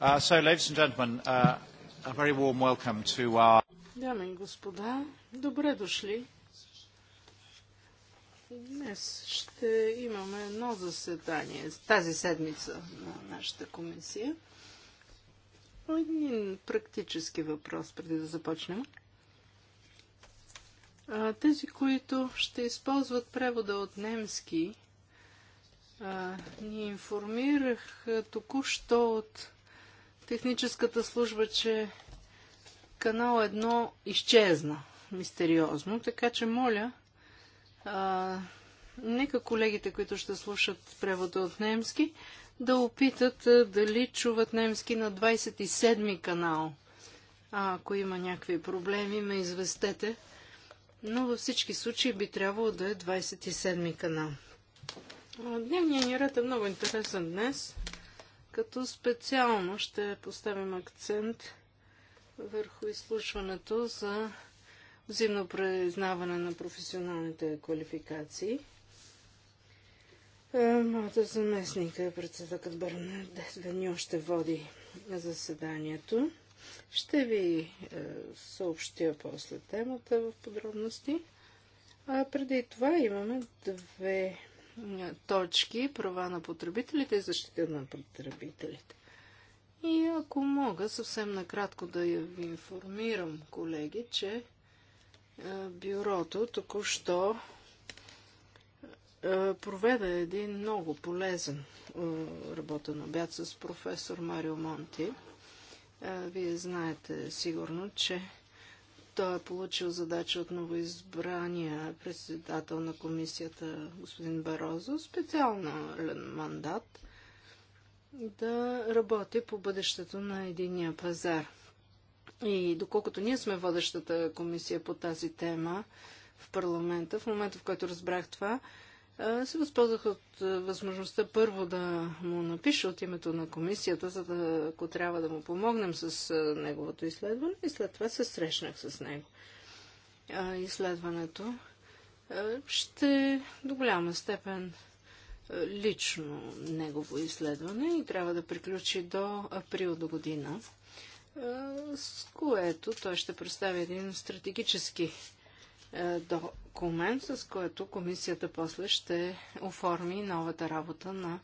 Uh, uh, Дами и господа, добре дошли. Днес ще имаме едно заседание тази седмица на нашата комисия. Един практически въпрос преди да започнем. Тези, които ще използват превода от немски, ни информирах току-що от техническата служба, че канал едно изчезна мистериозно, така че моля, а, нека колегите, които ще слушат превода от немски, да опитат а, дали чуват немски на 27-ми канал. А ако има някакви проблеми, ме известете. Но във всички случаи би трябвало да е 27-ми канал. Дневният ни ред е много интересен днес като специално ще поставим акцент върху изслушването за взаимно признаване на професионалните квалификации. Е, моята заместника, председателът Бернадет Веню, ще води заседанието. Ще ви е, съобщя после темата в подробности. А преди това имаме две точки права на потребителите и защита на потребителите. И ако мога съвсем накратко да ви информирам, колеги, че е, бюрото току-що е, проведа един много полезен е, работен обяд с професор Марио Монти. Вие знаете сигурно, че той е получил задача от новоизбрания председател на комисията господин Барозо, специално мандат да работи по бъдещето на единия пазар. И доколкото ние сме водещата комисия по тази тема в парламента, в момента в който разбрах това, се възползвах от възможността първо да му напиша от името на комисията, за да, ако трябва да му помогнем с неговото изследване и след това се срещнах с него. Изследването ще до голяма степен лично негово изследване и трябва да приключи до април до година, с което той ще представи един стратегически е, документ, с който комисията после ще оформи новата работа на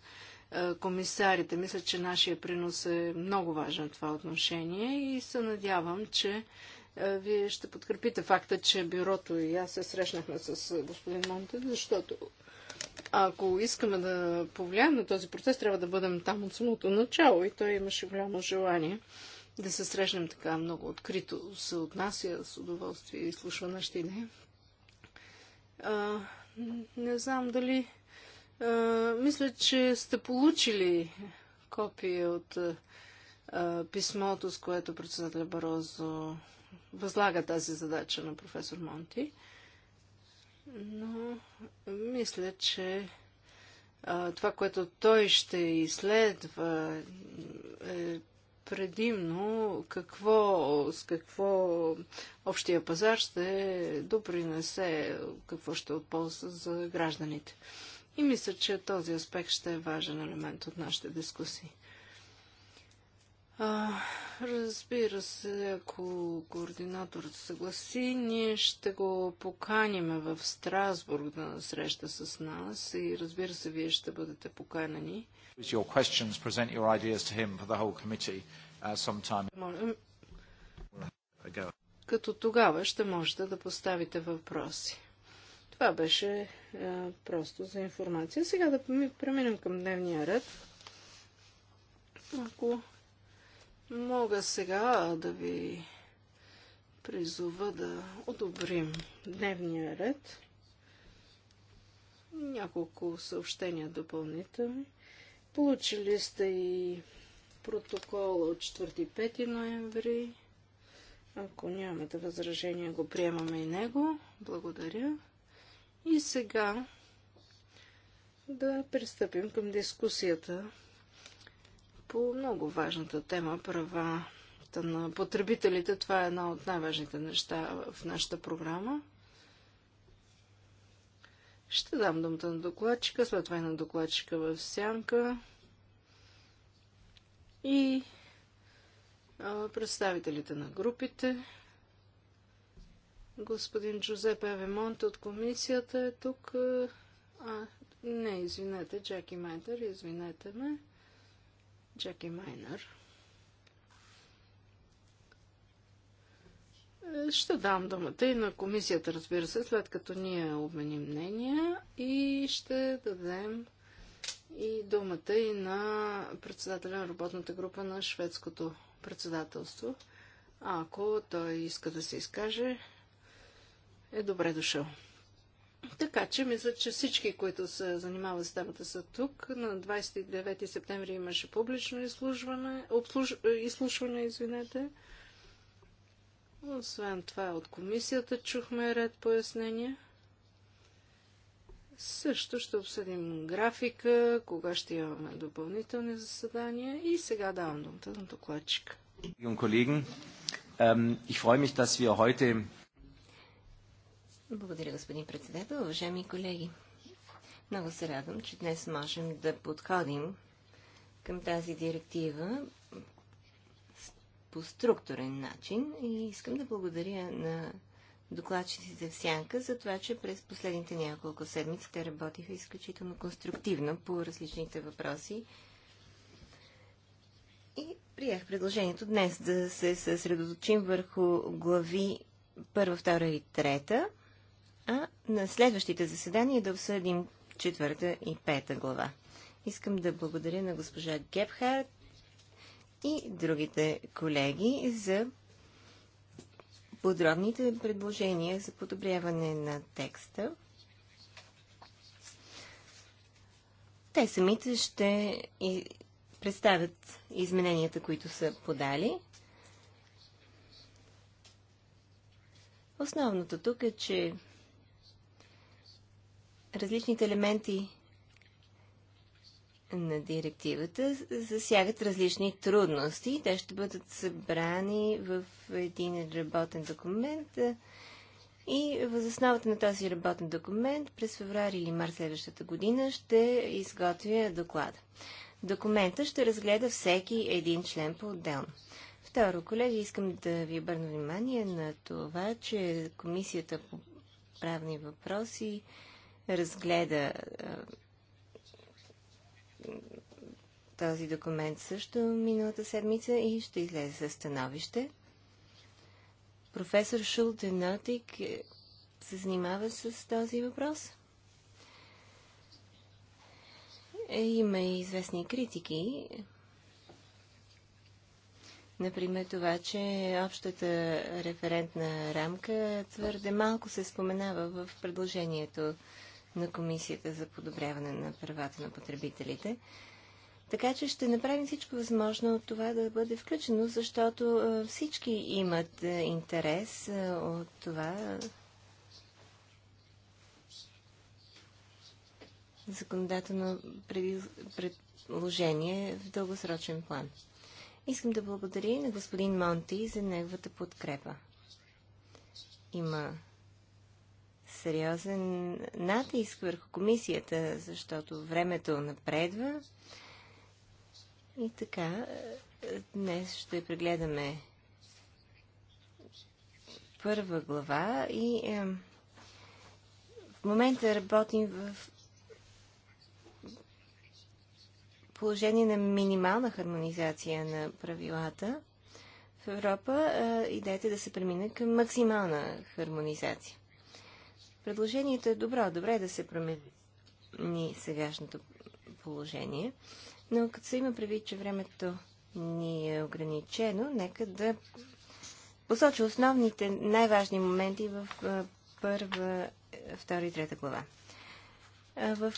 е, комисарите. Мисля, че нашия принос е много важен в това отношение и се надявам, че е, вие ще подкрепите факта, че бюрото и аз се срещнахме с господин Монте, защото ако искаме да повлияем на този процес, трябва да бъдем там от самото начало и той имаше голямо желание да се срещнем така много открито се отнася с удоволствие и слушва нашите идеи. не знам дали... А, мисля, че сте получили копие от а, писмото, с което председател Барозо възлага тази задача на професор Монти. Но мисля, че а, това, което той ще изследва, е предимно какво, с какво общия пазар ще допринесе, какво ще е отползва за гражданите. И мисля, че този аспект ще е важен елемент от нашите дискусии. А, разбира се, ако координаторът съгласи, ние ще го поканим в Страсбург да среща с нас и разбира се, вие ще бъдете поканени. Като тогава ще можете да поставите въпроси. Това беше а, е, просто за информация. Сега да преминем към дневния ред. Ако Мога сега да ви призова да одобрим дневния ред. Няколко съобщения допълнителни. Получили сте и протокола от 4-5 ноември. Ако нямате възражение, го приемаме и него. Благодаря. И сега да пристъпим към дискусията по много важната тема правата на потребителите. Това е една от най-важните неща в нашата програма. Ще дам думата на докладчика, след това и на докладчика в сянка и а, представителите на групите. Господин Джузеп Евемонт от комисията е тук. А, не, извинете, Джаки Майтер, извинете ме. Джаки Майнер. Ще дам думата и на комисията, разбира се, след като ние обменим мнения и ще дадем и думата и на председателя на работната група на шведското председателство. А ако той иска да се изкаже, е добре дошъл. Така че, мисля, че всички, които се занимават с темата са тук. На 29 септември имаше публично изслушване. обслуж... изслушване, извинете. Освен това, от комисията чухме ред пояснения. Също ще обсъдим графика, кога ще имаме допълнителни заседания и сега давам думата на докладчика. Колеги, ich freue mich, dass wir heute благодаря, господин председател. Уважаеми колеги, много се радвам, че днес можем да подходим към тази директива по структурен начин и искам да благодаря на докладчиците в Сянка за това, че през последните няколко седмици те работиха изключително конструктивно по различните въпроси. И приех предложението днес да се съсредоточим върху глави първа, втора и трета – а на следващите заседания да обсъдим четвърта и пета глава. Искам да благодаря на госпожа Гепхард и другите колеги за подробните предложения за подобряване на текста. Те самите ще и представят измененията, които са подали. Основното тук е, че различните елементи на директивата засягат различни трудности. Те ще бъдат събрани в един работен документ и въз основата на този работен документ през феврари или март следващата година ще изготвя доклада. Документа ще разгледа всеки един член по-отделно. Второ, колеги, искам да ви обърна внимание на това, че Комисията по правни въпроси разгледа този документ също миналата седмица и ще излезе със становище. Професор Шултенотик е, се занимава с този въпрос. Е, има и известни критики. Например, това, че общата референтна рамка твърде малко се споменава в предложението на Комисията за подобряване на правата на потребителите. Така че ще направим всичко възможно от това да бъде включено, защото всички имат интерес от това законодателно предложение в дългосрочен план. Искам да благодаря на господин Монти за неговата подкрепа. Има сериозен натиск върху комисията, защото времето напредва. И така, днес ще прегледаме първа глава и е, в момента работим в положение на минимална хармонизация на правилата в Европа. Е, дайте да се премине към максимална хармонизация. Предложението е добро, добре е да се промени сегашното положение, но като се има предвид, че времето ни е ограничено, нека да посоча основните най-важни моменти в първа, втора и трета глава. В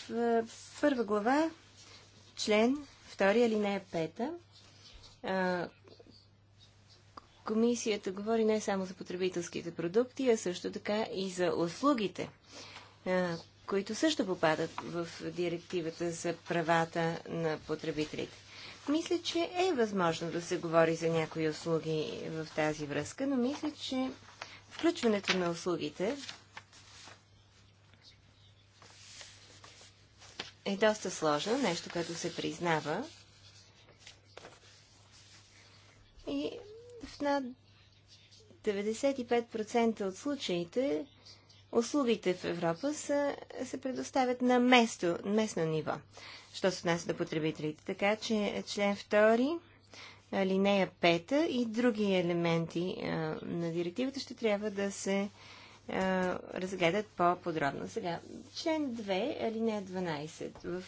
първа глава, член, втори алинея пета, Комисията говори не само за потребителските продукти, а също така и за услугите, които също попадат в директивата за правата на потребителите. Мисля, че е възможно да се говори за някои услуги в тази връзка, но мисля, че включването на услугите е доста сложно, нещо, което се признава. И на над 95% от случаите услугите в Европа са, се предоставят на место, местно ниво, що се отнася до потребителите. Така че член 2, линея 5 и други елементи а, на директивата ще трябва да се а, разгледат по-подробно. Сега, член 2, алинея 12. В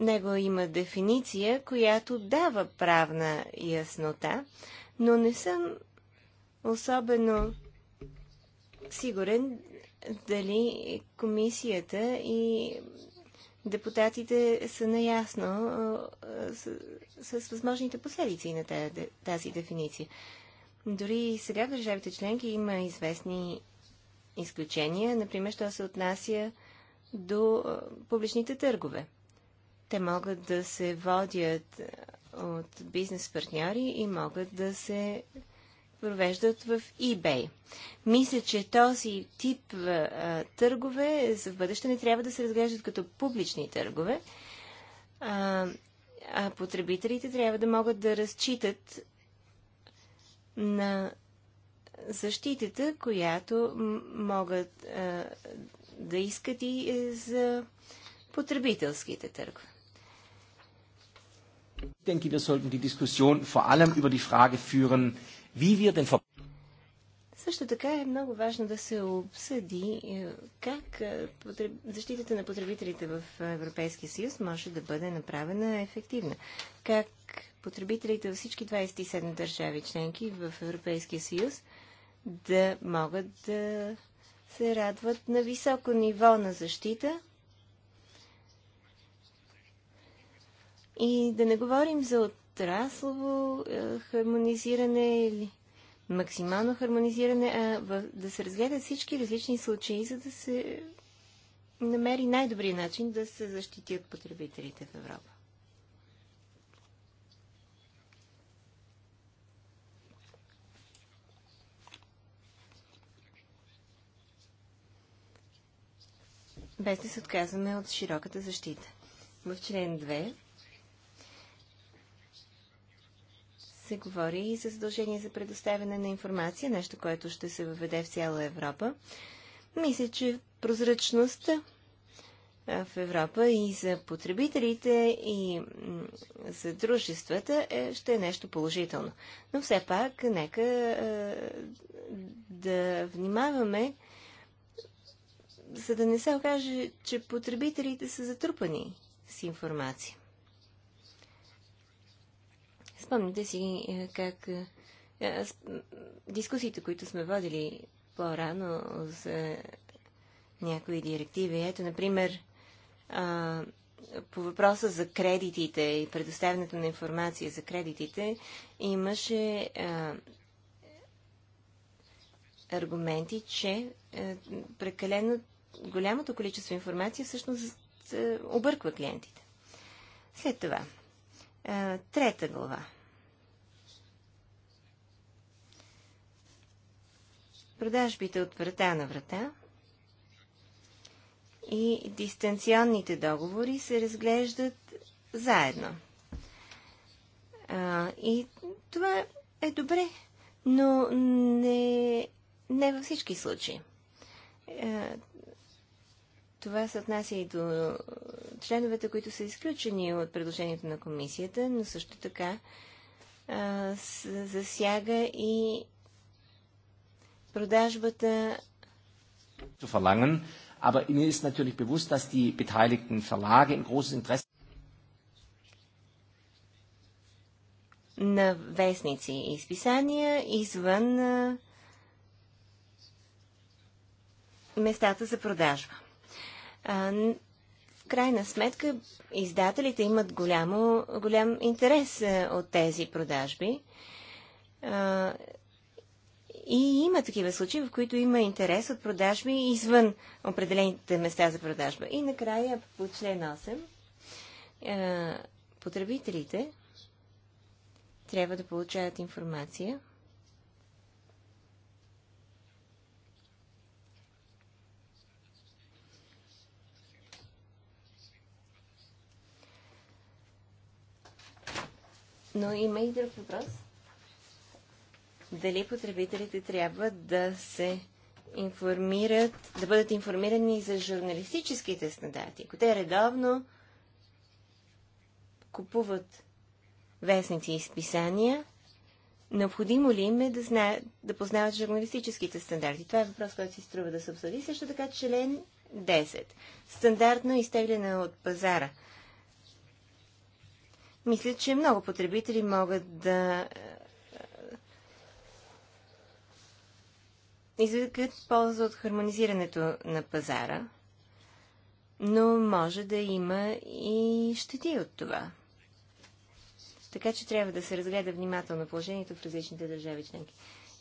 него има дефиниция, която дава правна яснота, но не съм особено сигурен дали комисията и депутатите са наясно с, с възможните последици на тази, дефиниция. Дори сега в държавите членки има известни изключения, например, що се отнася до публичните търгове. Те могат да се водят е, от бизнес партньори и могат да се провеждат в eBay. Мисля, че този тип а, е, е, търгове за в бъдеще не трябва да се разглеждат като публични търгове, а, а потребителите трябва да могат да разчитат на защитата, която могат а, да искат и за потребителските търгове. Denke, wir sollten die Diskussion vor allem über die Frage führen, wie wir den също така е много важно да се обсъди е, как е, защитата на потребителите в Европейския съюз може да бъде направена ефективна. Как потребителите във всички 27 държави членки в Европейския съюз да могат да се радват на високо ниво на защита И да не говорим за отраслово е, хармонизиране или максимално хармонизиране, а да се разгледат всички различни случаи, за да се намери най-добрия начин да се защитят потребителите в Европа. Без да се отказваме от широката защита. В член 2 се говори и за задължение за предоставяне на информация, нещо, което ще се въведе в цяла Европа. Мисля, че прозрачността в Европа и за потребителите, и за дружествата е, ще е нещо положително. Но все пак, нека да внимаваме, за да не се окаже, че потребителите са затрупани с информация. Спомните си е, как е, е, дискусиите, които сме водили по-рано за някои директиви. Ето, например, а, по въпроса за кредитите и предоставянето на информация за кредитите, имаше а, аргументи, че а, прекалено голямото количество информация всъщност обърква клиентите. След това, е, трета глава. Продажбите от врата на врата и дистанционните договори се разглеждат заедно. А, и това е добре, но не, не във всички случаи. Е, това се отнася и до членовете, които са изключени от предложението на комисията, но също така а, засяга и продажбата. To verlangen, aber Ihnen ist natürlich bewusst, dass die beteiligten Verlage in großes Interesse на вестници и изписания извън местата за продажба в крайна сметка издателите имат голямо, голям интерес от тези продажби. И има такива случаи, в които има интерес от продажби извън определените места за продажба. И накрая по член 8 потребителите трябва да получават информация Но има и друг въпрос. Дали потребителите трябва да се информират, да бъдат информирани за журналистическите стандарти. Ако те редовно купуват вестници и списания, необходимо ли им е да, знаят, да познават журналистическите стандарти? Това е въпрос, който си струва да се обсъди. Също така член 10. Стандартно изтегляне от пазара – мисля, че много потребители могат да е, извлекат полза от хармонизирането на пазара, но може да има и щети от това. Така че трябва да се разгледа внимателно положението в различните държави членки.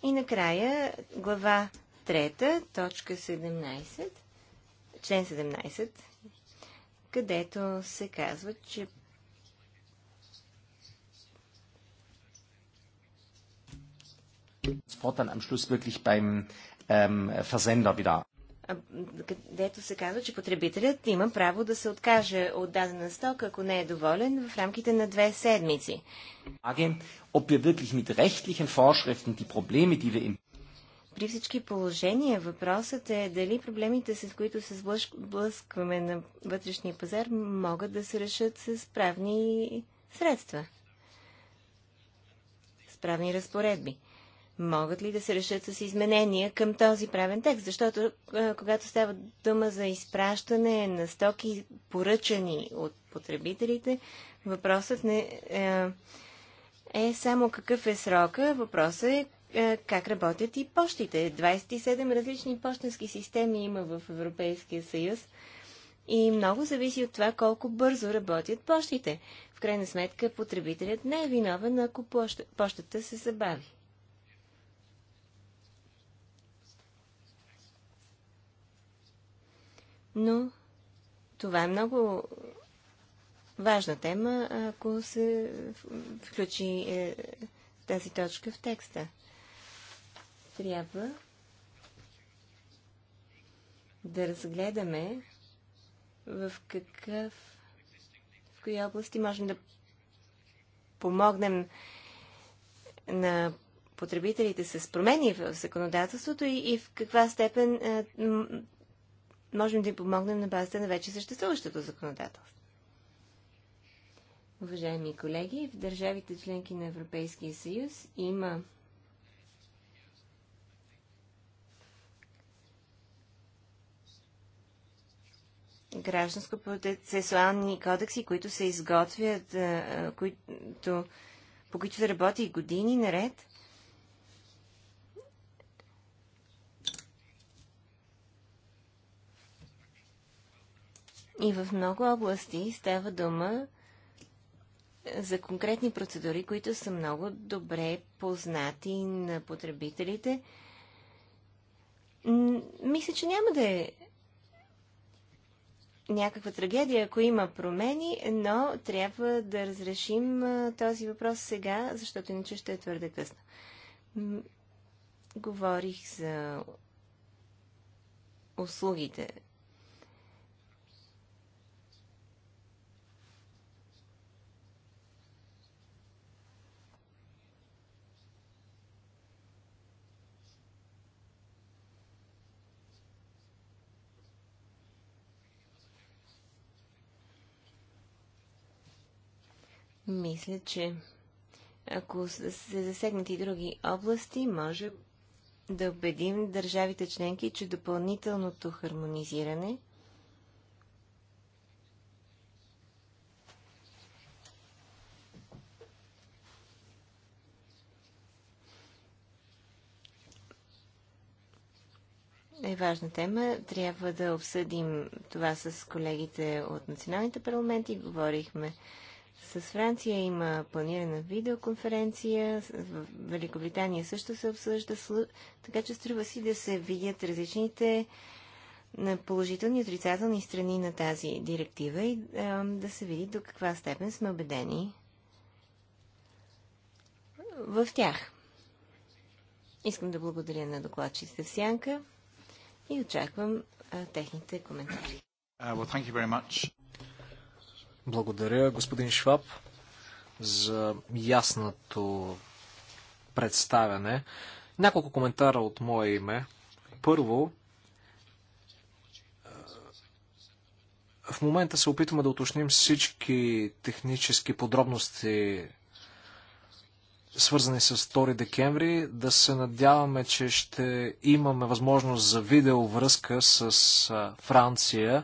И накрая глава 3, точка 17, член 17, където се казва, че Transport dann am Schluss wirklich beim ähm, Versender wieder. Където се казва, че потребителят има право да се откаже от дадена стока, ако не е доволен, в рамките на две седмици. При всички положения въпросът е дали проблемите, с които се сблъскваме на вътрешния пазар, могат да се решат с правни средства, с правни разпоредби могат ли да се решат с изменения към този правен текст. Защото когато става дума за изпращане на стоки, поръчани от потребителите, въпросът не е, е само какъв е срока, въпросът е, е как работят и почтите. 27 различни почтенски системи има в Европейския съюз и много зависи от това колко бързо работят почтите. В крайна сметка потребителят не е виновен, ако почтата се забави. но това е много важна тема, ако се включи е, тази точка в текста. Трябва да разгледаме в какъв в кои области можем да помогнем на потребителите с промени в законодателството и, и в каква степен е, можем да им помогнем на базата на вече съществуващото законодателство. Уважаеми колеги, в държавите членки на Европейския съюз има гражданско-процесуални кодекси, които се изготвят, които, по които се работи години наред – И в много области става дума за конкретни процедури, които са много добре познати на потребителите. Мисля, че няма да е някаква трагедия, ако има промени, но трябва да разрешим този въпрос сега, защото иначе ще е твърде късно. Говорих за услугите Мисля, че ако се засегнат и други области, може да убедим държавите членки, че допълнителното хармонизиране е важна тема. Трябва да обсъдим това с колегите от националните парламенти. Говорихме с Франция има планирана видеоконференция, в Великобритания също се обсъжда, така че струва си да се видят различните положителни и отрицателни страни на тази директива и да се види до каква степен сме убедени в тях. Искам да благодаря на докладчиците в Сянка и очаквам техните коментари. Uh, well, благодаря, господин Шваб, за ясното представяне. Няколко коментара от мое име. Първо, в момента се опитваме да уточним всички технически подробности, свързани с 2 декември. Да се надяваме, че ще имаме възможност за видеовръзка с Франция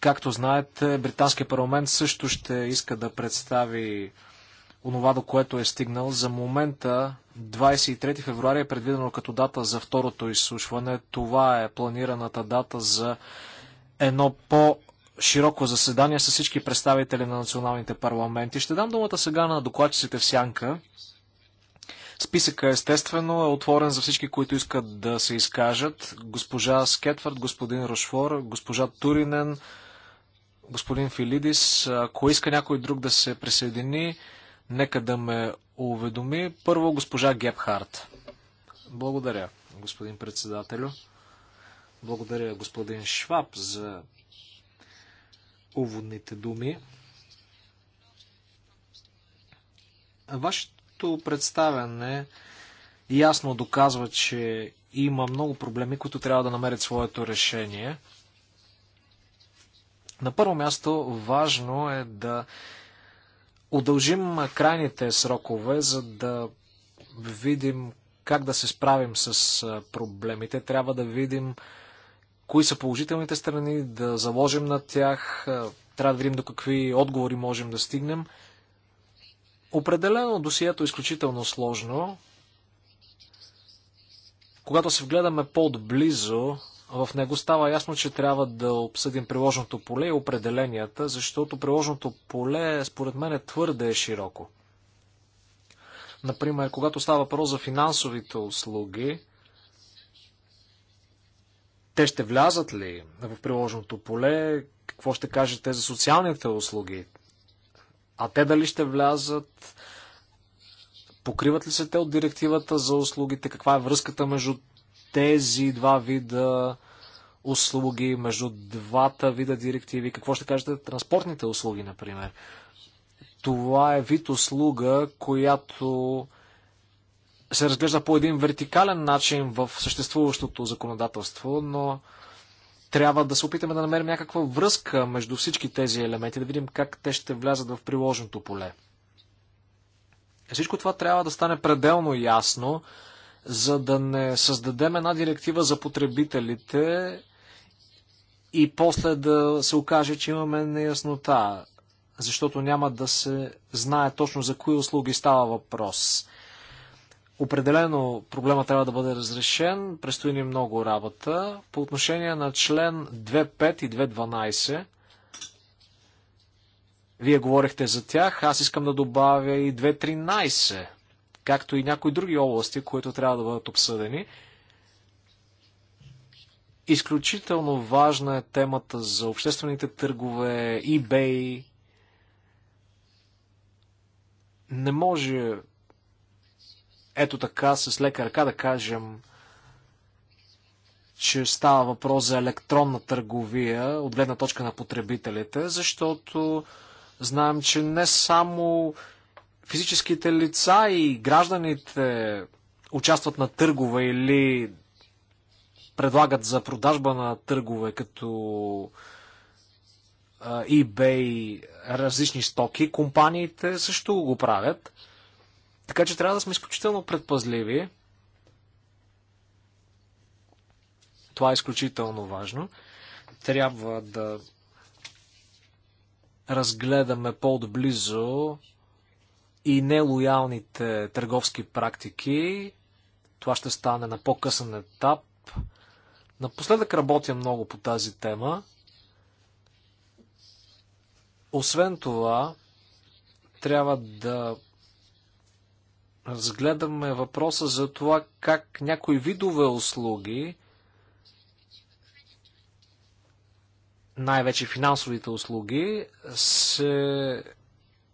Както знаете, Британския парламент също ще иска да представи онова, до което е стигнал. За момента 23 февруари е предвидено като дата за второто изслушване. Това е планираната дата за едно по- широко заседание с всички представители на националните парламенти. Ще дам думата сега на докладчиците в Сянка. Списъка естествено е отворен за всички, които искат да се изкажат. Госпожа Скетвард, господин Рошфор, госпожа Туринен, господин Филидис. Ако иска някой друг да се присъедини, нека да ме уведоми. Първо госпожа Гепхарт. Благодаря, господин председателю. Благодаря, господин Шваб, за уводните думи. Вашето представяне ясно доказва, че има много проблеми, които трябва да намерят своето решение – на първо място важно е да удължим крайните срокове, за да видим как да се справим с проблемите. Трябва да видим кои са положителните страни, да заложим на тях, трябва да видим до какви отговори можем да стигнем. Определено досието е изключително сложно. Когато се вгледаме по-отблизо, в него става ясно, че трябва да обсъдим приложното поле и определенията, защото приложното поле според мен е твърде широко. Например, когато става въпрос за финансовите услуги, те ще влязат ли в приложеното поле? Какво ще кажете за социалните услуги? А те дали ще влязат? Покриват ли се те от директивата за услугите? Каква е връзката между тези два вида услуги, между двата вида директиви? Какво ще кажете транспортните услуги, например? Това е вид услуга, която се разглежда по един вертикален начин в съществуващото законодателство, но трябва да се опитаме да намерим някаква връзка между всички тези елементи, да видим как те ще влязат в приложното поле. Всичко това трябва да стане пределно ясно, за да не създадем една директива за потребителите и после да се окаже, че имаме неяснота, защото няма да се знае точно за кои услуги става въпрос. Определено проблема трябва да бъде разрешен, предстои ни много работа. По отношение на член 2.5 и 2.12, вие говорихте за тях, аз искам да добавя и 2.13 както и някои други области, които трябва да бъдат обсъдени. Изключително важна е темата за обществените търгове, eBay. Не може ето така с лека ръка да кажем, че става въпрос за електронна търговия от гледна точка на потребителите, защото знаем, че не само физическите лица и гражданите участват на търгове или предлагат за продажба на търгове като eBay различни стоки, компаниите също го правят. Така че трябва да сме изключително предпазливи. Това е изключително важно. Трябва да разгледаме по-отблизо и нелоялните търговски практики. Това ще стане на по-късен етап. Напоследък работя много по тази тема. Освен това, трябва да разгледаме въпроса за това как някои видове услуги, най-вече финансовите услуги, се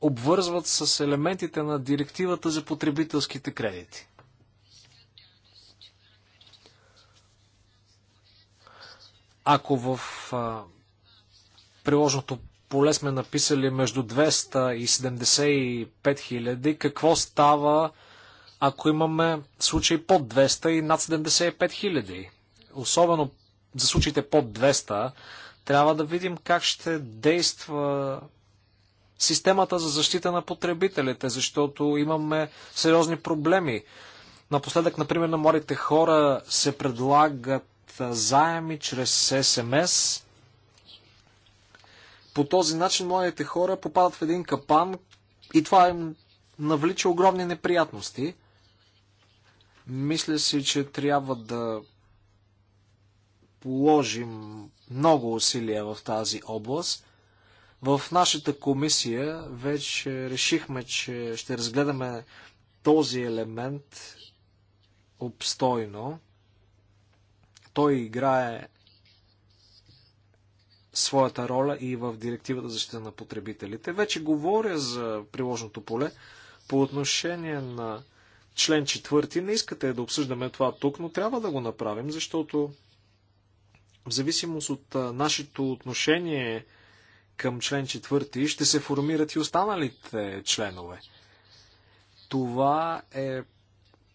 обвързват с елементите на директивата за потребителските кредити. Ако в а, приложното поле сме написали между 200 и 75 хиляди, какво става, ако имаме случаи под 200 и над 75 хиляди? Особено за случаите под 200, трябва да видим как ще действа системата за защита на потребителите, защото имаме сериозни проблеми. Напоследък, например, на младите хора се предлагат заеми чрез СМС. По този начин младите хора попадат в един капан и това им навлича огромни неприятности. Мисля си, че трябва да положим много усилия в тази област. В нашата комисия вече решихме, че ще разгледаме този елемент обстойно. Той играе своята роля и в директивата за защита на потребителите. Вече говоря за приложното поле по отношение на член 4. Не искате да обсъждаме това тук, но трябва да го направим, защото в зависимост от нашето отношение към член 4 ще се формират и останалите членове. Това е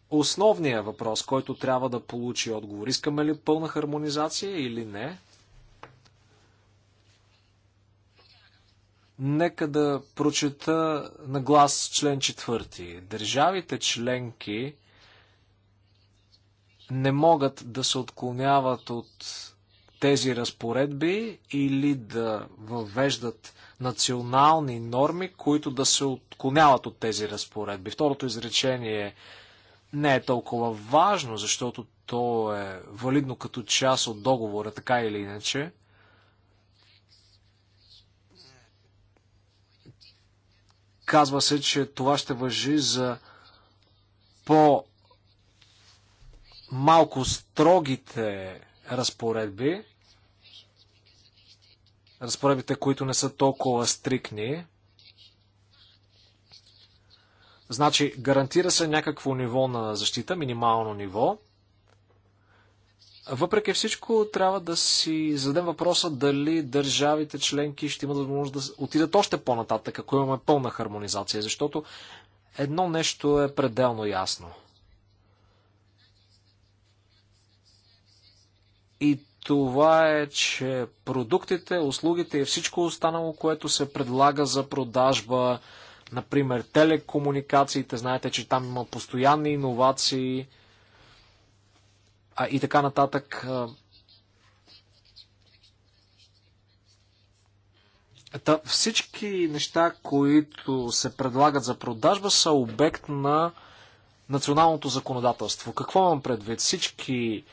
основният въпрос, който трябва да получи отговор. Искаме ли пълна хармонизация или не? Нека да прочета на глас член 4. Държавите членки не могат да се отклоняват от тези разпоредби или да въвеждат национални норми, които да се отклоняват от тези разпоредби. Второто изречение не е толкова важно, защото то е валидно като част от договора, така или иначе. Казва се, че това ще въжи за по малко строгите разпоредби, разпоредбите, които не са толкова стрикни. Значи, гарантира се някакво ниво на защита, минимално ниво. Въпреки всичко, трябва да си зададем въпроса дали държавите членки ще имат възможност да отидат още по-нататък, ако имаме пълна хармонизация, защото едно нещо е пределно ясно – и това е, че продуктите, услугите и всичко останало, което се предлага за продажба, например телекомуникациите, знаете, че там има постоянни иновации а, и така нататък. Та, всички неща, които се предлагат за продажба, са обект на националното законодателство. Какво имам предвид? Всички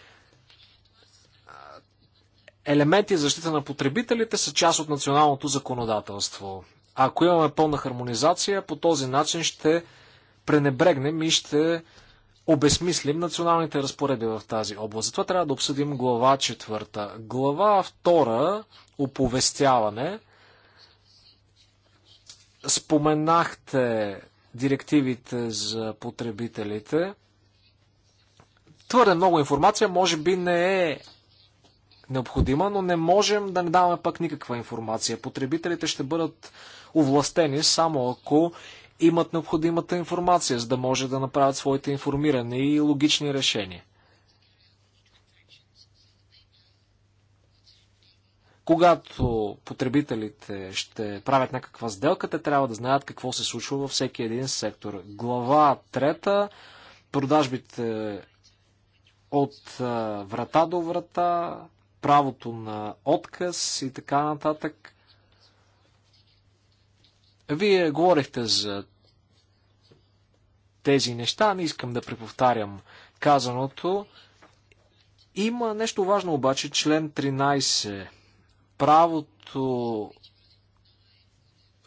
елементи за защита на потребителите са част от националното законодателство. Ако имаме пълна хармонизация, по този начин ще пренебрегнем и ще обесмислим националните разпореди в тази област. Затова трябва да обсъдим глава четвърта. Глава втора оповестяване. Споменахте директивите за потребителите. Твърде много информация може би не е необходима, но не можем да не даваме пък никаква информация. Потребителите ще бъдат овластени само ако имат необходимата информация, за да може да направят своите информирани и логични решения. Когато потребителите ще правят някаква сделка, те трябва да знаят какво се случва във всеки един сектор. Глава трета, продажбите от врата до врата, правото на отказ и така нататък. Вие говорихте за тези неща, не искам да преповтарям казаното. Има нещо важно обаче, член 13. Правото,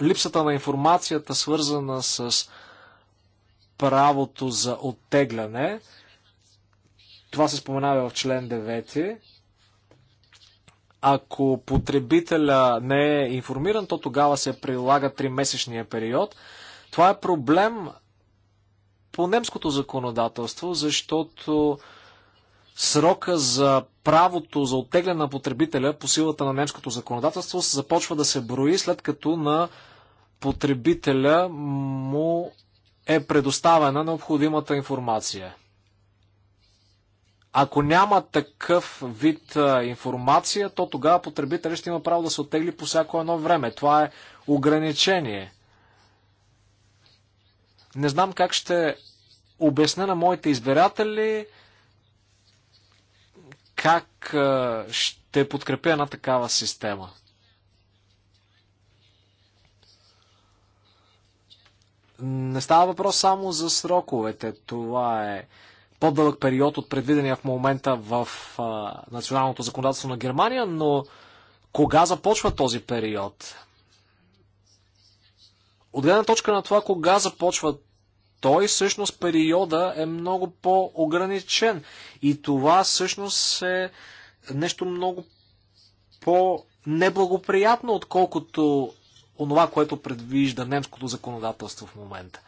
липсата на информацията, свързана с правото за оттегляне. Това се споменава в член 9. Ако потребителя не е информиран, то тогава се прилага 3-месечния период. Това е проблем по немското законодателство, защото срока за правото за оттегляне на потребителя по силата на немското законодателство се започва да се брои след като на потребителя му е предоставена необходимата информация. Ако няма такъв вид информация, то тогава потребителят ще има право да се оттегли по всяко едно време. Това е ограничение. Не знам как ще обясня на моите избиратели как ще подкрепя една такава система. Не става въпрос само за сроковете. Това е по-дълъг период от предвидения в момента в а, националното законодателство на Германия, но кога започва този период? От гледна точка на това, кога започва той, всъщност периода е много по-ограничен. И това всъщност е нещо много по-неблагоприятно, отколкото онова, което предвижда немското законодателство в момента.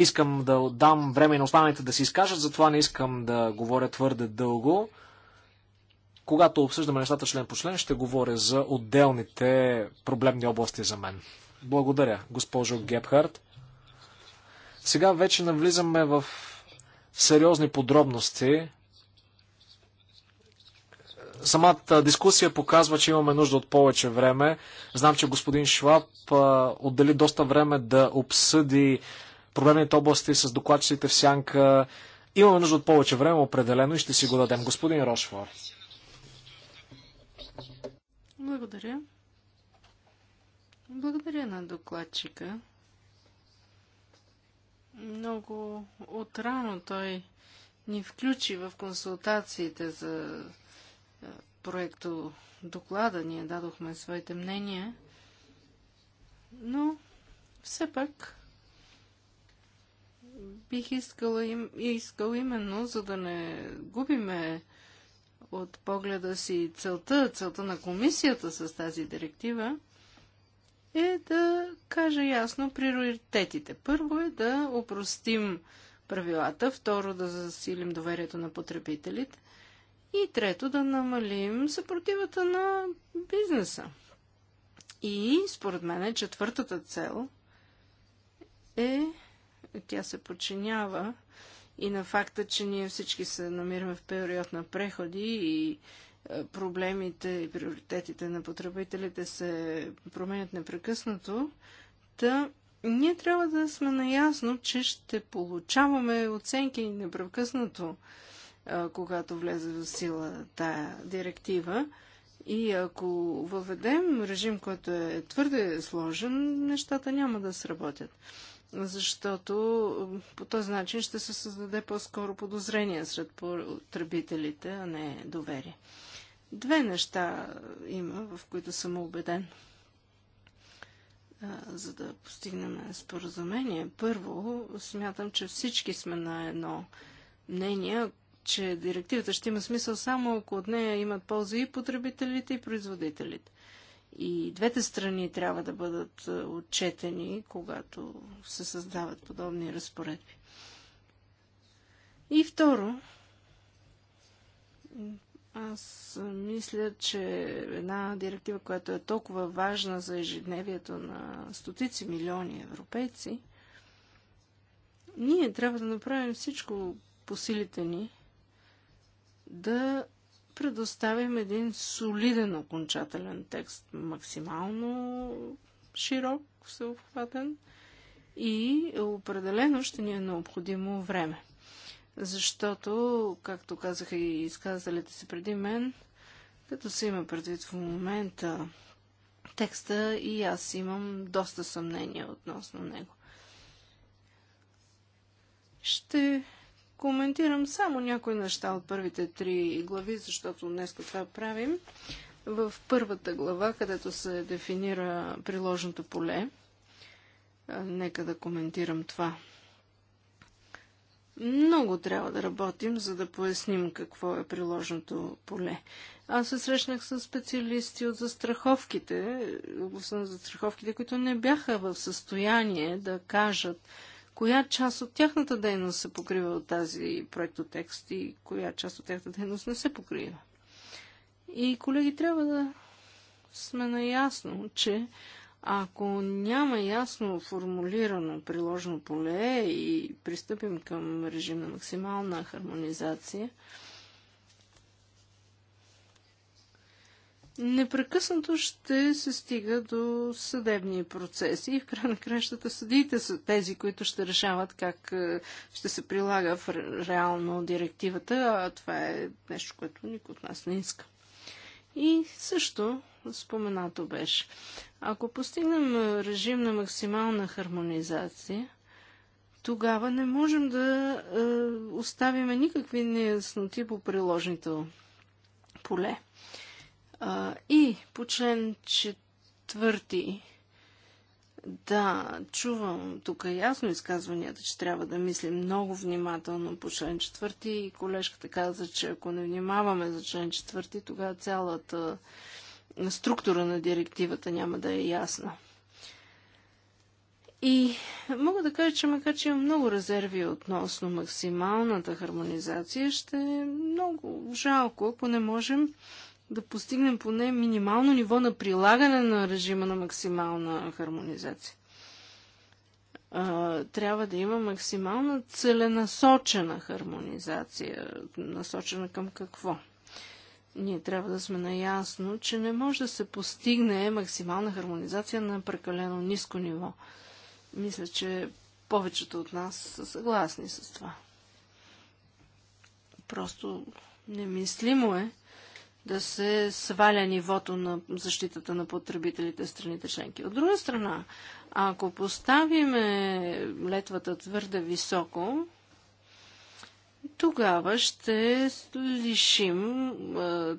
Искам да дам време на останалите да се изкажат, затова не искам да говоря твърде дълго. Когато обсъждаме нещата член по член, ще говоря за отделните проблемни области за мен. Благодаря, госпожо Гепхарт. Сега вече навлизаме в сериозни подробности. Самата дискусия показва, че имаме нужда от повече време. Знам, че господин Шваб отдели доста време да обсъди проблемните области с докладчиците в сянка. Имаме нужда от повече време, определено, и ще си го дадем. Господин Рошфор. Благодаря. Благодаря на докладчика. Много отрано той ни включи в консултациите за е, проекто доклада. Ние дадохме своите мнения. Но все пак бих искала им, искал именно, за да не губиме от погледа си целта, целта на комисията с тази директива, е да каже ясно приоритетите. Първо е да опростим правилата, второ да засилим доверието на потребителите и трето да намалим съпротивата на бизнеса. И според мен четвъртата цел е тя се подчинява и на факта, че ние всички се намираме в период на преходи и е, проблемите и приоритетите на потребителите се променят непрекъснато, та ние трябва да сме наясно, че ще получаваме оценки непрекъснато, е, когато влезе в сила тая директива. И ако въведем режим, който е твърде сложен, нещата няма да сработят защото по този начин ще се създаде по-скоро подозрение сред потребителите, а не доверие. Две неща има, в които съм убеден, за да постигнем споразумение. Първо, смятам, че всички сме на едно мнение, че директивата ще има смисъл само ако от нея имат полза и потребителите, и производителите. И двете страни трябва да бъдат е, отчетени, когато се създават подобни разпоредби. И второ, аз мисля, че една директива, която е толкова важна за ежедневието на стотици милиони европейци, ние трябва да направим всичко по силите ни да предоставим един солиден окончателен текст, максимално широк, всеобхватен и определено ще ни е необходимо време. Защото, както казаха и изказалите се преди мен, като се има предвид в момента текста и аз имам доста съмнения относно него. Ще коментирам само някои неща от първите три глави, защото днес това правим. В първата глава, където се дефинира приложното поле, нека да коментирам това. Много трябва да работим, за да поясним какво е приложното поле. Аз се срещнах с специалисти от застраховките, областта на застраховките, които не бяха в състояние да кажат, коя част от тяхната дейност се покрива от тази проектотекст и коя част от тяхната дейност не се покрива. И, колеги, трябва да сме наясно, че ако няма ясно формулирано приложено поле и пристъпим към режим на максимална хармонизация, непрекъснато ще се стига до съдебни процеси и в край на кращата съдиите са тези, които ще решават как е, ще се прилага в реално директивата, а това е нещо, което никой от нас не иска. И също споменато беше. Ако постигнем е, режим на максимална хармонизация, тогава не можем да е, оставим никакви неясноти по приложното поле. А, и по член четвърти, да, чувам тук ясно изказванията, че трябва да мислим много внимателно по член четвърти и колежката каза, че ако не внимаваме за член четвърти, тогава цялата структура на директивата няма да е ясна. И мога да кажа, че макар, че имам много резерви относно максималната хармонизация, ще е много жалко, ако не можем да постигнем поне минимално ниво на прилагане на режима на максимална хармонизация. Трябва да има максимална целенасочена хармонизация. Насочена към какво? Ние трябва да сме наясно, че не може да се постигне максимална хармонизация на прекалено ниско ниво. Мисля, че повечето от нас са съгласни с това. Просто немислимо е да се сваля нивото на защитата на потребителите в страните членки. От друга страна, ако поставим летвата твърде високо, тогава ще лишим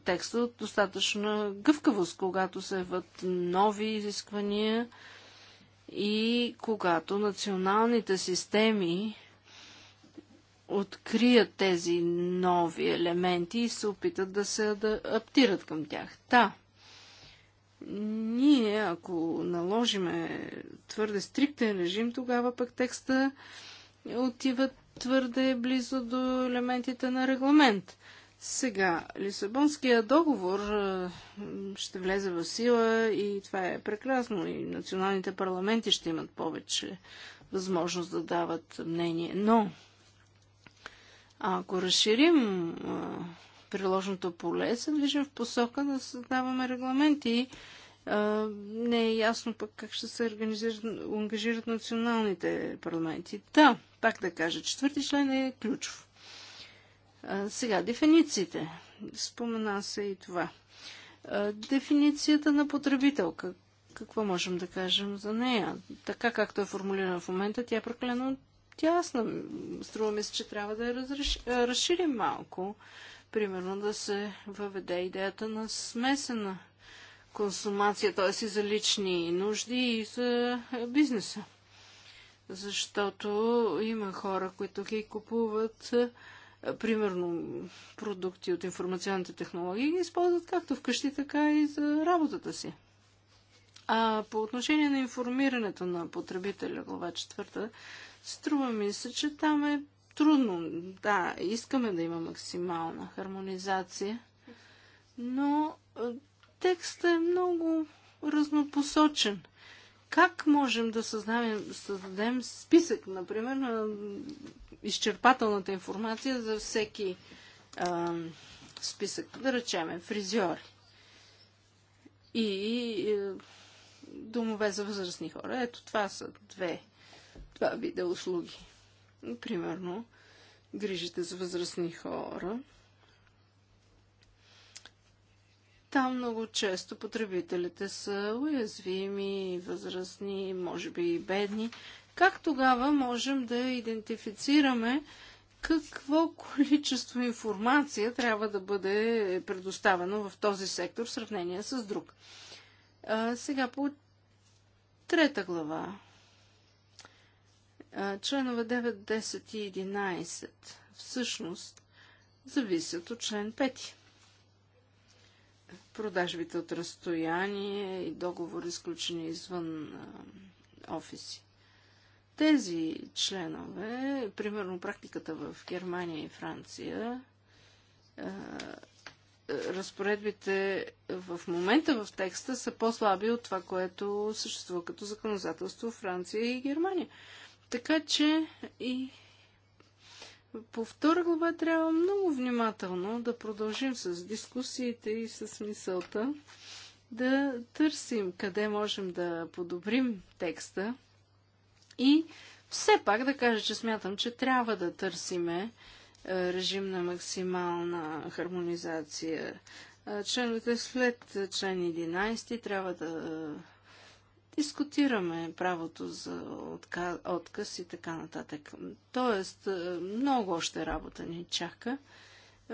текста от достатъчна гъвкавост, когато се въд нови изисквания и когато националните системи открият тези нови елементи и се опитат да се адаптират към тях. Та, ние, ако наложиме твърде стриктен режим, тогава пък текста отива твърде близо до елементите на регламент. Сега, Лисабонския договор ще влезе в сила и това е прекрасно. И националните парламенти ще имат повече възможност да дават мнение. Но ако разширим приложното поле, се движим в посока да създаваме регламенти. не е ясно пък как ще се ангажират националните парламенти. Та, пак да кажа, четвърти член е ключов. сега, дефинициите. Спомена се и това. дефиницията на потребителка. Какво можем да кажем за нея? Така както е формулирана в момента, тя е прекалено тясна. Струва ми се, че трябва да я разреш... разширим малко. Примерно да се въведе идеята на смесена консумация, т.е. и за лични нужди и за бизнеса. Защото има хора, които ги купуват примерно продукти от информационните технологии ги използват както вкъщи, така и за работата си. А по отношение на информирането на потребителя, глава четвърта, Струва ми се, че там е трудно. Да, искаме да има максимална хармонизация, но е, текстът е много разнопосочен. Как можем да създадем, създадем списък, например, на изчерпателната информация за всеки а, списък? Да речем, фризьори и и е, домове за възрастни хора. Ето това са две два вида услуги. Примерно, грижите за възрастни хора. Там много често потребителите са уязвими, възрастни, може би и бедни. Как тогава можем да идентифицираме какво количество информация трябва да бъде предоставено в този сектор в сравнение с друг? А, сега по трета глава Членове 9, 10 и 11 всъщност зависят от член 5. Продажбите от разстояние и договори, изключени извън офиси. Тези членове, примерно практиката в Германия и Франция, разпоредбите в момента в текста са по-слаби от това, което съществува като законодателство в Франция и Германия. Така че и по втора глава трябва много внимателно да продължим с дискусиите и с мисълта да търсим къде можем да подобрим текста и все пак да кажа, че смятам, че трябва да търсиме е, режим на максимална хармонизация. Е, членовете след член 11 трябва да дискутираме правото за отказ и така нататък. Тоест, е, много още работа ни чака.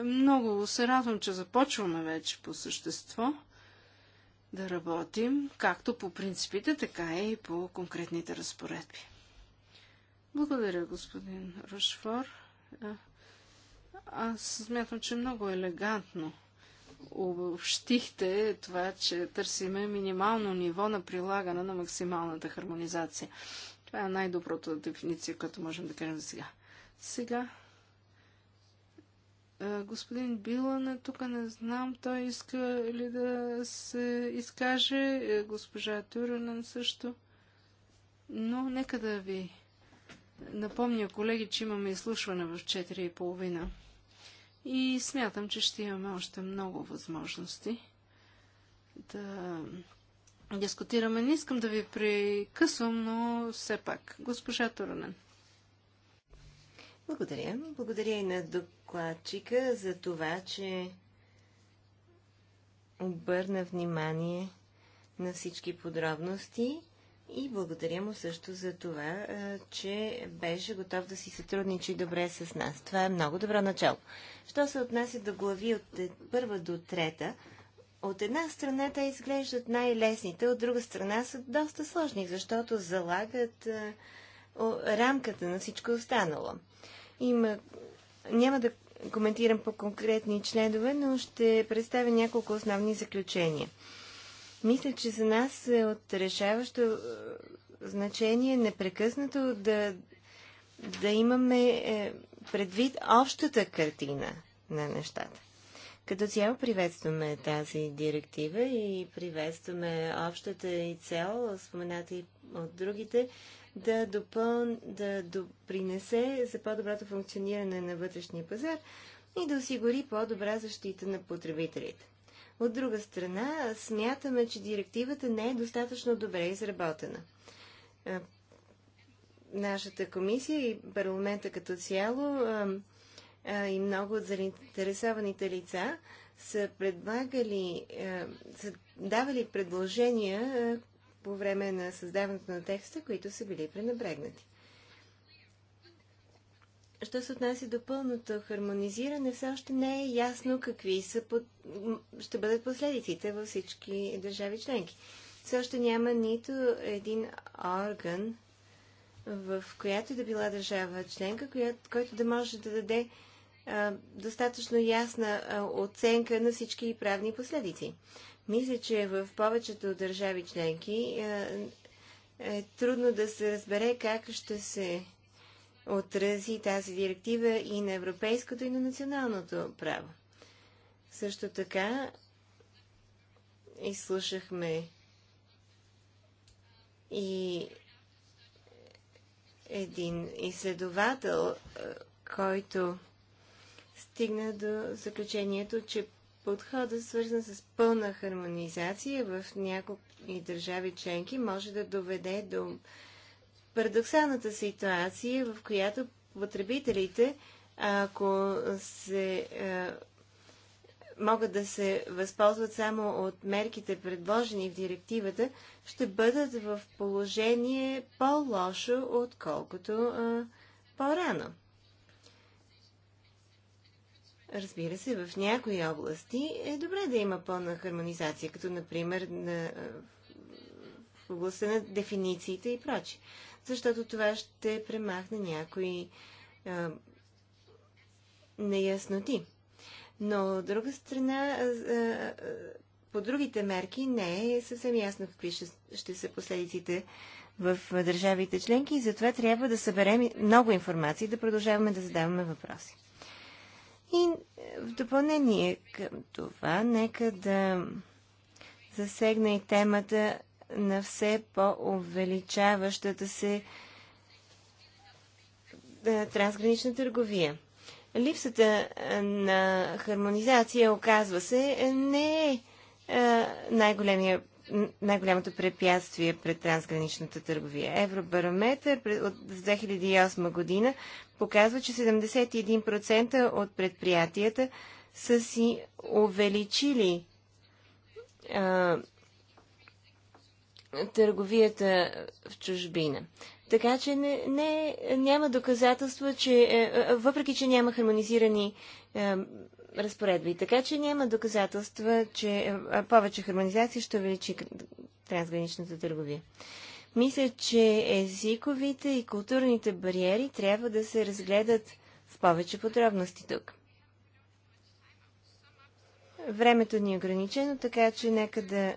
Много се радвам, че започваме вече по същество да работим, както по принципите, така и по конкретните разпоредби. Благодаря, господин Рашфор. Е, аз смятам, че много елегантно Общихте това, че търсиме минимално ниво на прилагане на максималната хармонизация. Това е най-добрата дефиниция, която можем да кажем сега. Сега. Господин Билан е тук, не знам, той иска ли да се изкаже. Е, госпожа Тюренен също. Но нека да ви напомня, колеги, че имаме изслушване в 4.30 и смятам, че ще имаме още много възможности да дискутираме. Не искам да ви прекъсвам, но все пак. Госпожа Туранен. Благодаря. Благодаря и на докладчика за това, че обърна внимание на всички подробности и благодаря му също за това, че беше готов да си сътрудничи добре с нас. Това е много добро начало. Що се отнася до глави от е, първа до трета, от една страна те изглеждат най-лесните, от друга страна са доста сложни, защото залагат рамката на всичко останало. Има, няма да коментирам по конкретни членове, но ще представя няколко основни заключения. Мисля, че за нас е от решаващо е, значение непрекъснато да, да имаме е, предвид общата картина на нещата. Като цяло приветстваме тази директива и приветстваме общата и цел, спомената и от другите, да, допъл... да допринесе за по-доброто функциониране на вътрешния пазар и да осигури по-добра защита на потребителите. От друга страна, смятаме, че директивата не е достатъчно добре изработена. Е, нашата комисия и парламента като цяло е, е, и много от заинтересованите лица са предлагали, са давали предложения по време на създаването на текста, които са били пренебрегнати що се отнася до пълното хармонизиране, все още не е ясно какви са под... ще бъдат последиците във всички държави членки. Все още няма нито един орган, в която да била държава членка, която, който да може да даде а, достатъчно ясна а, оценка на всички правни последици. Мисля, че в повечето държави членки а, е трудно да се разбере как ще се отрази тази директива и на европейското, и на националното право. Също така изслушахме и един изследовател, е, който стигна до заключението, че подходът, свързан с пълна хармонизация в някои държави членки, може да доведе до парадоксалната ситуация, в която потребителите, ако се е, могат да се възползват само от мерките предложени в директивата, ще бъдат в положение по-лошо, отколкото е, по-рано. Разбира се, в някои области е добре да има пълна хармонизация, като например на, е, в областта на дефинициите и прочи защото това ще премахне някои а, неясноти. Но от друга страна, а, а, по другите мерки не е съвсем ясно какви ще, ще са последиците в държавите членки и затова трябва да съберем много информация и да продължаваме да задаваме въпроси. И в допълнение към това, нека да засегна и темата на все по-увеличаващата се е, трансгранична търговия. Липсата е, на хармонизация, оказва се, е, не е най най-голямото препятствие пред трансграничната търговия. Евробарометър от 2008 година показва, че 71% от предприятията са си увеличили а, търговията в чужбина. Така че не, не, няма доказателства, че, е, е, въпреки че няма хармонизирани е, разпоредби, така че няма доказателства, че е, повече хармонизация ще увеличи трансграничната търговия. Мисля, че езиковите и културните бариери трябва да се разгледат в повече подробности тук. Времето ни е ограничено, така че нека да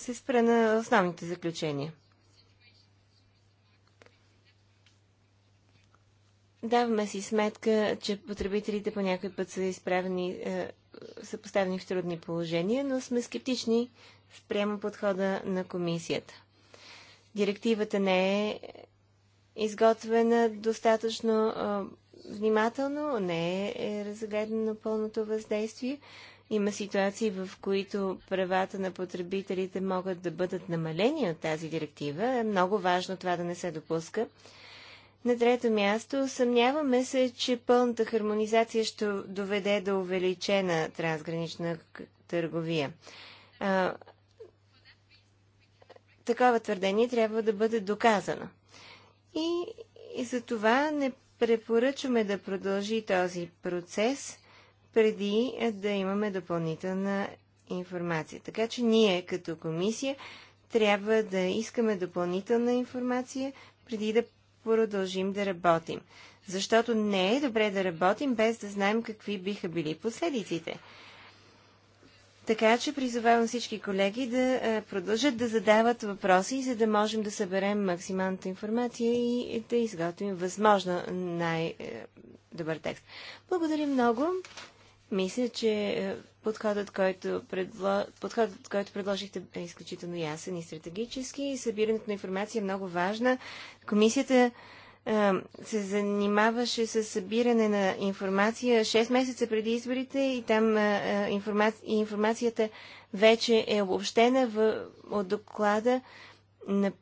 се спра на основните заключения. Даваме си сметка, че потребителите по някой път са изправени, е, са поставени в трудни положения, но сме скептични спрямо подхода на комисията. Директивата не е изготвена достатъчно е, внимателно, не е, е на пълното въздействие, има ситуации, в които правата на потребителите могат да бъдат намалени от тази директива. Е много важно това да не се допуска. На трето място, съмняваме се, че пълната хармонизация ще доведе до увеличена трансгранична търговия. А, такова твърдение трябва да бъде доказано. И, и за това не препоръчваме да продължи този процес преди да имаме допълнителна информация. Така че ние като комисия трябва да искаме допълнителна информация преди да продължим да работим. Защото не е добре да работим без да знаем какви биха били последиците. Така че призовавам всички колеги да продължат да задават въпроси, за да можем да съберем максималната информация и да изготвим възможно най-добър текст. Благодаря много. Мисля, че е, подходът, който, предло... подходът, който предложихте е изключително ясен и стратегически. И събирането на информация е много важна. Комисията е, се занимаваше с събиране на информация 6 месеца преди изборите и там е, информацията вече е обобщена в... от доклада на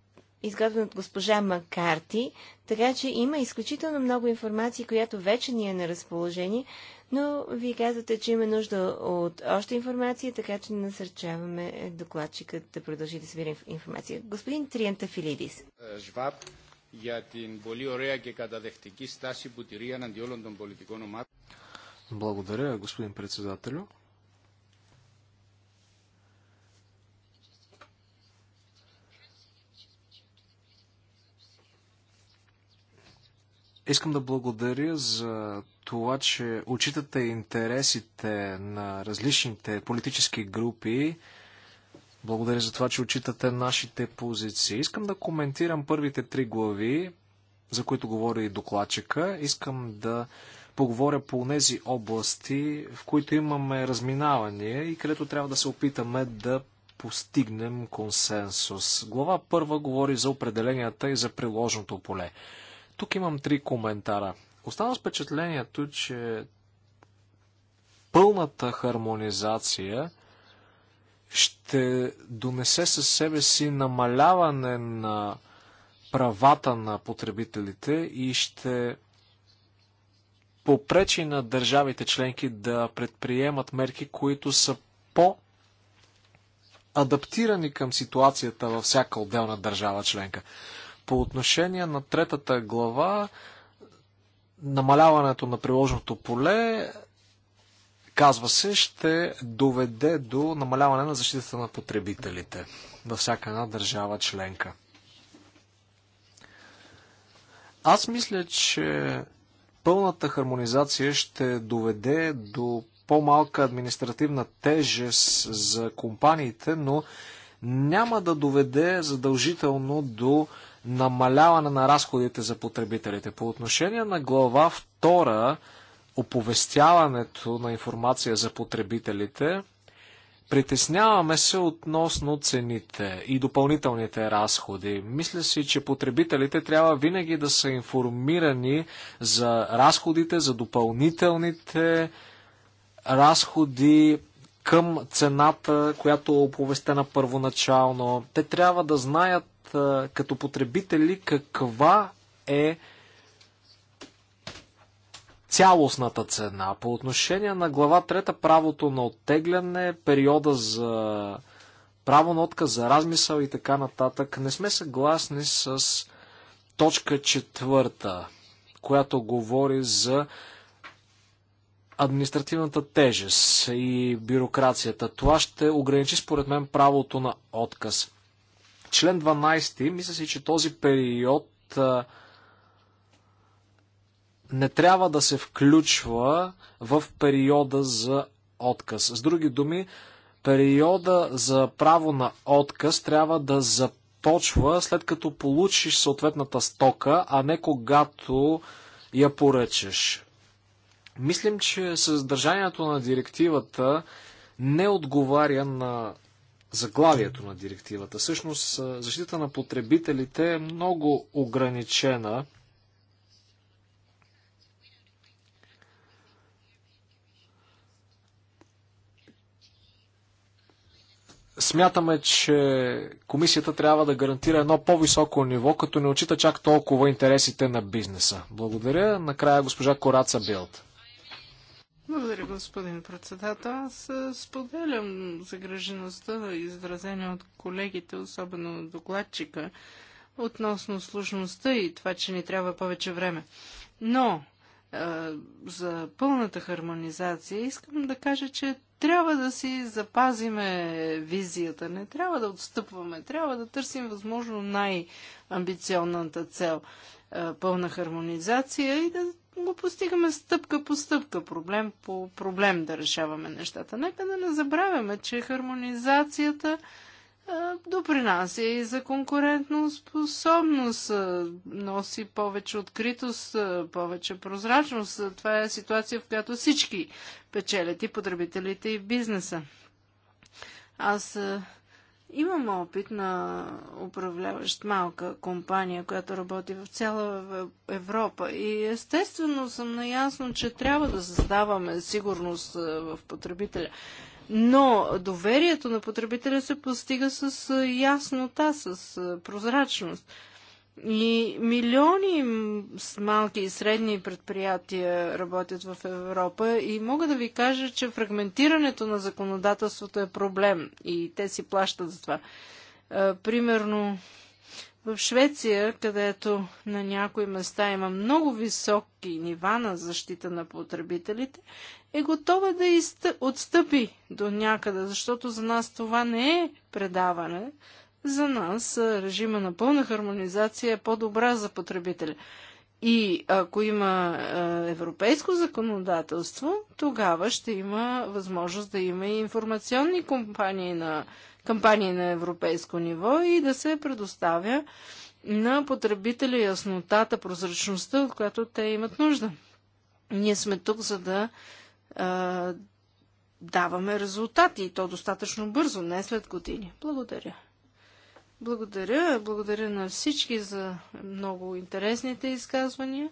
изготвен от госпожа Макарти, така че има изключително много информация, която вече ни е на разположение, но вие казвате, че има нужда от още информация, така че насърчаваме докладчикът да продължи да събира информация. Господин Триента Филидис. Е, Жваб, για την πολύ ωραία και καταδεχτική στάση που τηρεί αναντι όλων των πολιτικών ομάδων. Благодаря, господин председателю. Искам да благодаря за това, че отчитате интересите на различните политически групи. Благодаря за това, че отчитате нашите позиции. Искам да коментирам първите три глави, за които говори и докладчика. Искам да поговоря по тези области, в които имаме разминавания и където трябва да се опитаме да постигнем консенсус. Глава първа говори за определенията и за приложното поле. Тук имам три коментара – с впечатлението, че пълната хармонизация ще донесе със себе си намаляване на правата на потребителите и ще попречи на държавите членки да предприемат мерки, които са по- адаптирани към ситуацията във всяка отделна държава членка. По отношение на третата глава, намаляването на приложното поле, казва се, ще доведе до намаляване на защитата на потребителите във всяка една държава членка. Аз мисля, че пълната хармонизация ще доведе до по-малка административна тежест за компаниите, но няма да доведе задължително до намаляване на разходите за потребителите. По отношение на глава 2, оповестяването на информация за потребителите, Притесняваме се относно цените и допълнителните разходи. Мисля си, че потребителите трябва винаги да са информирани за разходите, за допълнителните разходи към цената, която е оповестена първоначално. Те трябва да знаят като потребители каква е цялостната цена. По отношение на глава 3, правото на оттегляне, периода за право на отказ, за размисъл и така нататък, не сме съгласни с точка 4- която говори за административната тежест и бюрокрацията. Това ще ограничи според мен правото на отказ. Член 12, мисля си, че този период не трябва да се включва в периода за отказ. С други думи, периода за право на отказ трябва да започва след като получиш съответната стока, а не когато я поръчаш. Мислим, че съдържанието на директивата не отговаря на заглавието на директивата. Всъщност, защита на потребителите е много ограничена. Смятаме, че комисията трябва да гарантира едно по-високо ниво, като не отчита чак толкова интересите на бизнеса. Благодаря. Накрая госпожа Кораца Билт. Благодаря, господин председател. Аз споделям загрежеността, изразена от колегите, особено докладчика, относно сложността и това, че ни трябва повече време. Но е, за пълната хармонизация искам да кажа, че трябва да си запазиме визията, не трябва да отстъпваме, трябва да търсим възможно най-амбиционната цел е, пълна хармонизация и да го постигаме стъпка по стъпка, проблем по проблем да решаваме нещата. Нека да не забравяме, че хармонизацията допринася и за конкурентно способност, носи повече откритост, повече прозрачност. Това е ситуация, в която всички печелят и потребителите, и бизнеса. Аз Имам опит на управляващ малка компания, която работи в цяла Европа. И естествено съм наясно, че трябва да създаваме сигурност в потребителя. Но доверието на потребителя се постига с яснота, с прозрачност. И милиони с малки и средни предприятия работят в Европа и мога да ви кажа, че фрагментирането на законодателството е проблем и те си плащат за това. Е, примерно в Швеция, където на някои места има много високи нива на защита на потребителите, е готова да отстъпи до някъде, защото за нас това не е предаване, за нас режима на пълна хармонизация е по-добра за потребителя. И ако има европейско законодателство, тогава ще има възможност да има и информационни компании на, кампании на европейско ниво и да се предоставя на потребителя яснотата, прозрачността, от която те имат нужда. Ние сме тук, за да а, даваме резултати и то достатъчно бързо, не след години. Благодаря. Благодаря. Благодаря на всички за много интересните изказвания.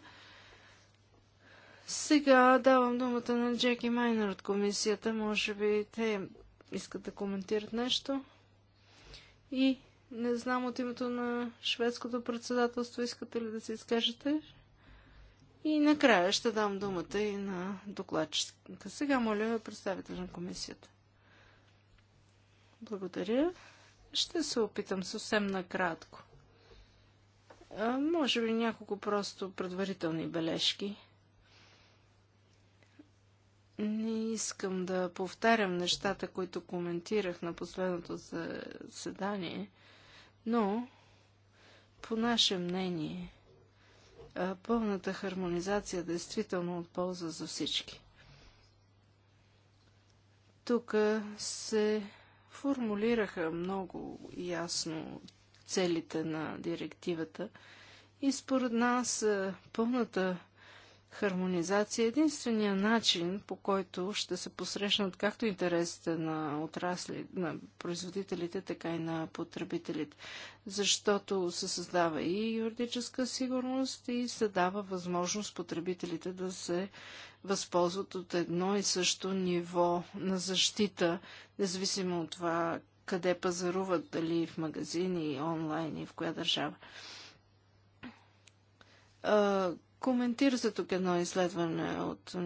Сега давам думата на Джеки Майнер от комисията. Може би те искат да коментират нещо. И не знам от името на шведското председателство, искате ли да се изкажете? И накрая ще дам думата и на докладчика. Сега моля представител на комисията. Благодаря. Ще се опитам съвсем накратко. А, може би няколко просто предварителни бележки. Не искам да повтарям нещата, които коментирах на последното заседание, но по наше мнение пълната хармонизация е действително от полза за всички. Тук се формулираха много ясно целите на директивата и според нас пълната хармонизация е единствения начин, по който ще се посрещнат както интересите на отрасли, на производителите, така и на потребителите. Защото се създава и юридическа сигурност и се дава възможност потребителите да се възползват от едно и също ниво на защита, независимо от това къде пазаруват, дали в магазини, онлайн и в коя държава коментира се тук едно изследване от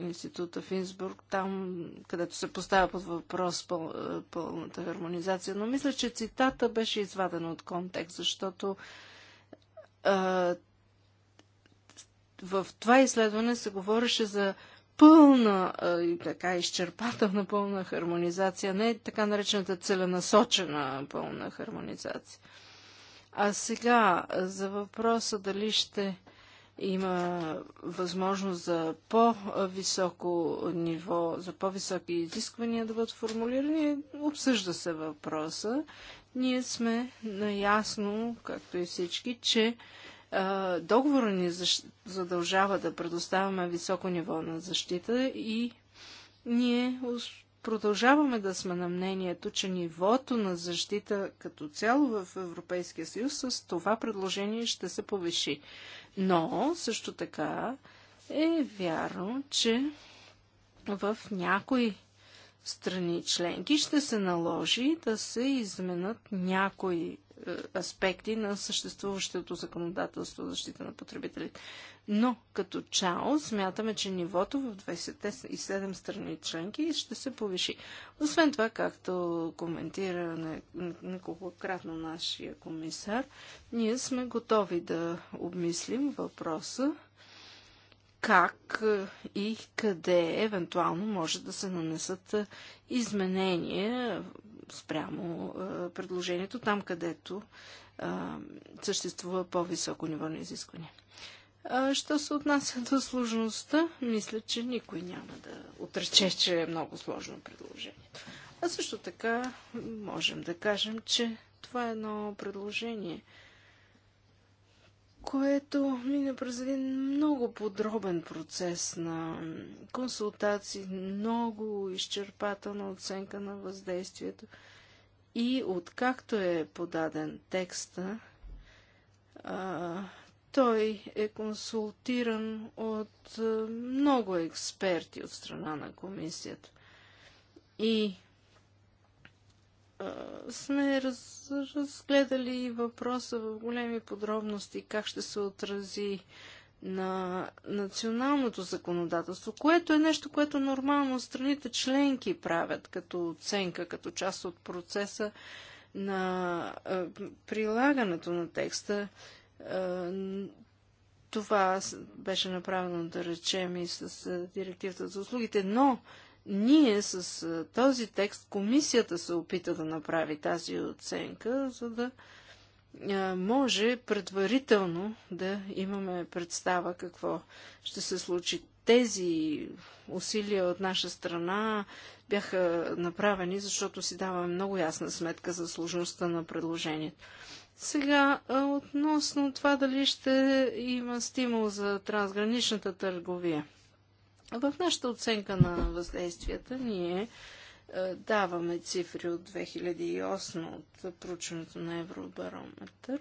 института в Инсбург, там където се поставя под въпрос пъл, пълната хармонизация, но мисля, че цитата беше извадена от контекст, защото а, в това изследване се говореше за пълна и така изчерпателна пълна хармонизация, не така наречената целенасочена пълна хармонизация. А сега за въпроса дали ще има възможност за по-високо ниво, за по-високи изисквания да бъдат формулирани. Обсъжда се въпроса. Ние сме наясно, както и всички, че договора ни задължава да предоставяме високо ниво на защита и ние Продължаваме да сме на мнението, че нивото на защита като цяло в Европейския съюз с това предложение ще се повиши. Но също така е вярно, че в някои страни членки ще се наложи да се изменят някои аспекти на съществуващото законодателство за защита на потребителите. Но като чао смятаме, че нивото в 27 страни членки ще се повиши. Освен това, както коментира неколкократно нашия комисар, ние сме готови да обмислим въпроса как е, и къде евентуално може да се нанесат е, изменения спрямо е, предложението там, където е, съществува по-високо ниво на изискване. Що се отнася до сложността, мисля, че никой няма да отрече, че е много сложно предложението. А също така можем да кажем, че това е едно предложение – което мина през един много подробен процес на консултации, много изчерпателна оценка на въздействието. И откакто е подаден текста, а, той е консултиран от много експерти от страна на комисията. И сме раз, разгледали въпроса в големи подробности, как ще се отрази на националното законодателство, което е нещо, което нормално страните членки правят като оценка, като част от процеса на а, прилагането на текста. А, това беше направено, да речем, и с директивата за услугите, но ние с този текст, комисията се опита да направи тази оценка, за да може предварително да имаме представа какво ще се случи. Тези усилия от наша страна бяха направени, защото си даваме много ясна сметка за сложността на предложението. Сега, относно това дали ще има стимул за трансграничната търговия – в нашата оценка на въздействията ние е, даваме цифри от 2008 от проучването на Евробарометър.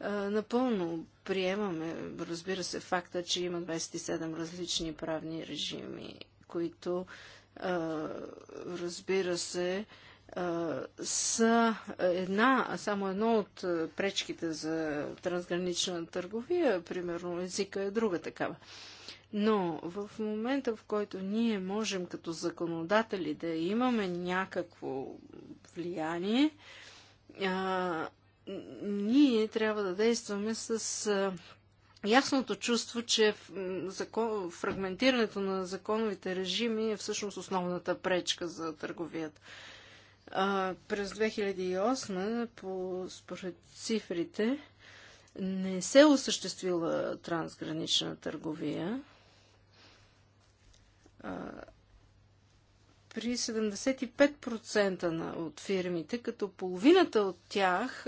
Е, напълно приемаме, разбира се, факта, че има 27 различни правни режими, които, е, разбира се, са една, а само едно от пречките за трансгранична търговия, примерно езика е друга такава. Но в момента, в който ние можем като законодатели да имаме някакво влияние, а, ние трябва да действаме с а, ясното чувство, че закон, фрагментирането на законовите режими е всъщност основната пречка за търговията. А, през 2008, по, според цифрите, не се осъществила трансгранична търговия при 75% от фирмите, като половината от тях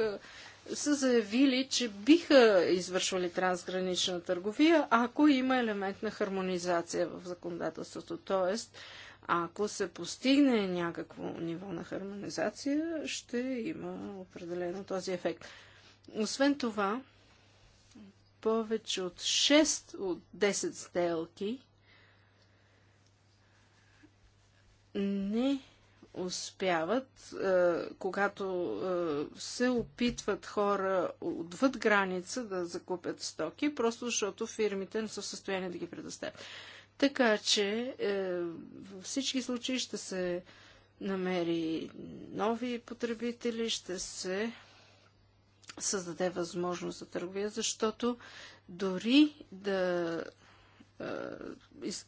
са заявили, че биха извършвали трансгранична търговия, ако има елемент на хармонизация в законодателството. Тоест, ако се постигне някакво ниво на хармонизация, ще има определено този ефект. Освен това, повече от 6 от 10 сделки не успяват, е, когато е, се опитват хора отвъд граница да закупят стоки, просто защото фирмите не са в състояние да ги предоставят. Така че е, във всички случаи ще се намери нови потребители, ще се създаде възможност за търговия, защото дори да е,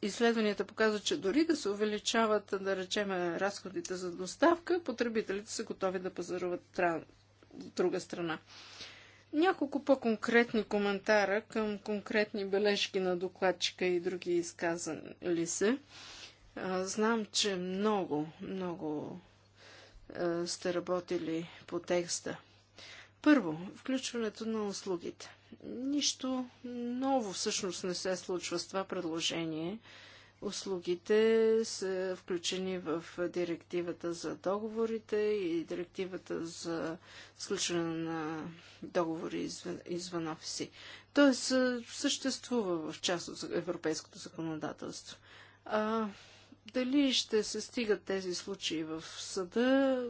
изследванията показват, че дори да се увеличават, да речеме, разходите за доставка, потребителите са готови да пазаруват друга страна. Няколко по-конкретни коментара към конкретни бележки на докладчика и други изказали се. Е, знам, че много, много е, сте работили по текста. Първо, включването на услугите. Нищо ново всъщност не се случва с това предложение. Услугите са включени в директивата за договорите и директивата за сключване на договори извън, извън офиси. Тоест съществува в част от европейското законодателство. А, дали ще се стигат тези случаи в съда?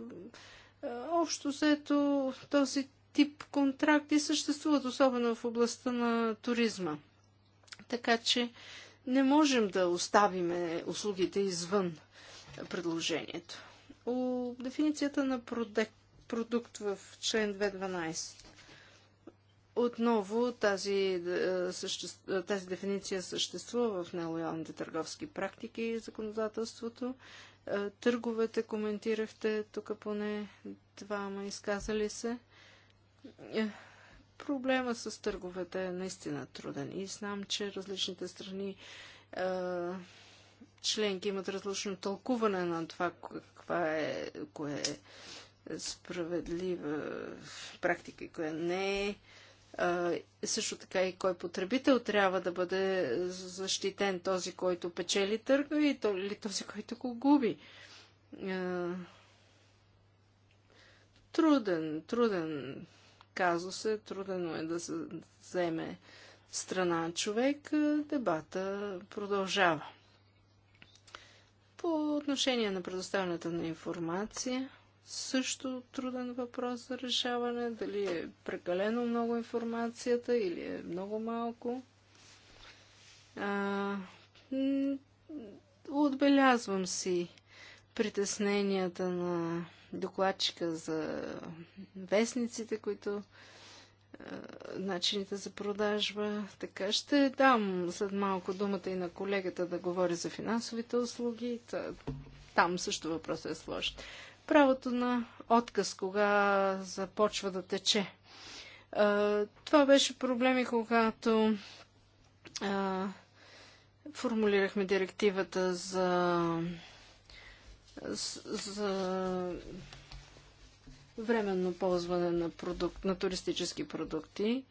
Общо сето, този тип контракти съществуват, особено в областта на туризма. Така че не можем да оставим услугите извън предложението. О дефиницията на продукт, продукт в член 212. Отново тази, е, тази дефиниция съществува в нелоялните търговски практики и законодателството. Е, търговете коментирахте, тук поне двама изказали се. Е, проблема с търговете е наистина труден и знам, че различните страни е, членки имат различно тълкуване на това каква е, кое е справедлива практика и кое не е. е също така и кой потребител трябва да бъде защитен, този, който печели търга или този, който го губи. труден, труден Казва се, трудно е да се вземе страна човек, дебата продължава. По отношение на предоставянето на информация, също труден въпрос за решаване, дали е прекалено много информацията или е много малко. А, отбелязвам си притесненията на докладчика за вестниците, които начините за продажба. Така ще дам след малко думата и на колегата да говори за финансовите услуги. Там също въпросът е сложен. Правото на отказ, кога започва да тече. Това беше проблеми, когато формулирахме директивата за за временно ползване на, продукт, на туристически продукти.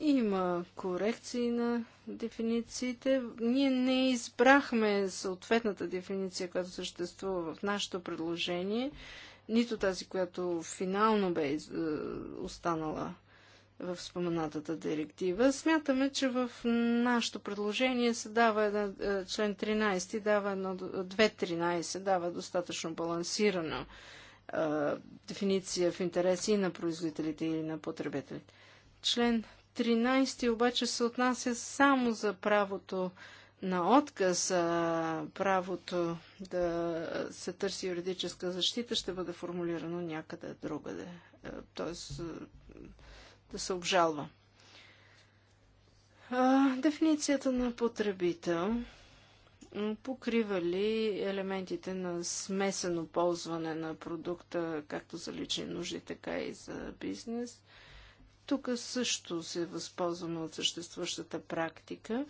Има корекции на дефинициите. Ние не избрахме съответната дефиниция, която съществува в нашето предложение, нито тази, която финално бе е, останала в споменатата директива. Смятаме, че в нашето предложение се дава една, е, член 13, дава едно, 2.13, дава достатъчно балансирана е, дефиниция в интереси и на производителите или на потребителите. Член 13 обаче се отнася само за правото на отказ, а правото да се търси юридическа защита ще бъде формулирано някъде другаде. Е, тоест, да се обжалва. А, дефиницията на потребител покрива ли елементите на смесено ползване на продукта, както за лични нужди, така и за бизнес. Тук също се възползваме от съществуващата практика,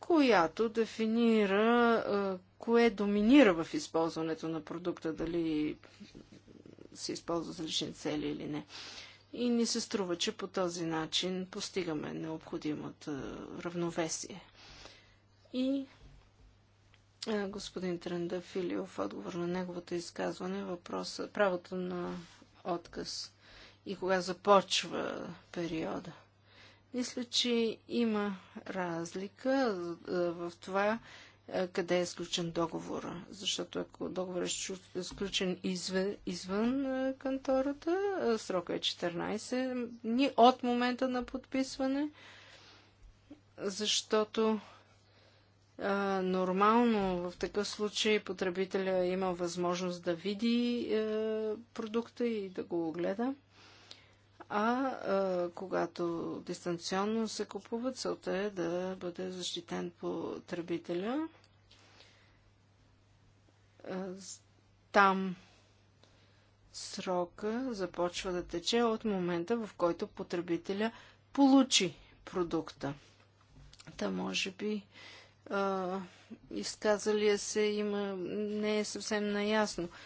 която дефинира кое доминира в използването на продукта, дали се използва за лични цели или не и ни се струва, че по този начин постигаме необходимото равновесие. И господин Тренда Филиов, отговор на неговото изказване въпрос, правото на отказ и кога започва периода. Мисля, че има разлика в това е, къде е сключен договор, Защото ако договор е, е сключен извън, извън е, кантората, срока е 14 дни от момента на подписване, защото а, нормално в такъв случай потребителя има възможност да види а, продукта и да го огледа. А, а когато дистанционно се купува, целта е да бъде защитен потребителя. там срока започва да тече от момента, в който потребителя получи продукта. Та може би а, изказалия се има, не е съвсем наясно. А,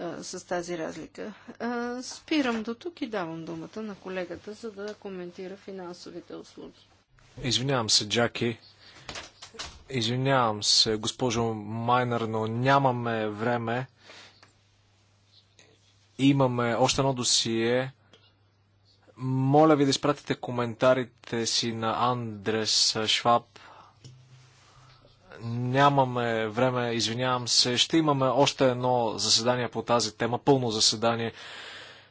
а, с тази разлика. А, спирам до тук и давам думата на колегата, за да коментира финансовите услуги. Извинявам се, Джаки. Извинявам се, госпожо Майнер, но нямаме време. Имаме още едно досие. Моля ви да изпратите коментарите си на Андрес Шваб нямаме време, извинявам се. Ще имаме още едно заседание по тази тема, пълно заседание.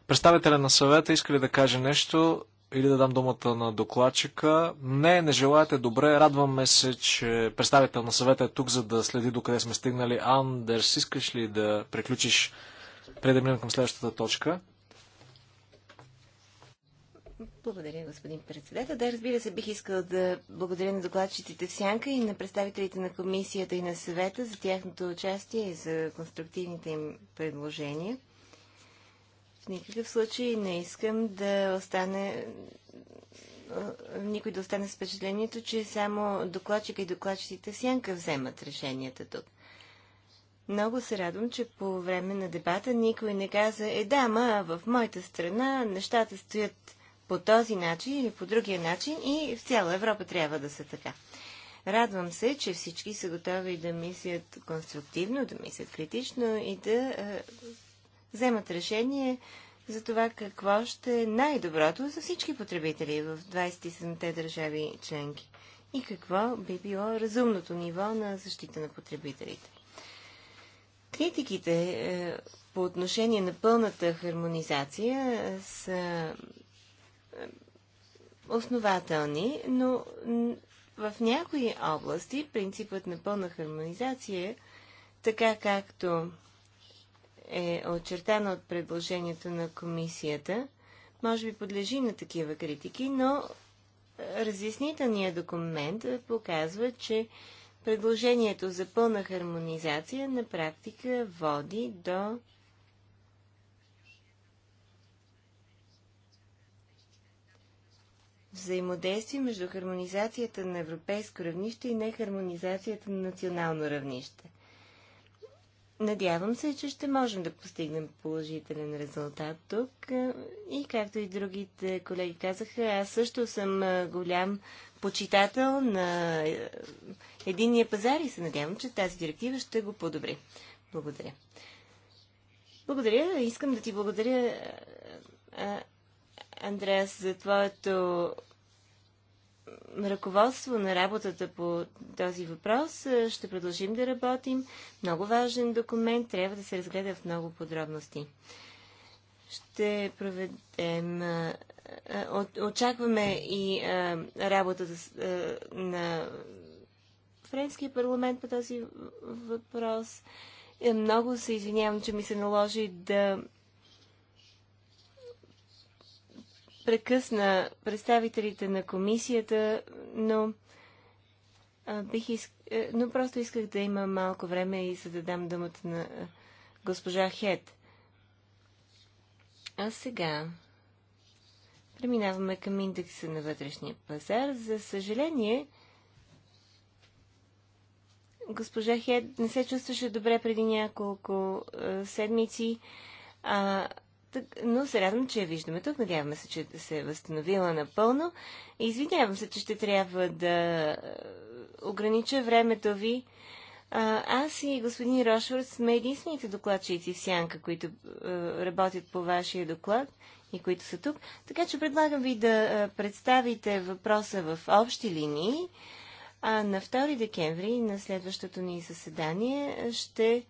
Представителя на съвета иска ли да каже нещо или да дам думата на докладчика? Не, не желаете. Добре, радваме се, че представител на съвета е тук, за да следи докъде сме стигнали. Андерс, искаш ли да приключиш преди да минем към следващата точка? Благодаря, господин председател. Да, разбира се, бих искал да благодаря на докладчиците в Сянка и на представителите на комисията и на съвета за тяхното участие и за конструктивните им предложения. В никакъв случай не искам да остане никой да остане с впечатлението, че само докладчика и докладчиците в Сянка вземат решенията тук. Много се радвам, че по време на дебата никой не каза, е да, ма в моята страна нещата стоят по този начин или по другия начин и в цяла Европа трябва да са така. Радвам се, че всички са готови да мислят конструктивно, да мислят критично и да е, вземат решение за това какво ще е най-доброто за всички потребители в 27-те държави членки и какво би било разумното ниво на защита на потребителите. Критиките е, по отношение на пълната хармонизация е, са основателни, но в някои области принципът на пълна хармонизация, е така както е очертана от предложението на комисията, може би подлежи на такива критики, но е, разяснителният документ показва, че предложението за пълна хармонизация на практика води до взаимодействие между хармонизацията на европейско равнище и нехармонизацията на национално равнище. Надявам се, че ще можем да постигнем положителен резултат тук. И както и другите колеги казаха, аз също съм голям почитател на единния пазар и се надявам, че тази директива ще го подобри. Благодаря. Благодаря. Искам да ти благодаря, Андреас, за твоето ръководство на работата по този въпрос. Ще продължим да работим. Много важен документ. Трябва да се разгледа в много подробности. Ще проведем. Очакваме и работата на Френския парламент по този въпрос. Е, много се извинявам, че ми се наложи да прекъсна представителите на комисията, но, а, бих иск... Е, но просто исках да има малко време и за да дам думата на е, госпожа Хед. А сега преминаваме към индекса на вътрешния пазар. За съжаление, госпожа Хед не се чувстваше добре преди няколко а, е, седмици. А, но се радвам, че я виждаме тук. Надяваме се, че се е възстановила напълно. Извинявам се, че ще трябва да е, огранича времето ви. Аз и господин Рошвард сме единствените докладчици в Сянка, които е, работят по вашия доклад и които са тук. Така че предлагам ви да е, представите въпроса в общи линии. А на 2 декември на следващото ни заседание ще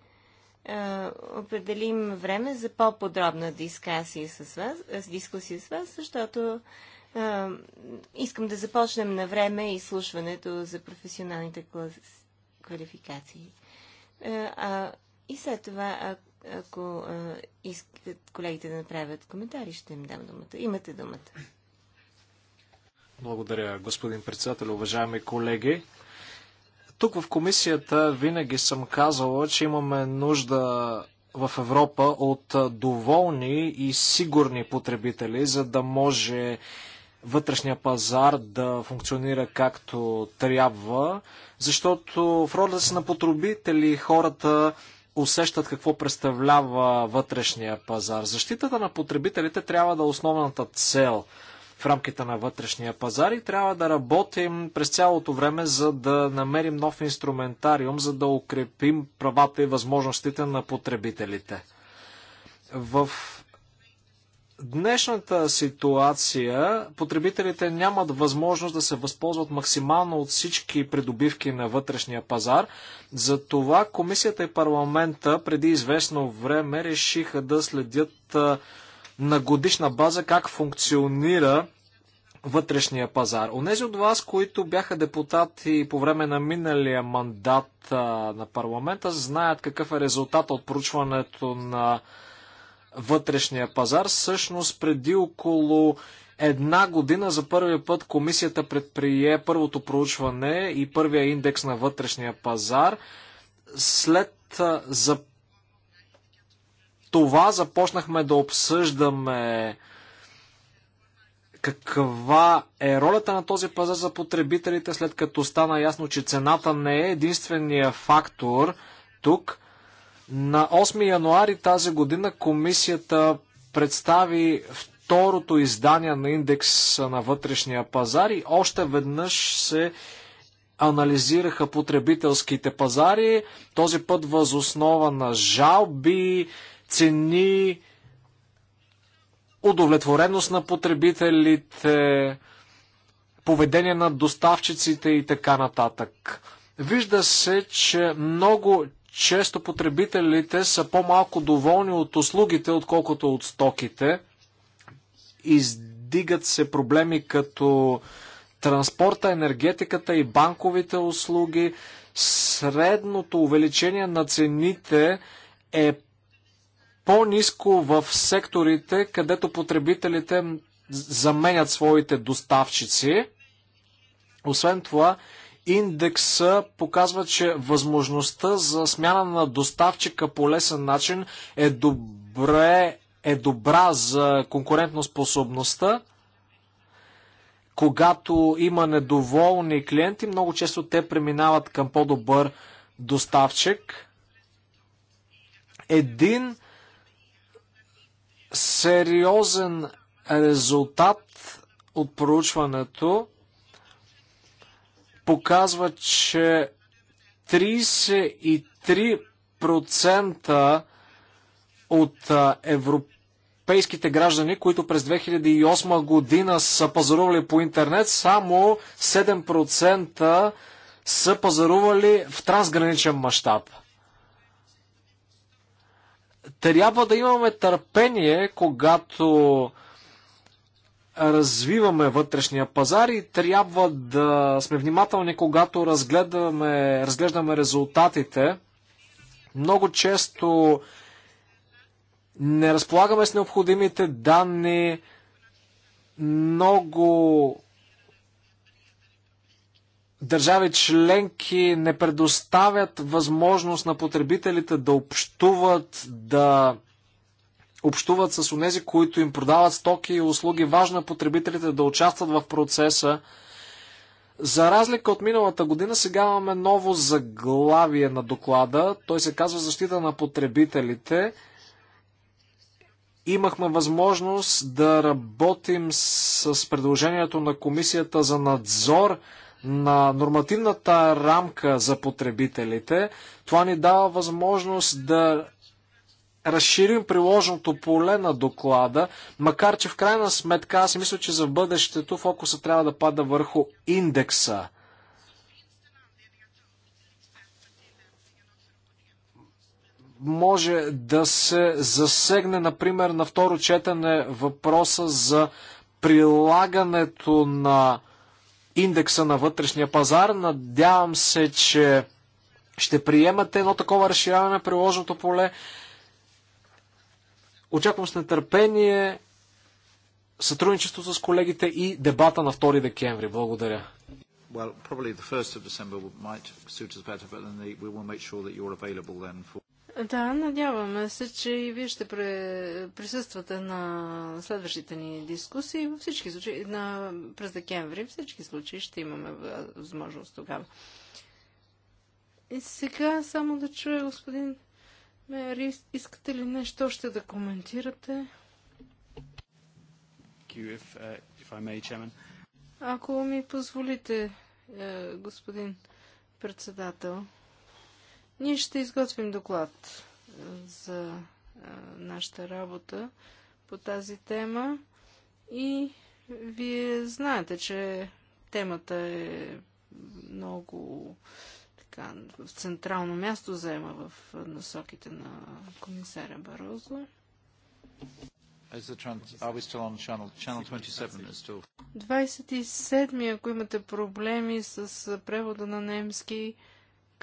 е, определим време за по-подробна дискусия с вас, дискусия с вас защото а, е, искам да започнем на време изслушването за професионалните квалификации. А, е, а, и след това, а, ако а, искат колегите да направят коментари, ще им дам думата. Имате думата. Благодаря, господин председател. Уважаеми колеги, тук в комисията винаги съм казала, че имаме нужда в Европа от доволни и сигурни потребители, за да може вътрешния пазар да функционира както трябва, защото в рода си на потребители хората усещат какво представлява вътрешния пазар. Защитата на потребителите трябва да е основната цел в рамките на вътрешния пазар и трябва да работим през цялото време, за да намерим нов инструментариум, за да укрепим правата и възможностите на потребителите. В днешната ситуация потребителите нямат възможност да се възползват максимално от всички придобивки на вътрешния пазар. Затова комисията и парламента преди известно време решиха да следят на годишна база как функционира вътрешния пазар. Онези от вас, които бяха депутати по време на миналия мандат на парламента, знаят какъв е резултат от проучването на вътрешния пазар. Същност, преди около една година за първия път комисията предприе първото проучване и първия индекс на вътрешния пазар. След за това започнахме да обсъждаме каква е ролята на този пазар за потребителите, след като стана ясно, че цената не е единствения фактор тук. На 8 януари тази година комисията представи второто издание на индекс на вътрешния пазар и още веднъж се анализираха потребителските пазари, този път възоснова на жалби, цени удовлетвореност на потребителите, поведение на доставчиците и така нататък. Вижда се, че много често потребителите са по-малко доволни от услугите, отколкото от стоките. Издигат се проблеми като транспорта, енергетиката и банковите услуги. Средното увеличение на цените е по-низко в секторите, където потребителите заменят своите доставчици. Освен това, индекса показва, че възможността за смяна на доставчика по лесен начин е, добре, е добра за конкурентоспособността. Когато има недоволни клиенти, много често те преминават към по-добър доставчик. Един сериозен резултат от проучването показва, че 33% от европейските граждани, които през 2008 година са пазарували по интернет, само 7% са пазарували в трансграничен мащаб трябва да имаме търпение, когато развиваме вътрешния пазар и трябва да сме внимателни, когато разгледаме, разглеждаме резултатите. Много често не разполагаме с необходимите данни, много държави членки не предоставят възможност на потребителите да общуват, да общуват с онези, които им продават стоки и услуги. Важно е потребителите да участват в процеса. За разлика от миналата година, сега имаме ново заглавие на доклада. Той се казва Защита на потребителите. Имахме възможност да работим с предложението на Комисията за надзор на нормативната рамка за потребителите, това ни дава възможност да разширим приложеното поле на доклада, макар че в крайна сметка аз мисля, че за бъдещето фокуса трябва да пада върху индекса. Може да се засегне, например, на второ четене въпроса за прилагането на индекса на вътрешния пазар. Надявам се, че ще приемате едно такова разширяване на приложното поле. Очаквам с нетърпение сътрудничеството с колегите и дебата на 2 декември. Благодаря. Well, probably the 1st of December might suit us better, but then the, we will make sure that you're available then for... Да, надяваме се, че и вие ще присъствате на следващите ни дискусии. Във всички случаи, на, през декември, във всички случаи ще имаме възможност тогава. И сега само да чуя, господин Мери, искате ли нещо още да коментирате? Uh, Ако ми позволите, е, господин председател. Ние ще изготвим доклад е, за е, нашата работа по тази тема и вие знаете, че темата е много така, в централно място заема в насоките на комисаря Барозо. 27, ако имате проблеми с превода на немски,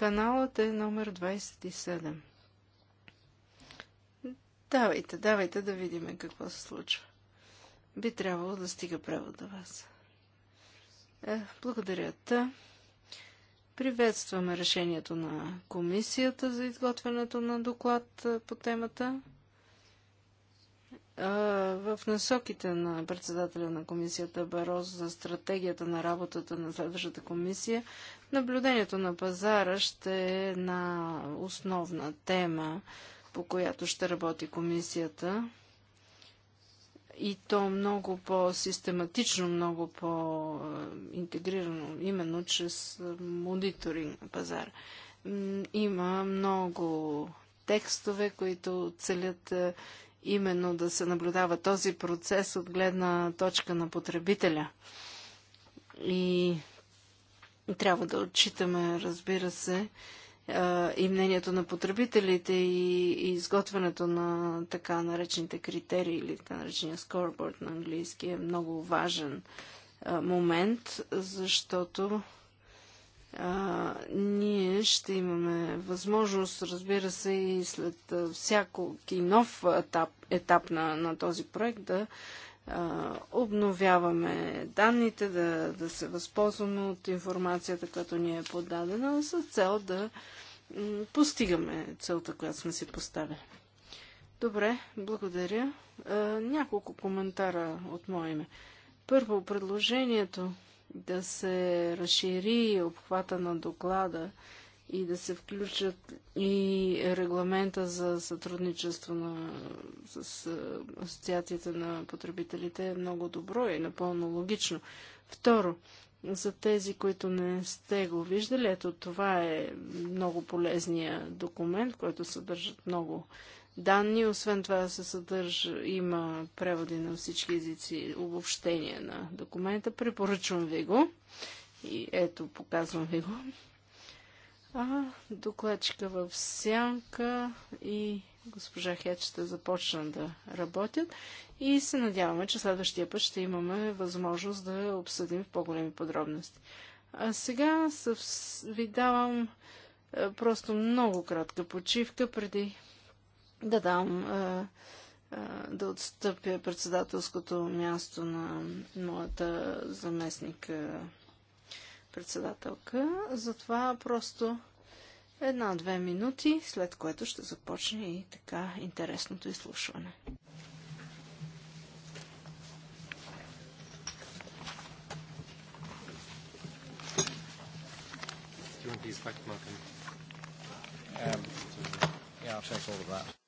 Каналът е номер 27. Давайте, давайте да видим какво се случва. Би трябвало да стига право до вас. Е, благодаря. Та. Приветстваме решението на комисията за изготвянето на доклад е, по темата в насоките на председателя на комисията Бароз за стратегията на работата на следващата комисия, наблюдението на пазара ще е една основна тема, по която ще работи комисията. И то много по-систематично, много по-интегрирано, именно чрез мониторинг на пазара. Има много текстове, които целят е, именно да се наблюдава този процес от гледна точка на потребителя. И трябва да отчитаме, разбира се, и мнението на потребителите и, изготвянето на така наречените критерии или така наречения скорборд на английски е много важен момент, защото а, ние ще имаме възможност, разбира се, и след всяко и нов етап, етап на, на този проект да а, обновяваме данните, да, да се възползваме от информацията, която ни е подадена, с цел да постигаме целта, която сме си поставили. Добре, благодаря. А, няколко коментара от мое име. Първо, предложението да се разшири обхвата на доклада и да се включат и регламента за сътрудничество на, с Асоциацията на потребителите е много добро и напълно логично. Второ, за тези, които не сте го виждали, ето това е много полезния документ, който съдържат много данни. Освен това се съдържа, има преводи на всички езици, обобщение на документа. Препоръчвам ви го. И ето, показвам ви го. А, докладчика в сянка и госпожа Хет ще започна да работят и се надяваме, че следващия път ще имаме възможност да обсъдим в по-големи подробности. А сега ви давам просто много кратка почивка преди да дам, е, е, да отстъпя председателското място на моята заместник е, председателка. Затова просто една-две минути, след което ще започне и така интересното изслушване. Do you want these back, Martin? Um, yeah, I'll check all of that.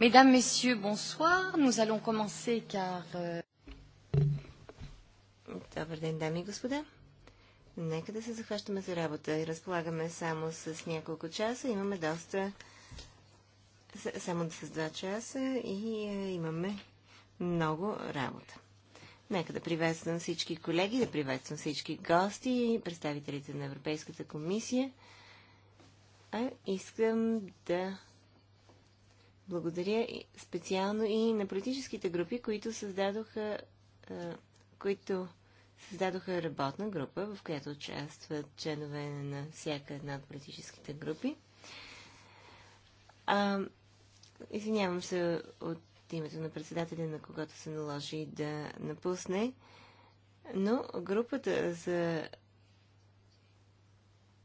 Mesdames, Messieurs, bonsoir. Nous allons commencer car... Euh, Добър ден, дами и господа. Нека да се захващаме за работа и разполагаме само с няколко часа. Имаме доста... Само с два часа и е, имаме много работа. Нека да приветствам всички колеги, да приветствам всички гости, представителите на Европейската комисия. А искам да благодаря специално и на политическите групи, които създадоха, които създадоха работна група, в която участват членове на всяка една от политическите групи. А, извинявам се от името на председателя, на когато се наложи да напусне, но групата за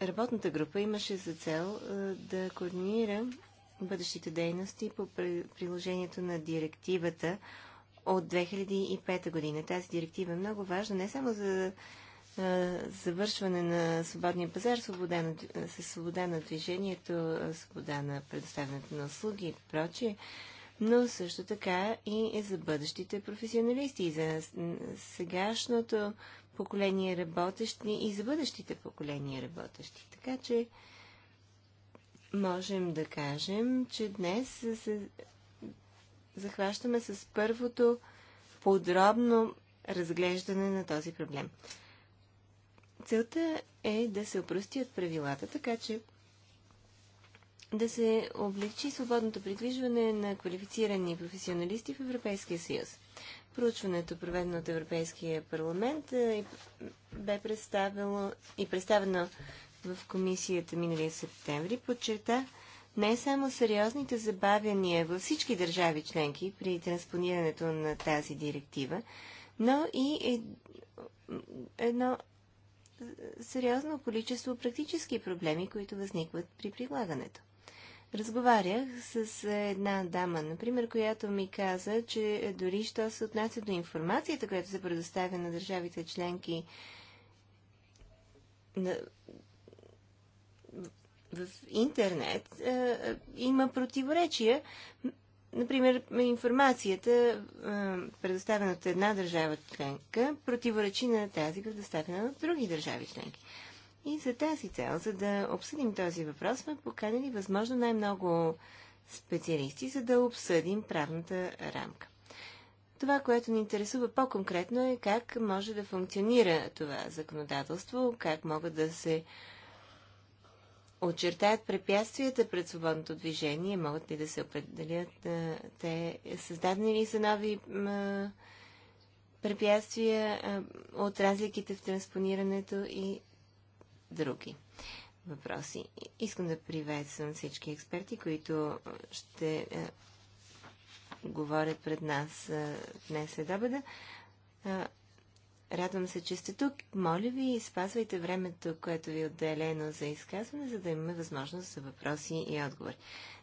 Работната група имаше за цел да координира бъдещите дейности по приложението на директивата от 2005 година. Тази директива е много важна не само за завършване на свободния пазар, свобода на, със свобода на движението, свобода на предоставянето на услуги и прочие, но също така и за бъдещите професионалисти, и за сегашното поколение работещи, и за бъдещите поколения работещи. Така че можем да кажем, че днес се захващаме с първото подробно разглеждане на този проблем. Целта е да се от правилата, така че да се облегчи свободното придвижване на квалифицирани професионалисти в Европейския съюз. Проучването, проведено от Европейския парламент, е, бе представено и представено в комисията миналия септември подчерта не само сериозните забавяния във всички държави членки при транспонирането на тази директива, но и едно сериозно количество практически проблеми, които възникват при прилагането. Разговарях с една дама, например, която ми каза, че дори що се отнася до информацията, която се предоставя на държавите членки на, в интернет е, има противоречия. Например, информацията, е, предоставена от една държава членка, противоречи на тази, предоставена от други държави членки. И за тази цел, за да обсъдим този въпрос, сме поканили възможно най-много специалисти, за да обсъдим правната рамка. Това, което ни интересува по-конкретно е как може да функционира това законодателство, как могат да се очертаят препятствията пред свободното движение, могат ли да се определят те, създадени ли са нови препятствия от разликите в транспонирането и други въпроси. Искам да приветствам всички експерти, които ще говорят пред нас днес след обеда. Радвам се, че сте тук. Моля ви, спазвайте времето, което ви е отделено за изказване, за да имаме възможност за въпроси и отговори.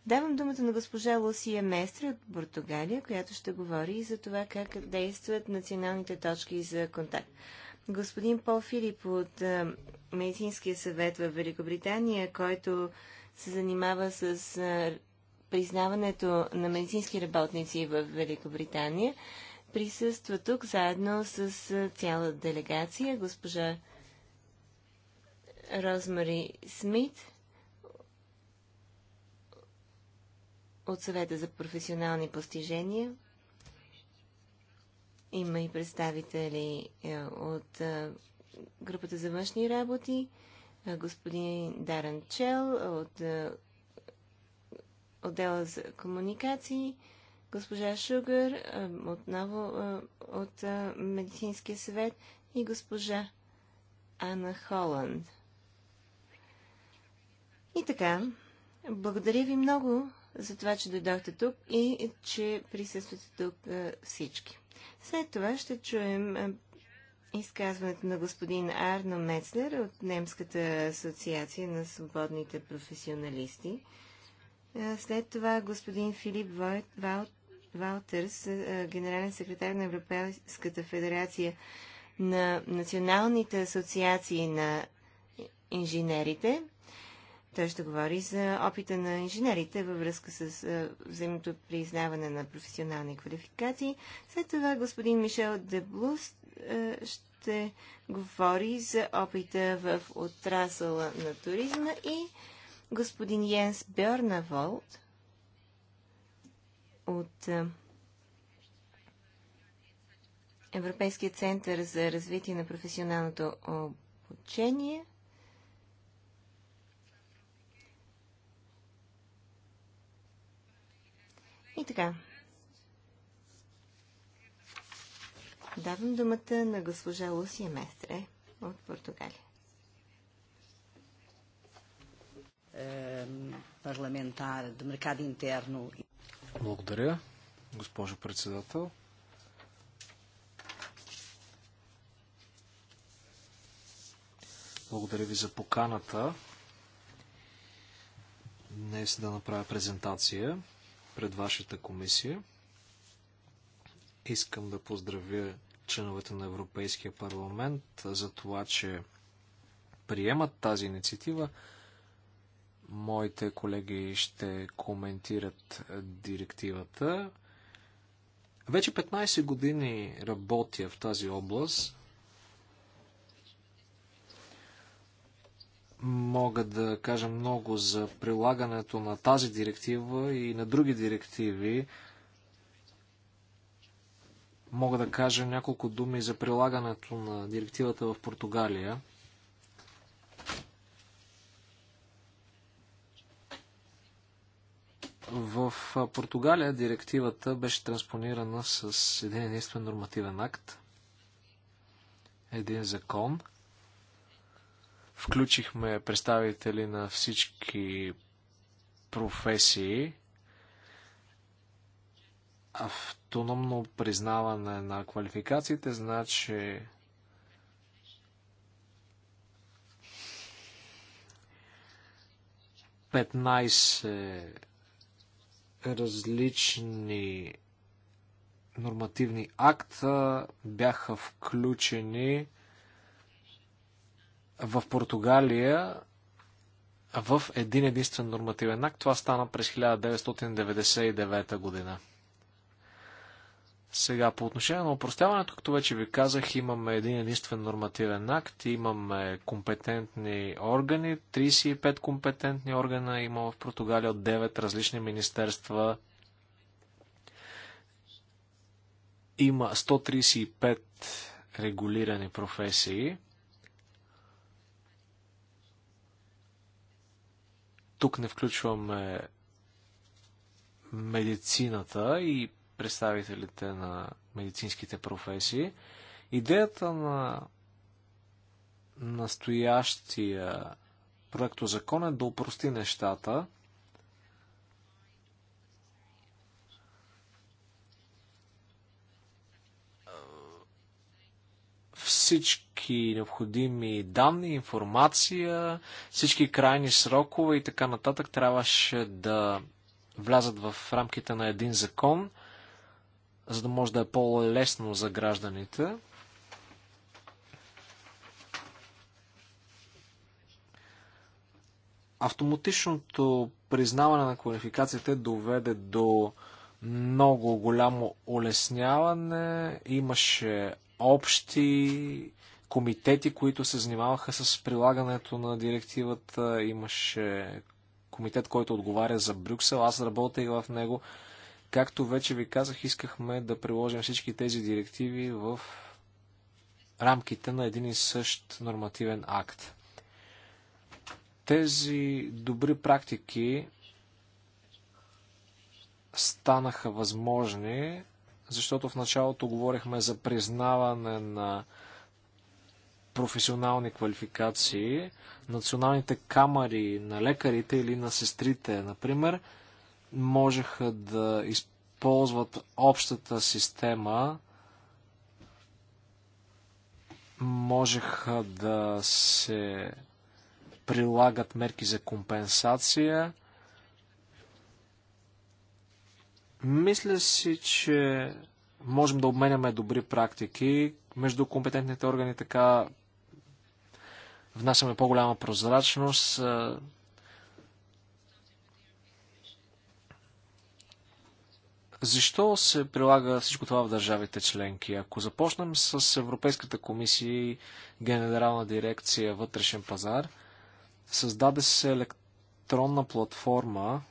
Давам думата на госпожа Лусия Местри от Португалия, която ще говори и за това как действат националните точки за контакт. Господин Пол Филип от Медицинския съвет в Великобритания, който се занимава с признаването на медицински работници в Великобритания, присъства тук заедно с цяла делегация госпожа Розмари Смит от съвета за професионални постижения. Има и представители е, от групата за външни работи, господин Даран Чел от отдела за комуникации, госпожа Шугър, е, отново е, от е, Медицинския съвет и госпожа Анна Холанд. И така, благодаря ви много за това, че дойдохте тук и че присъствате тук всички. След това ще чуем изказването на господин Арно Мецлер от Немската асоциация на свободните професионалисти. След това господин Филип Ваут Валтерс, е, е, генерален секретар на Европейската федерация на националните асоциации на инженерите. Той ще говори за опита на инженерите във връзка с е, взаимното признаване на професионални квалификации. След това господин Мишел Деблус ще говори за опита в отрасъла на туризма и господин Йенс Бьорнаволд от Европейския център за развитие на професионалното обучение. И така. Давам думата на госпожа Лусия Местре от Португалия. Парламентар de mercado interno благодаря, госпожо председател. Благодаря ви за поканата днес да направя презентация пред вашата комисия. Искам да поздравя членовете на Европейския парламент за това, че приемат тази инициатива. Моите колеги ще коментират директивата. Вече 15 години работя в тази област. Мога да кажа много за прилагането на тази директива и на други директиви. Мога да кажа няколко думи за прилагането на директивата в Португалия. В Португалия директивата беше транспонирана с един единствен нормативен акт, един закон. Включихме представители на всички професии, автономно признаване на квалификациите, значи 15 различни нормативни акта бяха включени в Португалия в един единствен нормативен акт. Това стана през 1999 година. Сега, по отношение на упростяването, като вече ви казах, имаме един единствен нормативен акт, имаме компетентни органи, 35 компетентни органа има в Португалия от 9 различни министерства. Има 135 регулирани професии. Тук не включваме медицината и представителите на медицинските професии. Идеята на настоящия проектозакон е да упрости нещата, всички необходими данни, информация, всички крайни срокове и така нататък трябваше да влязат в рамките на един закон – за да може да е по-лесно за гражданите. Автоматичното признаване на квалификациите доведе до много голямо улесняване. Имаше общи комитети, които се занимаваха с прилагането на директивата. Имаше комитет, който отговаря за Брюксел. Аз работех в него. Както вече ви казах, искахме да приложим всички тези директиви в рамките на един и същ нормативен акт. Тези добри практики станаха възможни, защото в началото говорихме за признаване на професионални квалификации, националните камари на лекарите или на сестрите, например – можеха да използват общата система, можеха да се прилагат мерки за компенсация. Мисля си, че можем да обменяме добри практики между компетентните органи, така внасяме по-голяма прозрачност. Защо се прилага всичко това в държавите членки? Ако започнем с Европейската комисия и Генерална дирекция вътрешен пазар, създаде се електронна платформа,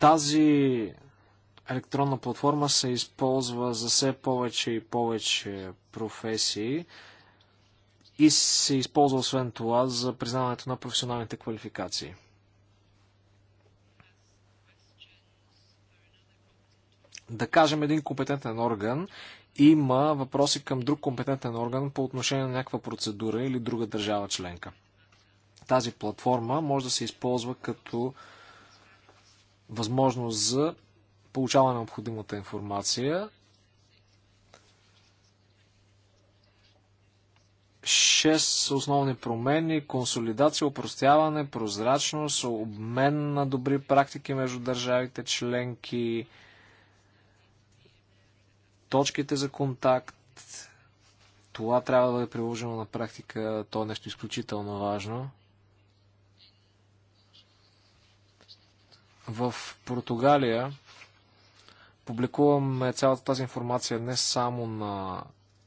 Тази електронна платформа се използва за все повече и повече професии и се използва освен това за признаването на професионалните квалификации. Да кажем, един компетентен орган има въпроси към друг компетентен орган по отношение на някаква процедура или друга държава членка. Тази платформа може да се използва като възможност за получаване на необходимата информация шест основни промени консолидация, упростяване, прозрачност, обмен на добри практики между държавите членки, точките за контакт. Това трябва да бъде приложено на практика. То е нещо изключително важно. В Португалия публикуваме цялата тази информация не само на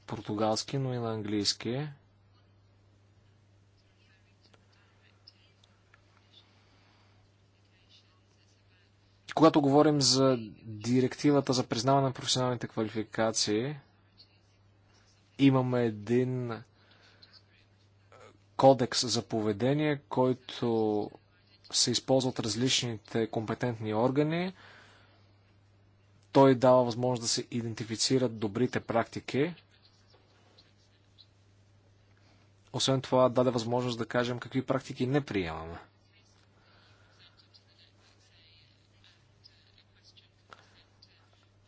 португалски, но и на английски. Когато говорим за директивата за признаване на професионалните квалификации, имаме един кодекс за поведение, който се използва от различните компетентни органи. Той дава възможност да се идентифицират добрите практики. Освен това, даде възможност да кажем какви практики не приемаме.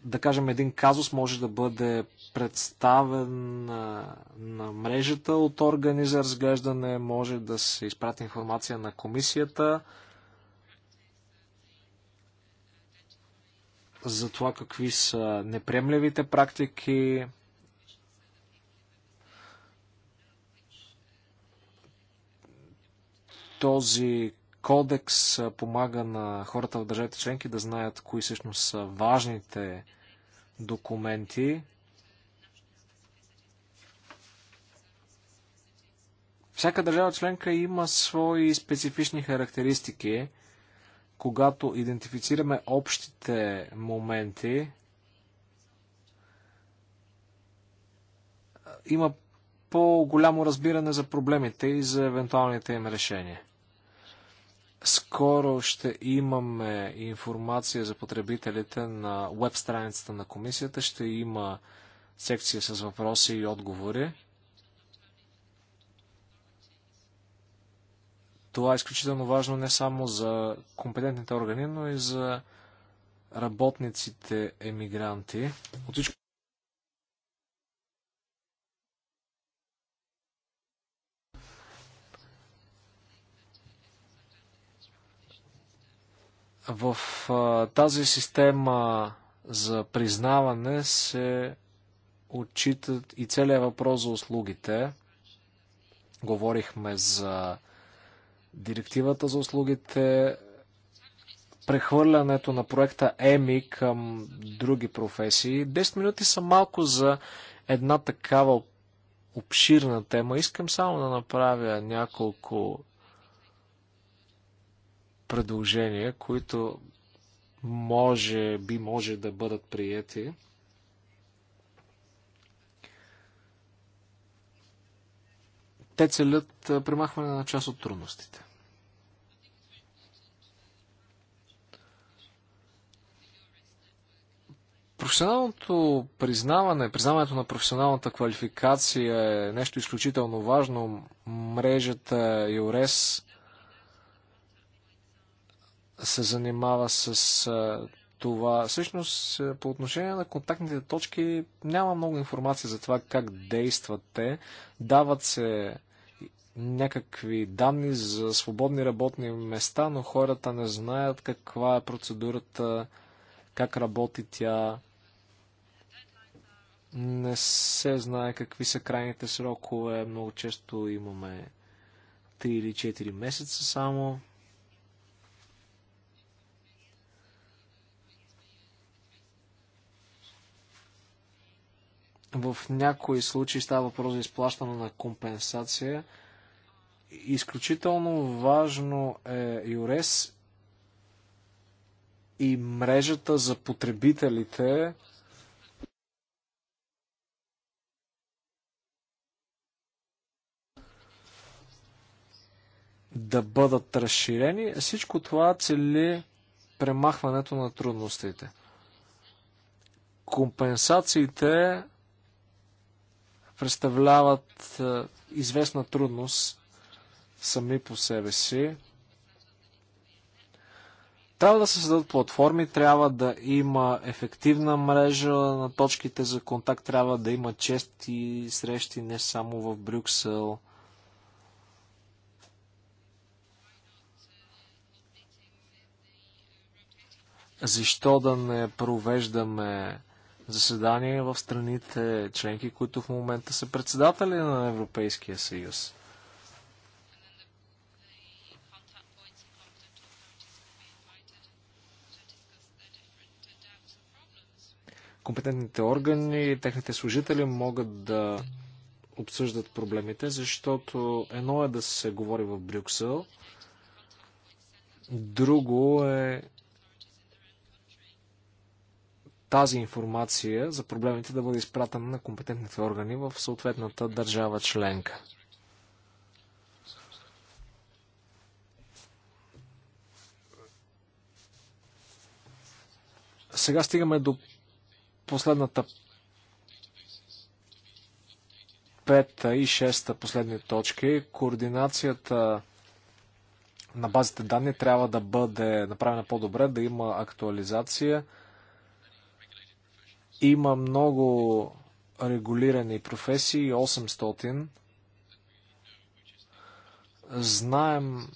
да кажем, един казус може да бъде представен на, на мрежата от органи за разглеждане, може да се изпрати информация на комисията за това какви са неприемливите практики, този кодекс помага на хората в държавите членки да знаят кои всъщност са важните документи. Всяка държава членка има свои специфични характеристики. Когато идентифицираме общите моменти, има по-голямо разбиране за проблемите и за евентуалните им решения. Скоро ще имаме информация за потребителите на веб страницата на комисията. Ще има секция с въпроси и отговори. Това е изключително важно не само за компетентните органи, но и за работниците емигранти. От всичко... В тази система за признаване се отчитат и целият въпрос за услугите. Говорихме за директивата за услугите, прехвърлянето на проекта ЕМИ към други професии. 10 минути са малко за една такава обширна тема. Искам само да направя няколко предложения, които може, би може да бъдат приети. Те целят премахване на част от трудностите. Професионалното признаване, признаването на професионалната квалификация е нещо изключително важно. Мрежата EURES се занимава с това. Всъщност, по отношение на контактните точки, няма много информация за това как действат те. Дават се някакви данни за свободни работни места, но хората не знаят каква е процедурата, как работи тя. Не се знае какви са крайните срокове. Много често имаме 3 или 4 месеца само. В някои случаи става въпрос за изплащане на компенсация. Изключително важно е ЮРЕС и мрежата за потребителите. да бъдат разширени. Всичко това цели премахването на трудностите. Компенсациите представляват е, известна трудност сами по себе си. Трябва да се създадат платформи, трябва да има ефективна мрежа на точките за контакт, трябва да има чести срещи не само в Брюксел. Защо да не провеждаме заседания в страните членки, които в момента са председатели на Европейския съюз. компетентните органи, и техните служители могат да обсъждат проблемите, защото едно е да се говори в Брюксел, друго е тази информация за проблемите да бъде изпратена на компетентните органи в съответната държава членка. Сега стигаме до последната пета и шеста последни точки. Координацията на базите данни трябва да бъде направена по-добре, да има актуализация – има много регулирани професии, 800. Знаем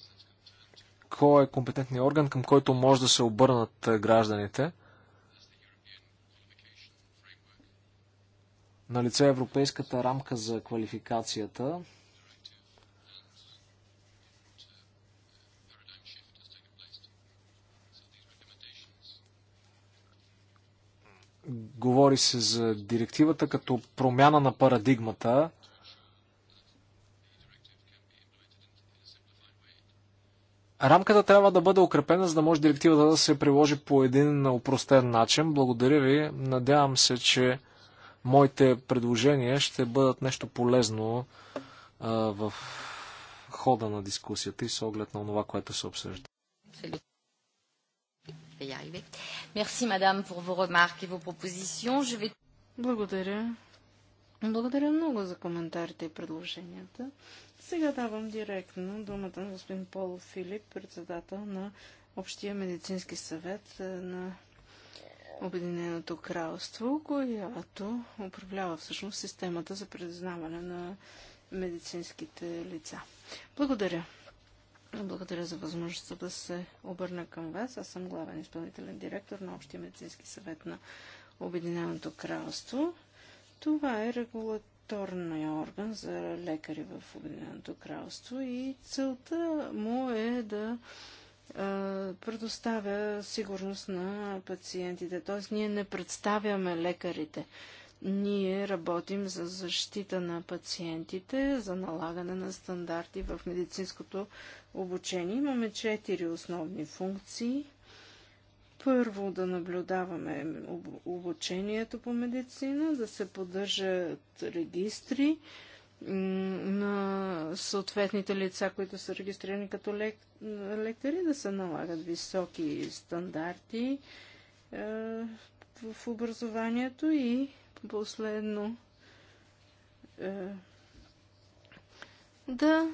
кой е компетентният орган, към който може да се обърнат е, гражданите. На лице е европейската рамка за квалификацията. Говори се за директивата като промяна на парадигмата. Рамката трябва да бъде укрепена, за да може директивата да се приложи по един упростен начин. Благодаря ви. Надявам се, че моите предложения ще бъдат нещо полезно а, в хода на дискусията и с оглед на това, което се обсъжда vais y arriver. Merci, madame, pour vos remarques et vos propositions. Je vais... Благодаря. Благодаря много за коментарите и предложенията. Сега давам директно думата на господин Пол Филип, председател на Общия медицински съвет е, на Обединеното кралство, която управлява всъщност системата за признаване на медицинските лица. Благодаря. Благодаря за възможността да се обърна към вас. Аз съм главен изпълнителен директор на Общия медицински съвет на Обединеното кралство. Това е регулаторния орган за лекари в Обединеното кралство и целта му е да предоставя сигурност на пациентите. Т.е. ние не представяме лекарите. Ние работим за защита на пациентите, за налагане на стандарти в медицинското обучение. Имаме четири основни функции. Първо да наблюдаваме обучението по медицина, да се поддържат регистри на съответните лица, които са регистрирани като лек... лектори, да се налагат високи стандарти е, в образованието и последно е, да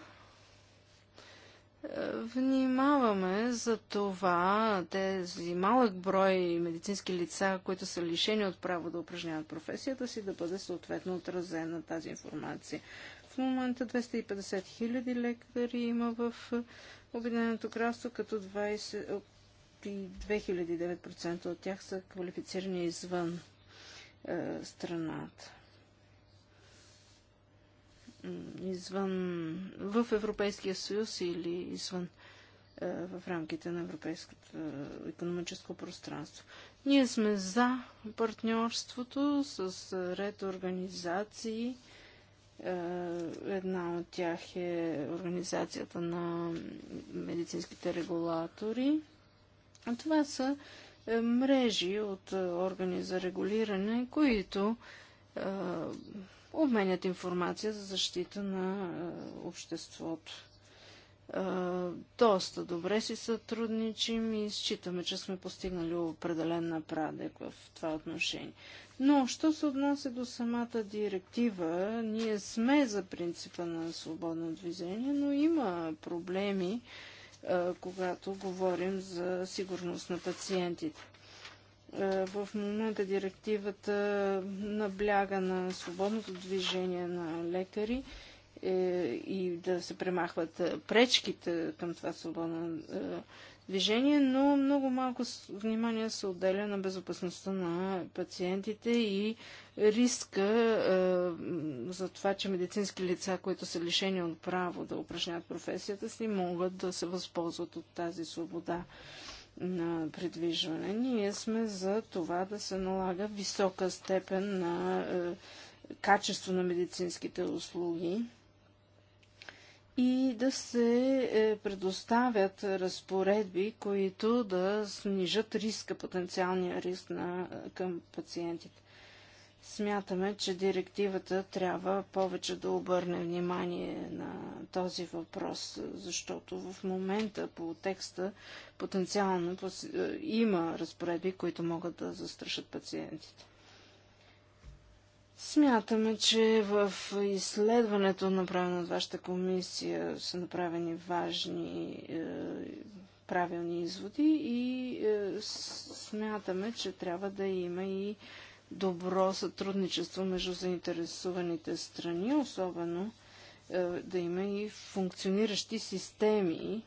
е, внимаваме за това тези малък брой медицински лица, които са лишени от право да упражняват професията си, да бъде съответно отразена тази информация. В момента 250 хиляди лекари има в е, Обединеното кралство, като 20, 2009% от тях са квалифицирани извън е, страната. Извън, в Европейския съюз или извън е, в рамките на Европейското економическо пространство. Ние сме за партньорството с е, ред организации. Е, една от тях е Организацията на медицинските регулатори. А това са е, мрежи от е, органи за регулиране, които е, обменят информация за защита на обществото. доста добре си сътрудничим и считаме, че сме постигнали определен напредък в това отношение. Но, що се отнася до самата директива, ние сме за принципа на свободно движение, но има проблеми, когато говорим за сигурност на пациентите. В момента директивата набляга на свободното движение на лекари е, и да се премахват пречките към това свободно движение, но много малко внимание се отделя на безопасността на пациентите и риска е, за това, че медицински лица, които са лишени от право да упражняват професията си, могат да се възползват от тази свобода на придвижване. Ние сме за това да се налага висока степен на е, качество на медицинските услуги и да се е, предоставят разпоредби, които да снижат риска, потенциалния риск на, е, към пациентите. Смятаме, че директивата трябва повече да обърне внимание на този въпрос, защото в момента по текста потенциално е, има разпоредби, които могат да застрашат пациентите. Смятаме, че в изследването, направено от вашата комисия, са направени важни е, правилни изводи и е, смятаме, че трябва да има и добро сътрудничество между заинтересуваните страни, особено е, да има и функциониращи системи.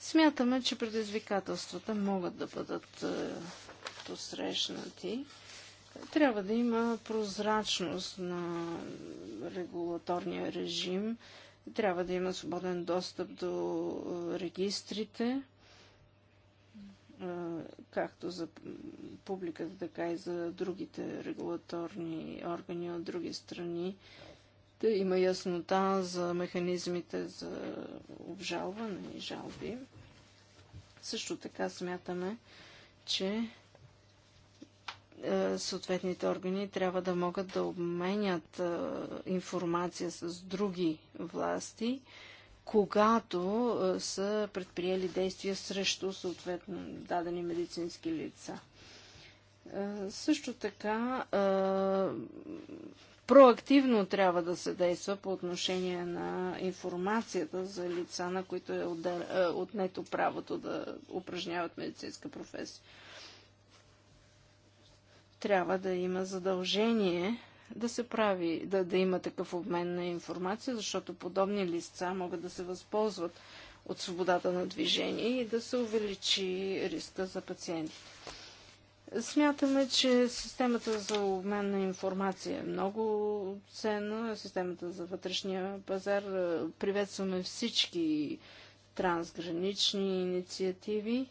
Смятаме, че предизвикателствата могат да бъдат посрещнати. Е, трябва да има прозрачност на регулаторния режим, трябва да има свободен достъп до регистрите, както за публиката, така и за другите регулаторни органи от други страни. Да има яснота за механизмите за обжалване и жалби. Също така смятаме, че е, съответните органи трябва да могат да обменят е, информация с други власти, когато е, са предприели действия срещу съответно дадени медицински лица. Също така проактивно трябва да се действа по отношение на информацията за лица, на които е отнето правото да упражняват медицинска професия трябва да има задължение да се прави, да, да има такъв обмен на информация, защото подобни лица могат да се възползват от свободата на движение и да се увеличи риска за пациенти. Смятаме, че системата за обмен на информация е много ценна, системата за вътрешния пазар. Е, приветстваме всички трансгранични инициативи.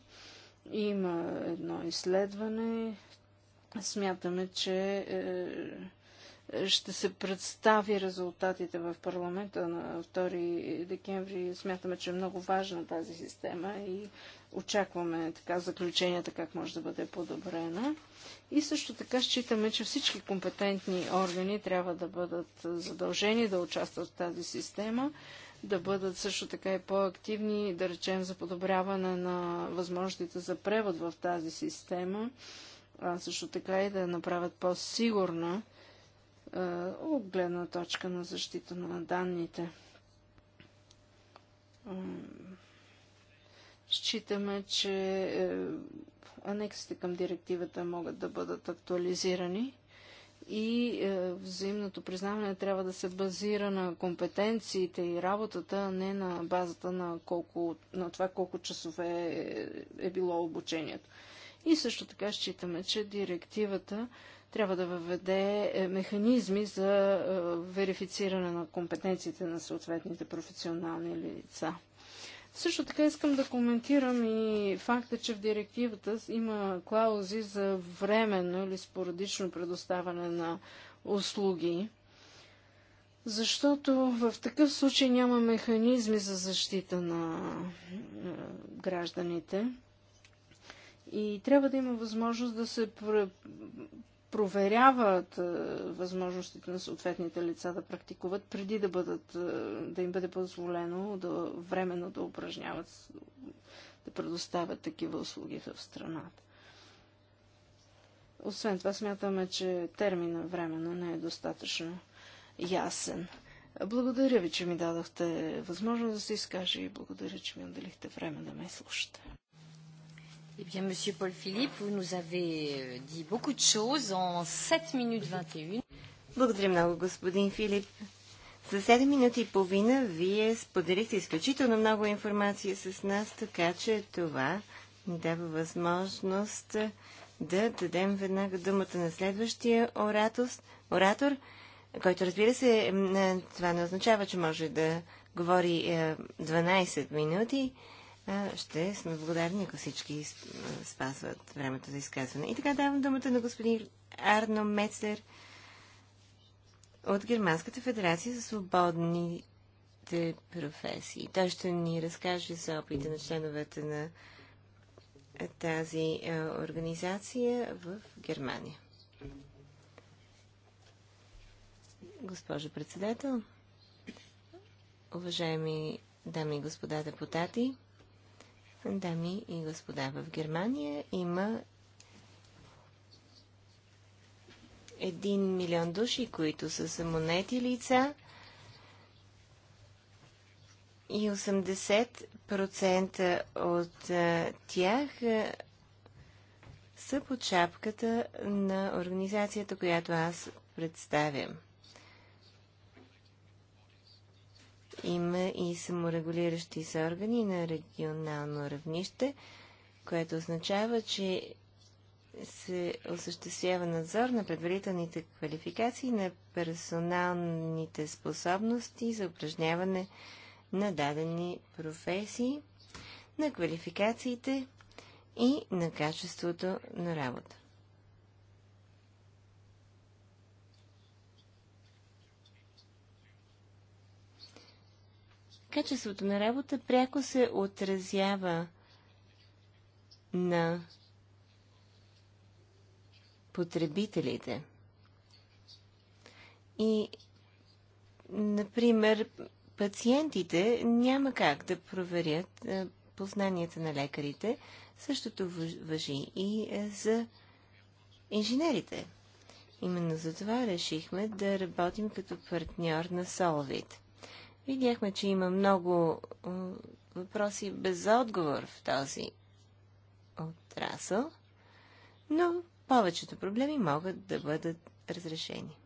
Има едно изследване Смятаме, че е, е, ще се представи резултатите в парламента на 2 декември. Смятаме, че е много важна тази система и очакваме така заключенията как може да бъде подобрена. И също така считаме, че всички компетентни органи трябва да бъдат задължени да участват в тази система, да бъдат също така и по-активни, да речем, за подобряване на възможностите за превод в тази система а също така и да направят по-сигурна от гледна точка на защита на данните. Считаме, че е, анексите към директивата могат да бъдат актуализирани и е, взаимното признаване трябва да се базира на компетенциите и работата, а не на базата на, колко, на това колко часове е, е било обучението. И също така считаме, че директивата трябва да въведе е, механизми за е, верифициране на компетенциите на съответните професионални лица. Също така искам да коментирам и факта, че в директивата има клаузи за временно или спорадично предоставяне на услуги, защото в такъв случай няма механизми за защита на е, гражданите. И трябва да има възможност да се проверяват е, възможностите на съответните лица да практикуват, преди да, бъдат, е, да им бъде позволено да временно да упражняват, да предоставят такива услуги в страната. Освен това, смятаме, че термина временно не е достатъчно ясен. Благодаря ви, че ми дадахте възможност да се изкажа и благодаря, че ми отделихте време да ме слушате. Eh bien, Monsieur Paul Philippe, vous nous avez euh, dit beaucoup de choses en 7 minutes 21. Благодаря много, господин Филип. За 7 минути и половина вие споделихте изключително много информация с нас, така че това ни дава възможност да дадем веднага думата на следващия оратос, оратор, който разбира се, е, това не означава, че може да говори 12 е, минути ще сме благодарни, ако всички спазват времето за изказване. И така давам думата на господин Арно Мецлер от Германската федерация за свободните професии. Той ще ни разкаже за опита на членовете на тази организация в Германия. Госпожо председател, уважаеми дами и господа депутати, Дами и господа, в Германия има 1 милион души, които са самонети лица и 80% от а, тях а, са под шапката на организацията, която аз представям. Има и саморегулиращи се органи на регионално равнище, което означава, че се осъществява надзор на предварителните квалификации на персоналните способности за упражняване на дадени професии, на квалификациите и на качеството на работа. качеството на работа пряко се отразява на потребителите. И, например, пациентите няма как да проверят е, познанията на лекарите. Същото въжи и е, за инженерите. Именно за това решихме да работим като партньор на Solvit – Видяхме, че има много въпроси без отговор в този отрасъл, но повечето проблеми могат да бъдат разрешени.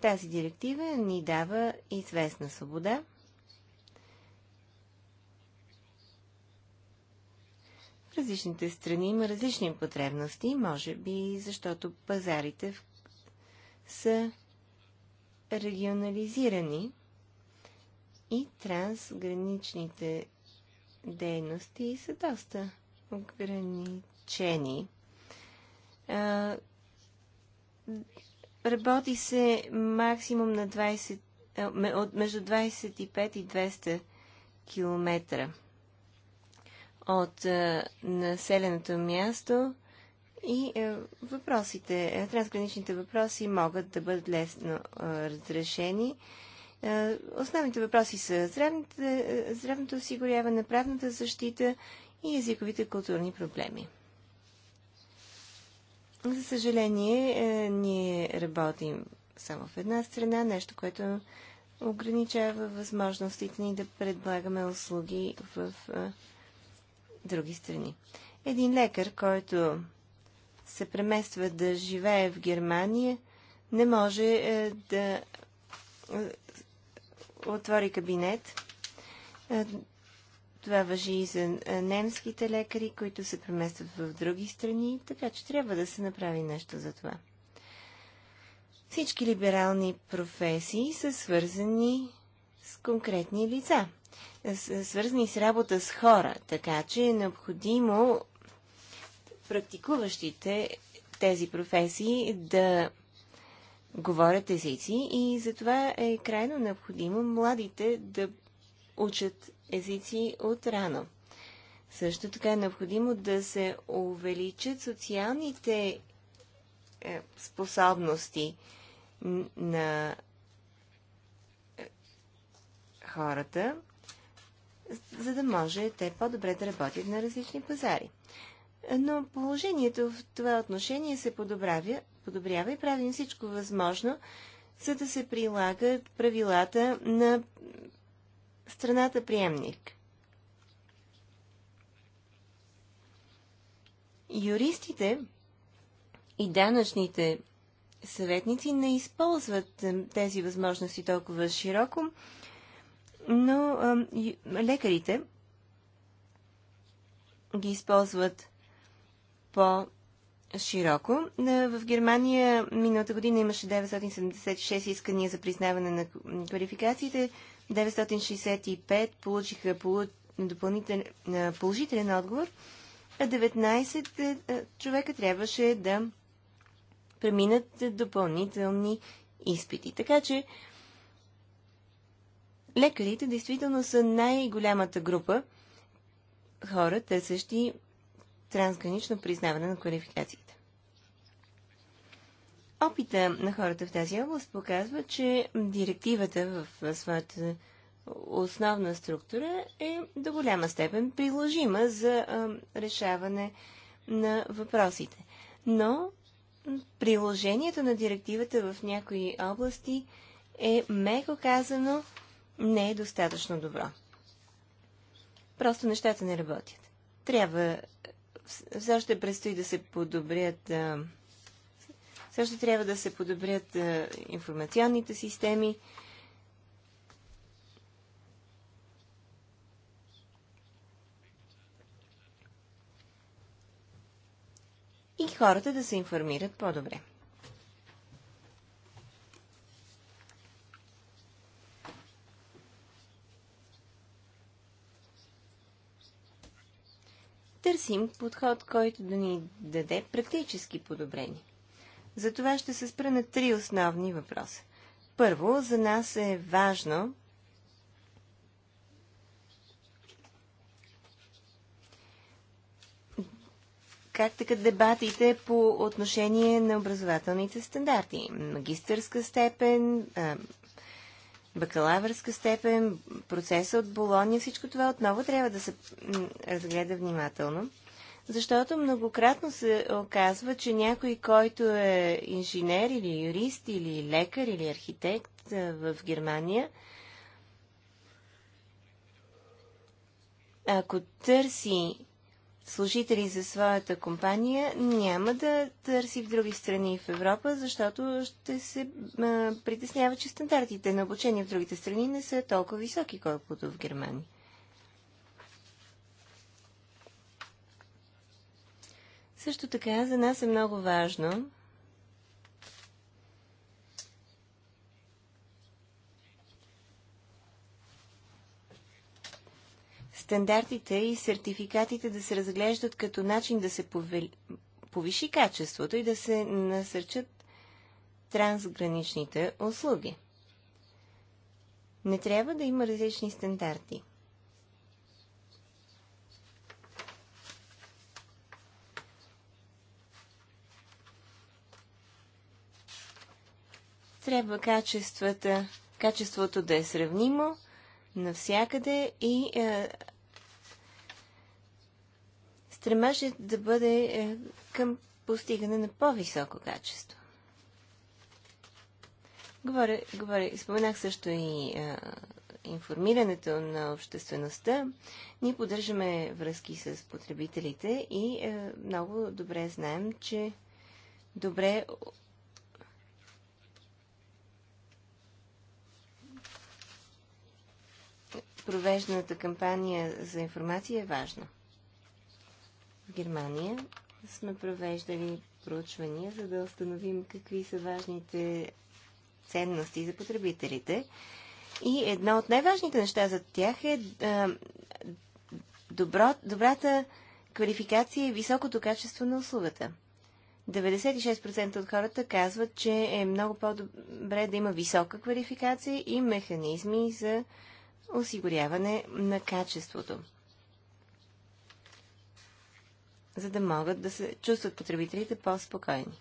Тази директива ни дава известна свобода. В различните страни има различни потребности, може би защото пазарите са регионализирани и трансграничните дейности са доста ограничени. А, работи се максимум на 20, от между 25 и 200 км от а, населеното място и а, въпросите, трансграничните въпроси могат да бъдат лесно разрешени е, основните въпроси са е, здравното осигуряване, правната защита и езиковите културни проблеми. За съжаление, е, ние работим само в една страна, нещо, което ограничава възможностите ни да предлагаме услуги в други страни. Един лекар, който се премества да живее в Германия, не може да отвори кабинет. Е, това въжи и за е, немските лекари, които се преместват в други страни, така че трябва да се направи нещо за това. Всички либерални професии са свързани с конкретни лица, е, свързани с работа с хора, така че е необходимо практикуващите тези професии да говорят езици и затова е крайно необходимо младите да учат езици от рано. Също така е необходимо да се увеличат социалните е, способности на е, хората, за да може те по-добре да работят на различни пазари. Но положението в това отношение се подобрява, подобрява и правим всичко възможно, за да се прилагат правилата на страната приемник. Юристите и данъчните съветници не използват тези възможности толкова широко, но а, лекарите ги използват по широко. В Германия миналата година имаше 976 искания за признаване на квалификациите. 965 получиха допълнителен положителен отговор, а 19 е, е, човека трябваше да преминат допълнителни изпити. Така че лекарите действително са най-голямата група хора, търсещи трансгранично признаване на квалификациите. Опита на хората в тази област показва, че директивата в своята основна структура е до голяма степен приложима за решаване на въпросите. Но приложението на директивата в някои области е, меко казано, не е достатъчно добро. Просто нещата не работят. Трябва все още предстои да се подобрят. Все още трябва да се подобрят информационните системи. И хората да се информират по-добре. търсим подход, който да ни даде практически подобрение. За това ще се спра на три основни въпроса. Първо, за нас е важно как така дебатите по отношение на образователните стандарти. Магистърска степен, бакалавърска степен, процеса от Болония, всичко това отново трябва да се разгледа внимателно. Защото многократно се оказва, че някой, който е инженер или юрист или лекар или архитект в Германия, ако търси служители за своята компания, няма да търси в други страни в Европа, защото ще се а, притеснява, че стандартите на обучение в другите страни не са толкова високи, колкото в Германия. Също така за нас е много важно стандартите и сертификатите да се разглеждат като начин да се повели, повиши качеството и да се насърчат трансграничните услуги. Не трябва да има различни стандарти. Трябва качеството да е сравнимо навсякъде и е, Стремаше да бъде е, към постигане на по-високо качество. Говоря, говоря, споменах също и а, е, информирането на обществеността. Ние поддържаме връзки с потребителите и а, е, много добре знаем, че добре провежданата кампания за информация е важна в Германия сме провеждали проучвания, за да установим какви са важните ценности за потребителите. И едно от най-важните неща за тях е а, добро, добрата квалификация и високото качество на услугата. 96% от хората казват, че е много по-добре да има висока квалификация и механизми за осигуряване на качеството за да могат да се чувстват потребителите по-спокойни.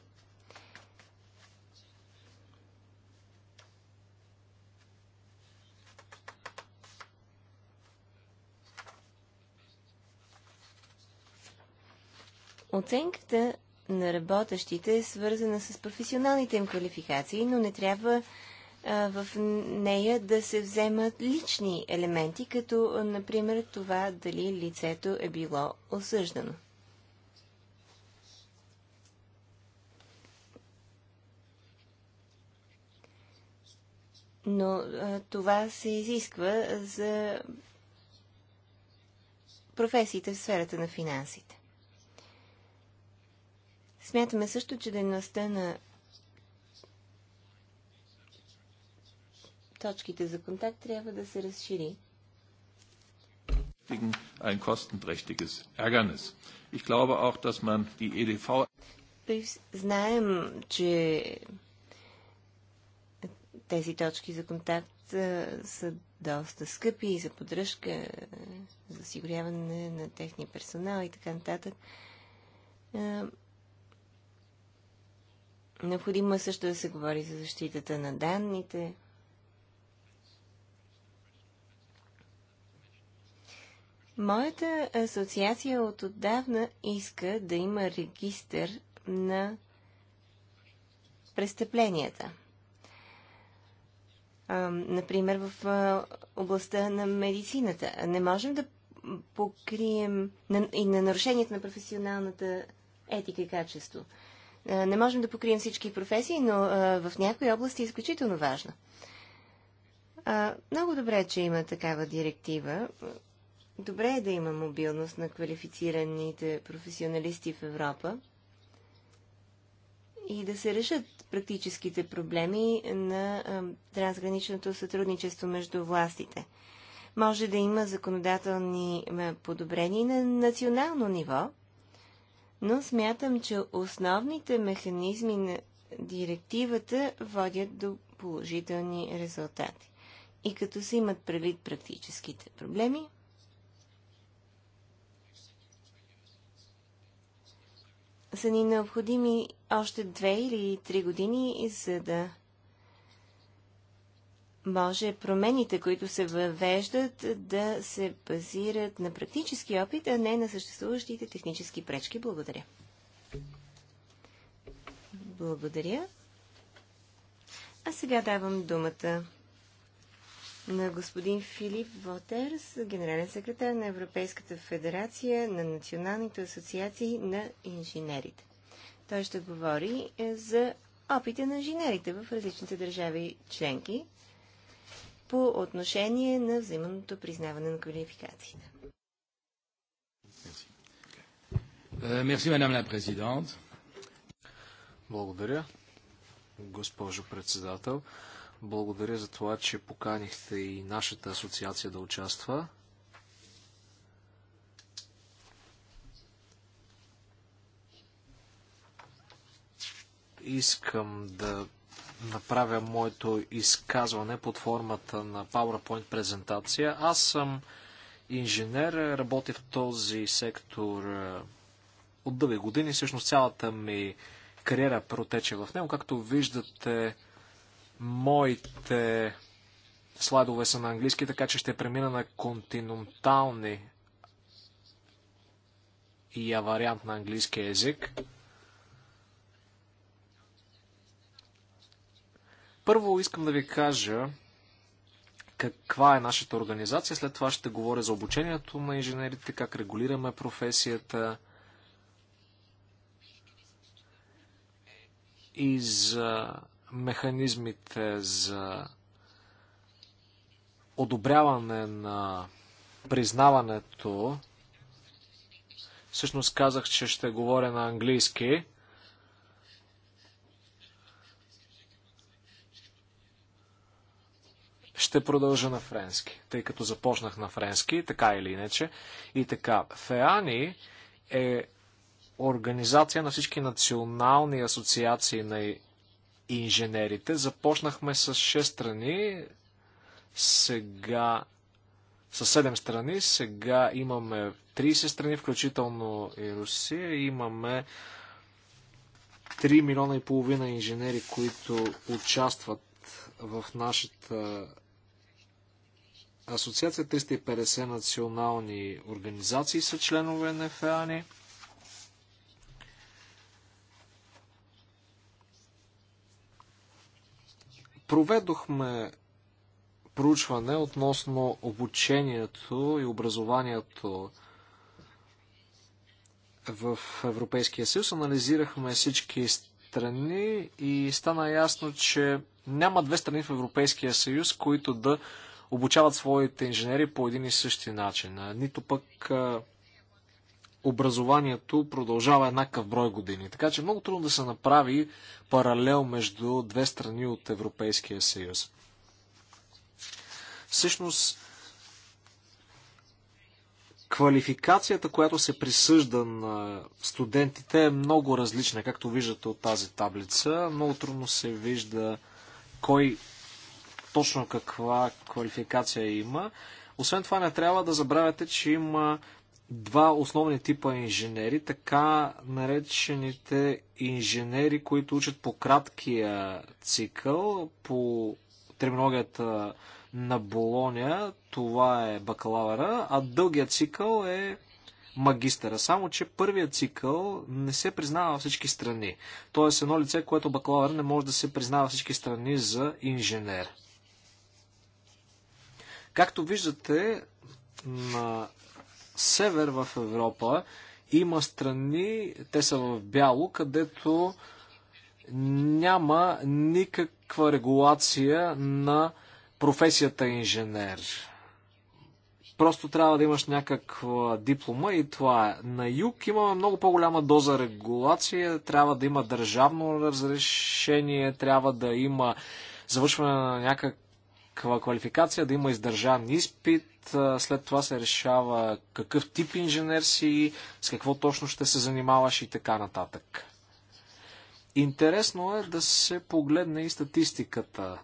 Оценката на работещите е свързана с професионалните им квалификации, но не трябва а, в нея да се вземат лични елементи, като, например, това дали лицето е било осъждано. Но а, това се изисква за професиите в сферата на финансите. Смятаме също, че дейността на точките за контакт трябва да се разшири. Ein kostenträchtiges Ärgernis. Ich glaube auch, dass man die EDV... Знаем, че тези точки за контакт са доста скъпи и за поддръжка, за осигуряване на техния персонал и така нататък. необходимо е също да се говори за защитата на данните. Моята асоциация от отдавна иска да има регистър на престъпленията – например, в областта на медицината. Не можем да покрием и на нарушението на професионалната етика и качество. Не можем да покрием всички професии, но в някои области е изключително важно. Много добре, е, че има такава директива. Добре е да има мобилност на квалифицираните професионалисти в Европа и да се решат практическите проблеми на трансграничното сътрудничество между властите. Може да има законодателни подобрения на национално ниво, но смятам, че основните механизми на директивата водят до положителни резултати. И като се имат предвид практическите проблеми, са ни необходими още две или три години, за да може промените, които се въвеждат, да се базират на практически опит, а не на съществуващите технически пречки. Благодаря. Благодаря. А сега давам думата на господин Филип Вотерс, генерален секретар на Европейската федерация на националните асоциации на инженерите. Той ще говори е, за опита на инженерите в различните държави членки по отношение на взаимното признаване на квалификациите. Е, Благодаря, госпожо председател. Благодаря за това, че поканихте и нашата асоциация да участва. Искам да направя моето изказване под формата на PowerPoint презентация. Аз съм инженер, работя в този сектор е, от дълги години. Всъщност цялата ми кариера протече в него. Както виждате, Моите слайдове са на английски, така че ще премина на континентални и я вариант на английски език. Първо искам да ви кажа каква е нашата организация, след това ще говоря за обучението на инженерите, как регулираме професията и за механизмите за одобряване на признаването. Всъщност казах, че ще говоря на английски. Ще продължа на френски, тъй като започнах на френски, така или иначе. И така, ФЕАНИ е организация на всички национални асоциации на инженерите. Започнахме с 6 страни, сега с 7 страни, сега имаме 30 страни, включително и Русия. Имаме 3 милиона и половина инженери, които участват в нашата асоциация. 350 национални организации са членове на ФАНИ. Проведохме проучване относно обучението и образованието в Европейския съюз. Анализирахме всички страни и стана ясно, че няма две страни в Европейския съюз, които да обучават своите инженери по един и същи начин. Нито пък образованието продължава еднакъв брой години. Така че много трудно да се направи паралел между две страни от Европейския съюз. Всъщност, квалификацията, която се присъжда на студентите е много различна, както виждате от тази таблица. Много трудно се вижда кой точно каква квалификация има. Освен това не трябва да забравяте, че има два основни типа инженери, така наречените инженери, които учат по краткия цикъл, по терминологията на Болония, това е бакалавъра, а дългия цикъл е магистъра. Само, че първият цикъл не се признава във всички страни. Тоест едно лице, което бакалавър не може да се признава във всички страни за инженер. Както виждате на север в Европа има страни, те са в бяло, където няма никаква регулация на професията инженер. Просто трябва да имаш някаква диплома и това е. На юг имаме много по-голяма доза регулация, трябва да има държавно разрешение, трябва да има завършване на някакъв квалификация, да има издържан изпит, след това се решава какъв тип инженер си, с какво точно ще се занимаваш и така нататък. Интересно е да се погледне и статистиката,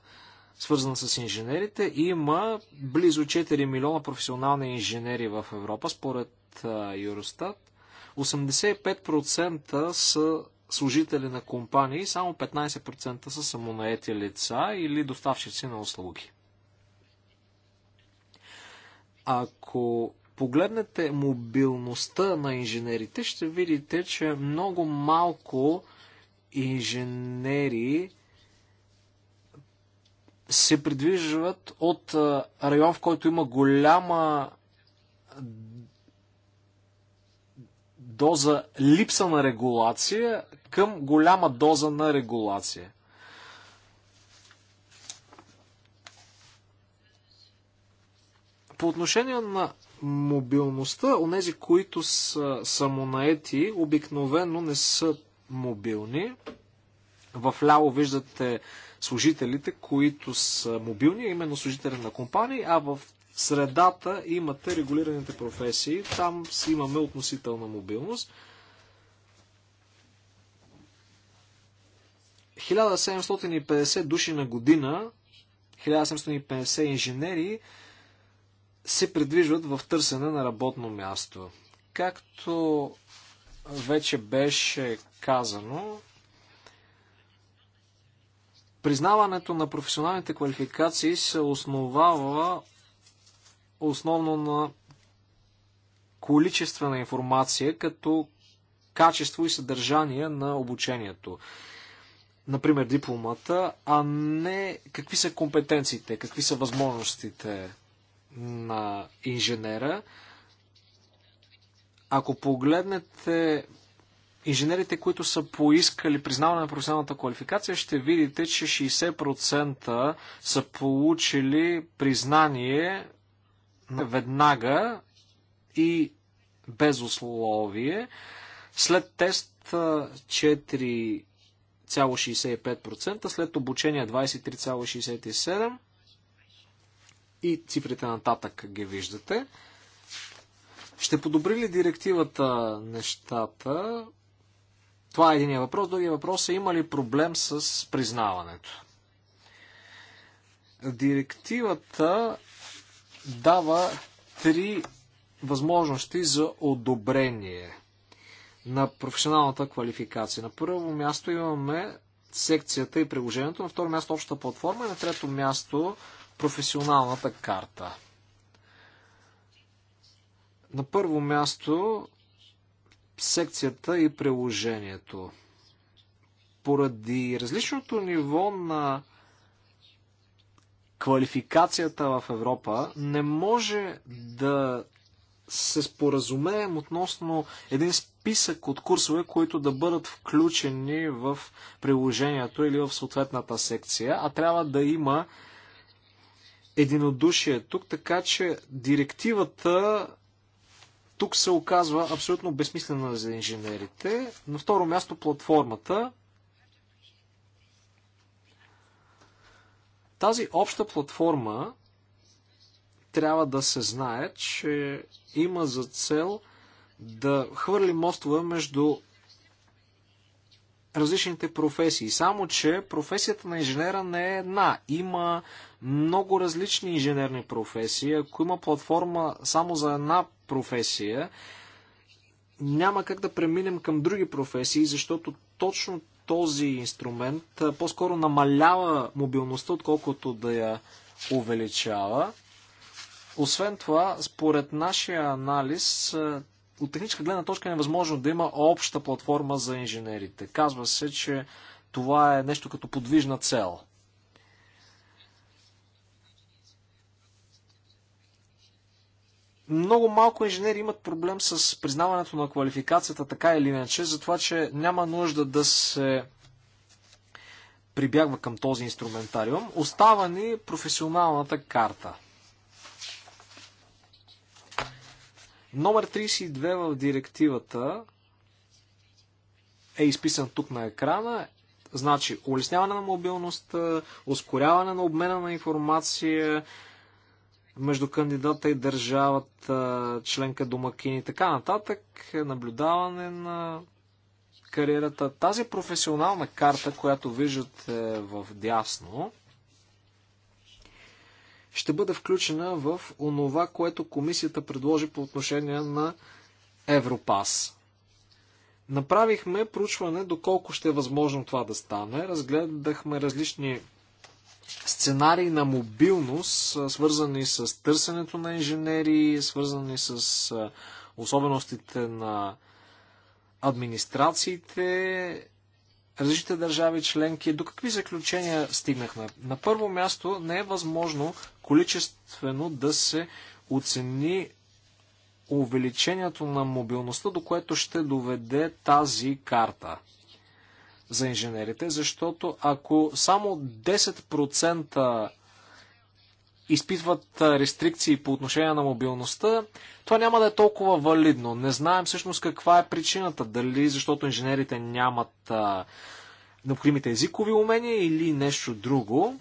свързана с инженерите. Има близо 4 милиона професионални инженери в Европа, според Юростат. 85% са служители на компании, само 15% са самонаети лица или доставчици на услуги. Ако погледнете мобилността на инженерите, ще видите, че много малко инженери се придвижват от район, в който има голяма доза липса на регулация към голяма доза на регулация. По отношение на мобилността, онези, които са самонаети, обикновено не са мобилни. В ляво виждате служителите, които са мобилни, именно служители на компании, а в средата имате регулираните професии. Там имаме относителна мобилност. 1750 души на година, 1750 инженери, се придвижват в търсене на работно място. Както вече беше казано, признаването на професионалните квалификации се основава основно на количествена информация като качество и съдържание на обучението. Например, дипломата, а не какви са компетенциите, какви са възможностите на инженера. Ако погледнете инженерите, които са поискали признаване на професионалната квалификация, ще видите, че 60% са получили признание веднага и без условие. След тест 4,65%, след обучение 23,67%, и цифрите нататък ги виждате. Ще подобри ли директивата нещата? Това е единия въпрос. Другия въпрос е има ли проблем с признаването? Директивата дава три възможности за одобрение на професионалната квалификация. На първо място имаме секцията и приложението, на второ място общата платформа и на трето място професионалната карта. На първо място секцията и приложението. Поради различното ниво на квалификацията в Европа, не може да се споразумеем относно един списък от курсове, които да бъдат включени в приложението или в съответната секция, а трябва да има единодушие тук, така че директивата тук се оказва абсолютно безсмислена за инженерите. На второ място платформата. Тази обща платформа трябва да се знае, че има за цел да хвърли мостове между различните професии. Само, че професията на инженера не е една. Има много различни инженерни професии. Ако има платформа само за една професия, няма как да преминем към други професии, защото точно този инструмент по-скоро намалява мобилността, отколкото да я увеличава. Освен това, според нашия анализ, от техническа гледна точка е невъзможно да има обща платформа за инженерите. Казва се, че това е нещо като подвижна цел. Много малко инженери имат проблем с признаването на квалификацията, така или иначе, за това, че няма нужда да се прибягва към този инструментариум. Остава ни професионалната карта – Номер 32 в директивата е изписан тук на екрана. Значи, улесняване на мобилността, ускоряване на обмена на информация между кандидата и държавата, членка домакин и така нататък, наблюдаване на кариерата. Тази професионална карта, която виждате в дясно, ще бъде включена в онова, което комисията предложи по отношение на Европас. Направихме проучване доколко ще е възможно това да стане. Разгледахме различни сценарии на мобилност, свързани с търсенето на инженери, свързани с особеностите на администрациите, различните държави членки. До какви заключения стигнахме? На първо място не е възможно количествено да се оцени увеличението на мобилността, до което ще доведе тази карта за инженерите, защото ако само 10% изпитват рестрикции по отношение на мобилността, това няма да е толкова валидно. Не знаем всъщност каква е причината. Дали защото инженерите нямат необходимите езикови умения или нещо друго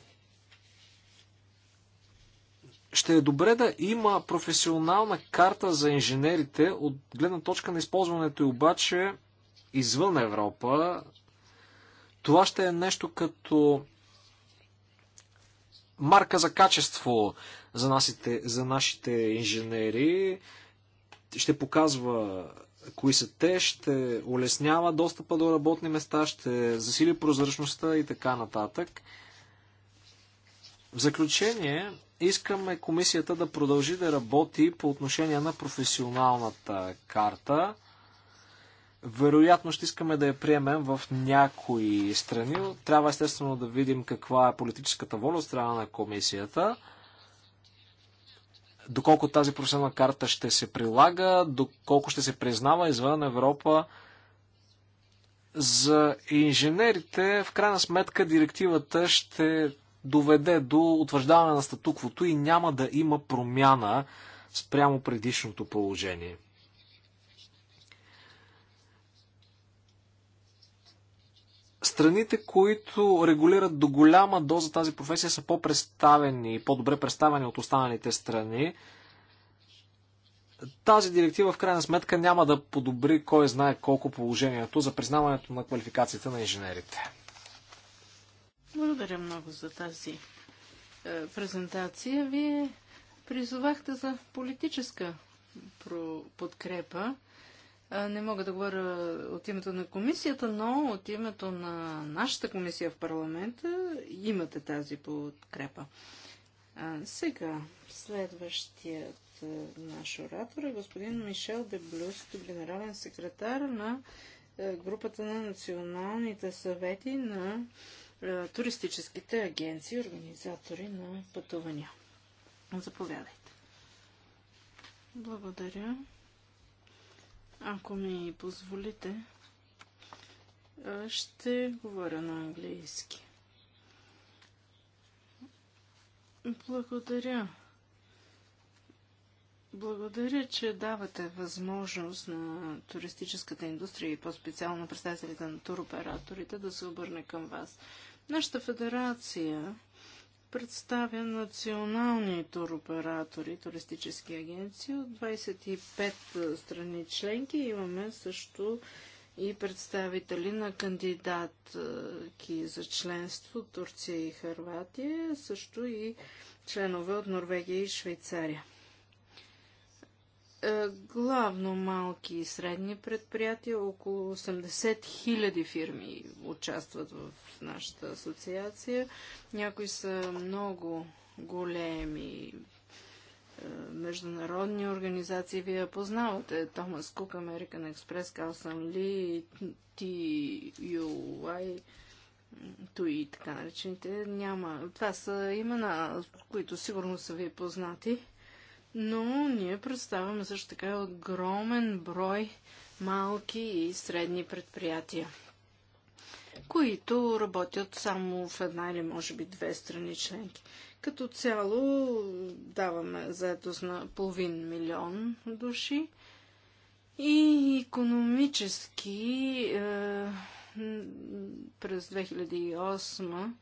ще е добре да има професионална карта за инженерите от гледна точка на използването и обаче извън Европа. Това ще е нещо като марка за качество за, нашите, за нашите инженери. Ще показва кои са те, ще улеснява достъпа до работни места, ще засили прозрачността и така нататък. В заключение, искаме комисията да продължи да работи по отношение на професионалната карта. Вероятно ще искаме да я приемем в някои страни. Трябва естествено да видим каква е политическата воля от страна на комисията. Доколко тази професионална карта ще се прилага, доколко ще се признава извън Европа. За инженерите, в крайна сметка, директивата ще доведе до утвърждаване на статуквото и няма да има промяна спрямо предишното положение. Страните, които регулират до голяма доза тази професия, са по-представени и по-добре представени от останалите страни. Тази директива в крайна сметка няма да подобри кой знае колко положението за признаването на квалификацията на инженерите. Благодаря много за тази е, презентация. Вие призовахте за политическа подкрепа. Не мога да говоря от името на комисията, но от името на нашата комисия в парламента имате тази подкрепа. А, сега, следващият е, наш оратор е господин Мишел Деблюс, генерален секретар на е, групата на националните съвети на е, туристическите агенции, организатори на пътувания. Заповядайте. Благодаря. Ако ми позволите, е, ще говоря на английски. Благодаря. Благодаря, че давате възможност на туристическата индустрия и по-специално представителите на туроператорите да се обърне към вас. Нашата федерация представя национални туроператори, туристически агенции от 25 страни членки. Имаме също и представители на кандидатки за членство Турция и Харватия, също и членове от Норвегия и Швейцария. Е, главно малки и средни предприятия, около 80 000 фирми участват в нашата асоциация. Някои са много големи е, международни организации. Вие познавате Томас Кук, American Express, Калсън Ли, TUI, TUI, така наречените. Няма. Това са имена, които сигурно са ви познати. Но ние представяме също така огромен брой малки и средни предприятия които работят само в една или може би две страни членки. Като цяло даваме заедост на половин милион души и економически е, през 2008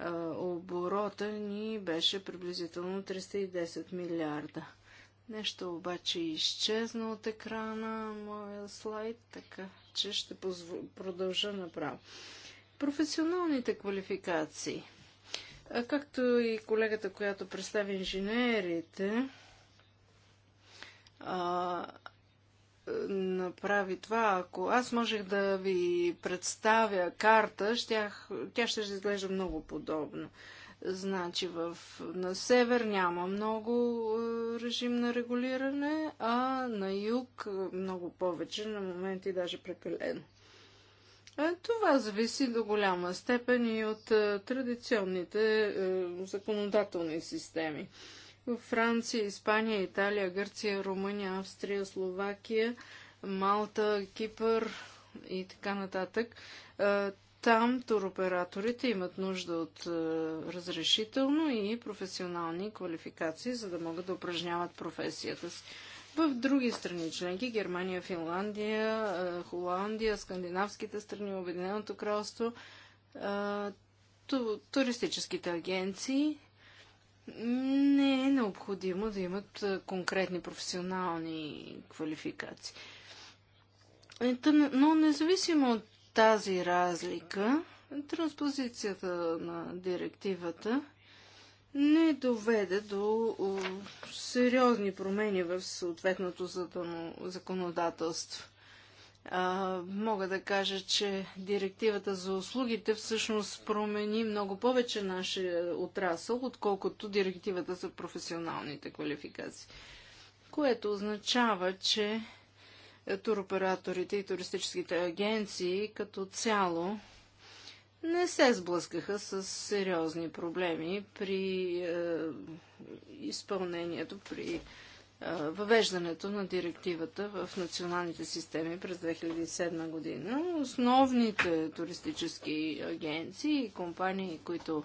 е, оборота ни беше приблизително 310 милиарда. Нещо обаче е изчезна от екрана моя слайд, така че ще продължа направо. Професионалните квалификации. Както и колегата, която представи инженерите, а, направи това. Ако аз можех да ви представя карта, щях, тя ще изглежда много подобно. Значи в, на север няма много е, режим на регулиране, а на юг е, много повече, на моменти даже прекалено. Е, това зависи до голяма степен и от традиционните е, законодателни системи. В Франция, Испания, Италия, Гърция, Румъния, Австрия, Словакия, Малта, Кипър и така нататък. Там туроператорите имат нужда от е, разрешително и професионални квалификации, за да могат да упражняват професията си. В други страни членки, Германия, Финландия, е, Холандия, скандинавските страни, Обединеното кралство, е, туристическите агенции не е необходимо да имат конкретни професионални квалификации. Но независимо от тази разлика, транспозицията на директивата не доведе до сериозни промени в съответното законодателство. А, мога да кажа, че директивата за услугите всъщност промени много повече нашия отрасъл, отколкото директивата за професионалните квалификации. Което означава, че туроператорите и туристическите агенции като цяло не се сблъскаха с сериозни проблеми при е, изпълнението, при е, въвеждането на директивата в националните системи през 2007 година. Основните туристически агенции и компании, които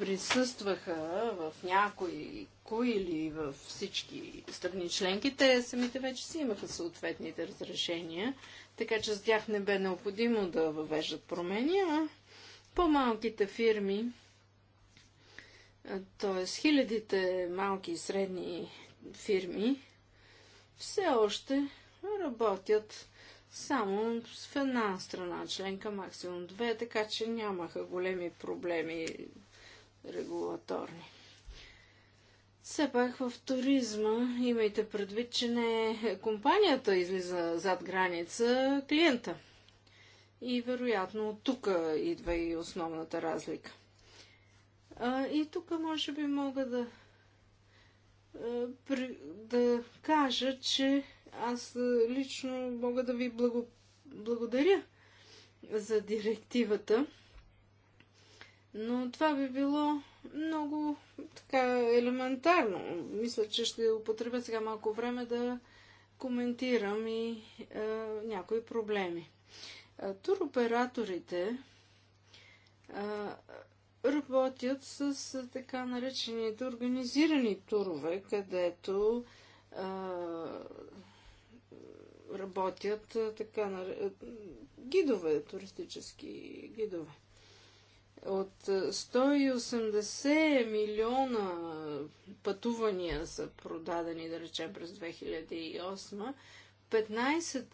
присъстваха в някои кои или в всички страни членки, те самите вече си имаха съответните разрешения, така че с тях не бе необходимо да въвеждат промени, а по-малките фирми, т.е. хилядите малки и средни фирми, все още работят само в една страна членка, максимум две, така че нямаха големи проблеми регулаторни. Все пак в туризма имайте предвид, че не е компанията излиза зад граница, клиента. И вероятно от тук идва и основната разлика. А, и тук може би мога да, да кажа, че аз лично мога да ви благо, благодаря за директивата но това би било много така елементарно. Мисля, че ще употребя сега малко време да коментирам и е, някои проблеми. Е, туроператорите е, работят с, така наречените организирани турове, където е, работят е, така е, гидове, туристически гидове. От 180 е, милиона пътувания са продадени, да речем, през 2008, 15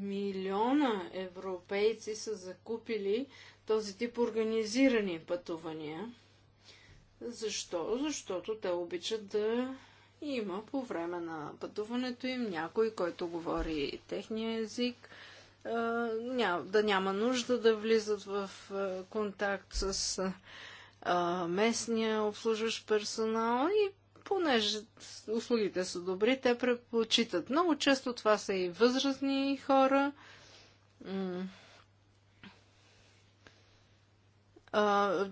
милиона европейци са закупили този тип организирани пътувания. Защо? Защото те обичат да има по време на пътуването им някой, който говори техния език, да няма нужда да влизат в контакт с местния обслужващ персонал и понеже услугите са добри, те предпочитат. Много често това са и възрастни хора.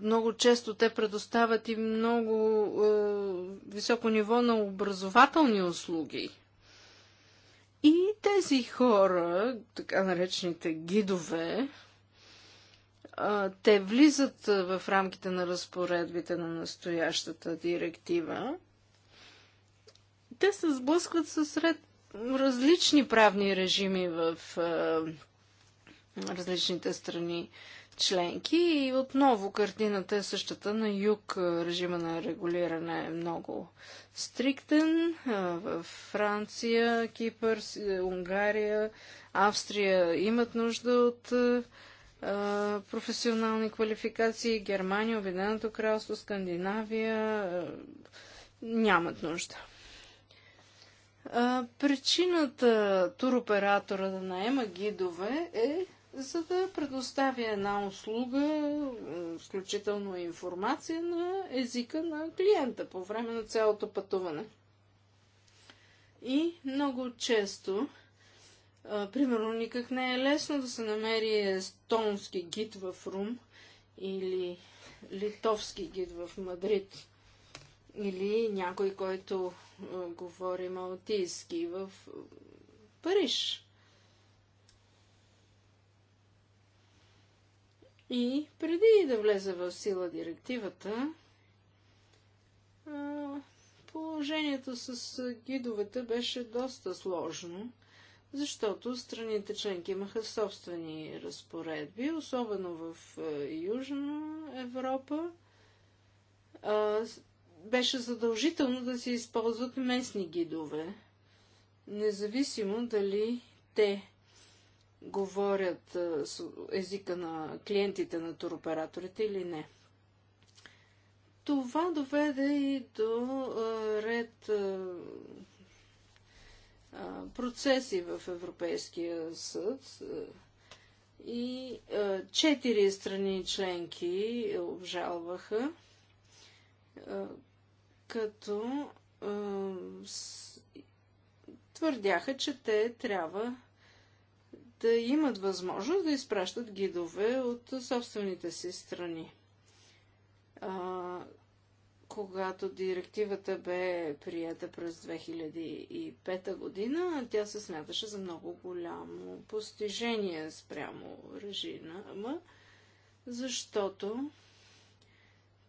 Много често те предоставят и много високо ниво на образователни услуги и тези хора, така наречените гидове, те влизат в рамките на разпоредбите на настоящата директива. Те се сблъскват с ред различни правни режими в различните страни членки и отново картината е същата на юг. Режима на регулиране е много стриктен. В Франция, Кипър, е, Унгария, Австрия имат нужда от професионални квалификации. Германия, Обединеното кралство, Скандинавия нямат нужда. Причината туроператора да наема гидове е за да предоставя една услуга, е, включително информация на езика на клиента по време на цялото пътуване. И много често, е, примерно, никак не е лесно да се намери естонски гид в Рум или литовски гид в Мадрид или някой, който е, говори малтийски в Париж. И преди да влезе в сила директивата, положението с гидовете беше доста сложно, защото страните членки имаха собствени разпоредби, особено в Южна Европа. Беше задължително да се използват местни гидове, независимо дали те говорят езика на клиентите на туроператорите или не. Това доведе и до ред процеси в Европейския съд и четири страни членки обжалваха, като твърдяха, че те трябва да имат възможност да изпращат гидове от собствените си страни. А, когато директивата бе прията през 2005 година, тя се смяташе за много голямо постижение спрямо режима, защото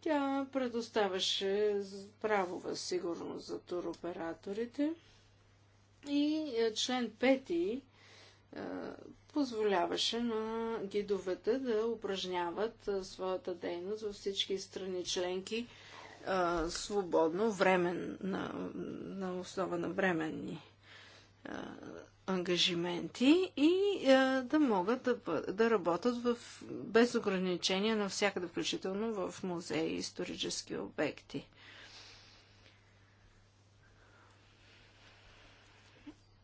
тя предоставяше правова сигурност за туроператорите. И член е, позволяваше на гидовете да упражняват е, своята дейност във всички страни членки е, свободно, времен, на, на основа на временни ангажименти и да могат да, да работят в, без ограничения навсякъде, включително в музеи и исторически обекти.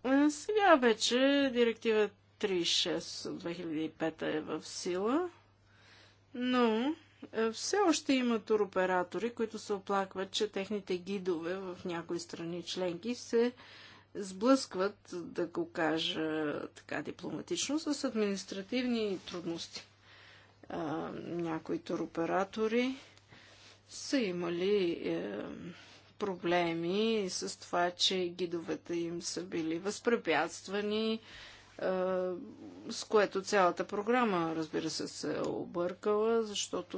Е, сега вече директива 36 от 2005 е в сила, но е, все още има туроператори, които се оплакват, че техните гидове в някои страни членки се сблъскват, да го кажа така дипломатично, с административни трудности. А, някои туроператори са имали е, проблеми с това, че гидовете им са били възпрепятствани, е, с което цялата програма, разбира се, се е объркала, защото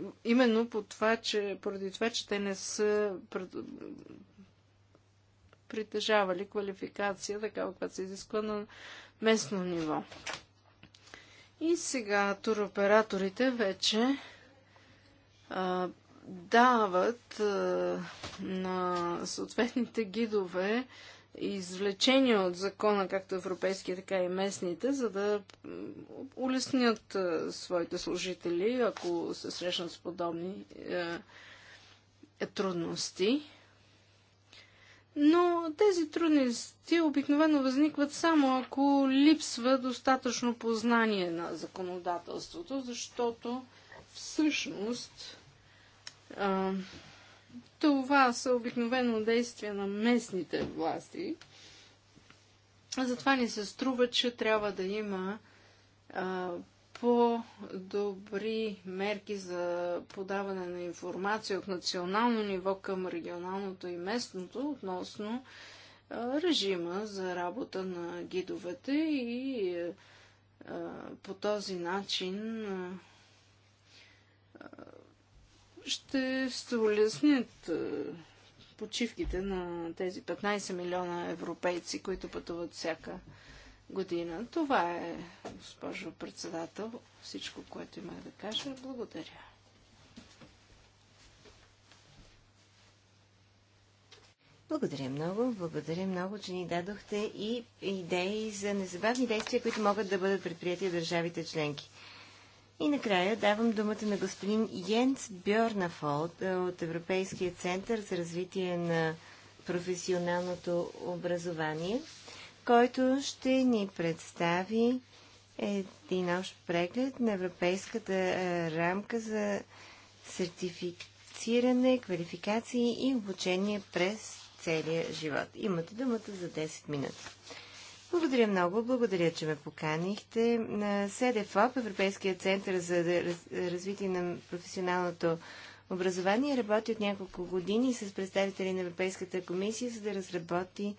е, именно по това, че, поради това, че те не са притежавали квалификация, така която се изисква на местно ниво. И сега туроператорите вече а, дават на съответните гидове извлечения от закона, както европейски, така и местните, за да улеснят своите служители, ако се срещнат с подобни е, е, трудности. Но тези трудности обикновено възникват само ако липсва достатъчно познание на законодателството, защото всъщност а, това са обикновено действия на местните власти. Затова ни се струва, че трябва да има а, по-добри мерки за подаване на информация от национално ниво към регионалното и местното относно а, режима за работа на гидовете и а, по този начин ще се улеснят е, почивките на тези 15 милиона европейци, които пътуват всяка година. Това е, госпожо председател, всичко, което имах да кажа. Благодаря. Благодаря много. Благодаря много, че ни дадохте и идеи за незабавни действия, които могат да бъдат предприяти от държавите членки. И накрая давам думата на господин Йенц Бьорнафолд е, от Европейския център за развитие на професионалното образование, който ще ни представи един общ преглед на европейската е, рамка за сертифициране, квалификации и обучение през целия живот. Имате думата за 10 минути. Благодаря много. Благодаря, че ме поканихте. На СДФОП, Европейския център за развитие на професионалното образование, работи от няколко години с представители на Европейската комисия, за да разработи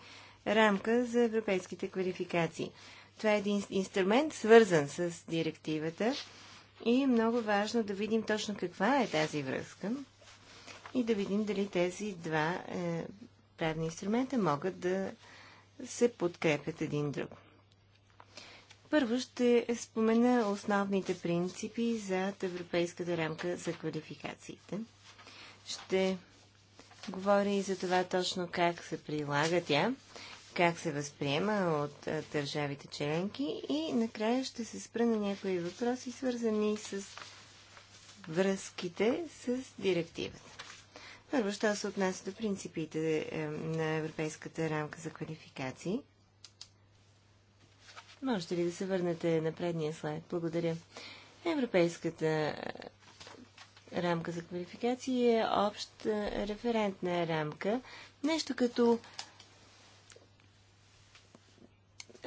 рамка за европейските квалификации. Това е един инструмент, свързан с директивата и е много важно да видим точно каква е тази връзка и да видим дали тези два е, правни инструмента могат да се подкрепят един друг. Първо ще спомена основните принципи за Европейската рамка за квалификациите. Ще говоря и за това точно как се прилага тя, как се възприема от държавите членки и накрая ще се спра на някои въпроси, свързани с връзките с директивата. Първо, що се отнася до принципите на Европейската рамка за квалификации. Можете ли да се върнете на предния слайд? Благодаря. Европейската е, рамка за квалификации е обща е, референтна рамка, нещо като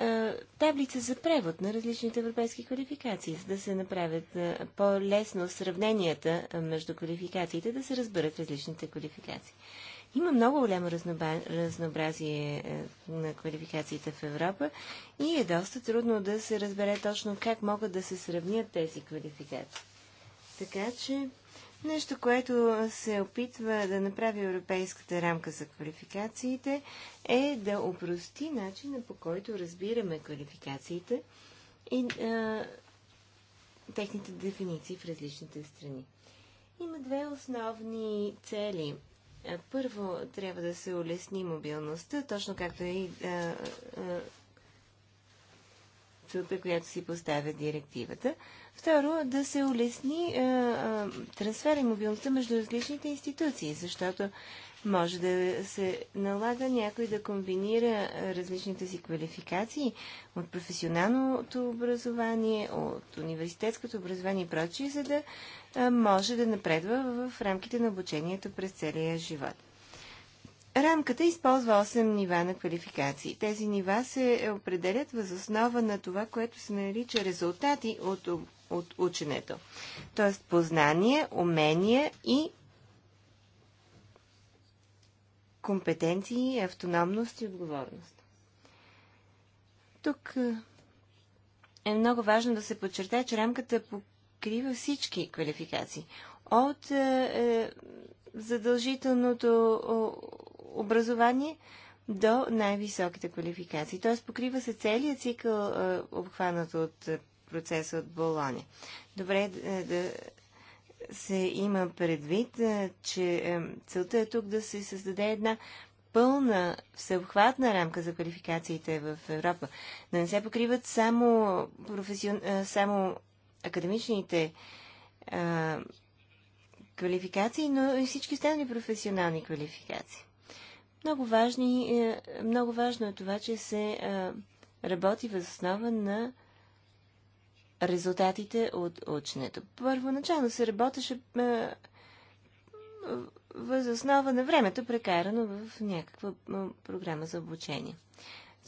е, таблица за превод на различните европейски квалификации, за да се направят е, по-лесно сравненията е, между квалификациите, да се разберат различните квалификации. Има много голямо разнообразие на квалификациите в Европа и е доста трудно да се разбере точно как могат да се сравнят тези квалификации. Така че Нещо, което се опитва да направи Европейската рамка за квалификациите, е да опрости начина по който разбираме квалификациите и а, техните дефиниции в различните страни. Има две основни цели. Първо, трябва да се улесни мобилността, точно както е и а, а, трудна, която си поставя директивата. Второ, да се улесни е, е, трансфера и мобилността между различните институции, защото може да се налага някой да комбинира различните си квалификации от професионалното образование, от университетското образование и прочие, за да може да напредва в рамките на обучението през целия живот. Рамката използва 8 нива на квалификации. Тези нива се определят въз основа на това, което се нарича резултати от, от ученето. Тоест познание, умения и компетенции, автономност и отговорност. Тук е, е много важно да се подчертае, че рамката покрива всички квалификации. От е, е, задължителното образование до най-високите квалификации. Т.е. покрива се целият цикъл, обхванат от процеса от Болоня. Добре е, да се има предвид, е, че е, целта е тук да се създаде една пълна, всеобхватна рамка за квалификациите в Европа. Да не се покриват само, професион... само академичните а, квалификации, но и всички останали професионални квалификации. Много, важни, е, много важно е това, че се е, работи въз основа на резултатите от ученето. Първоначално се работеше е, въз основа на времето, прекарано в някаква програма за обучение.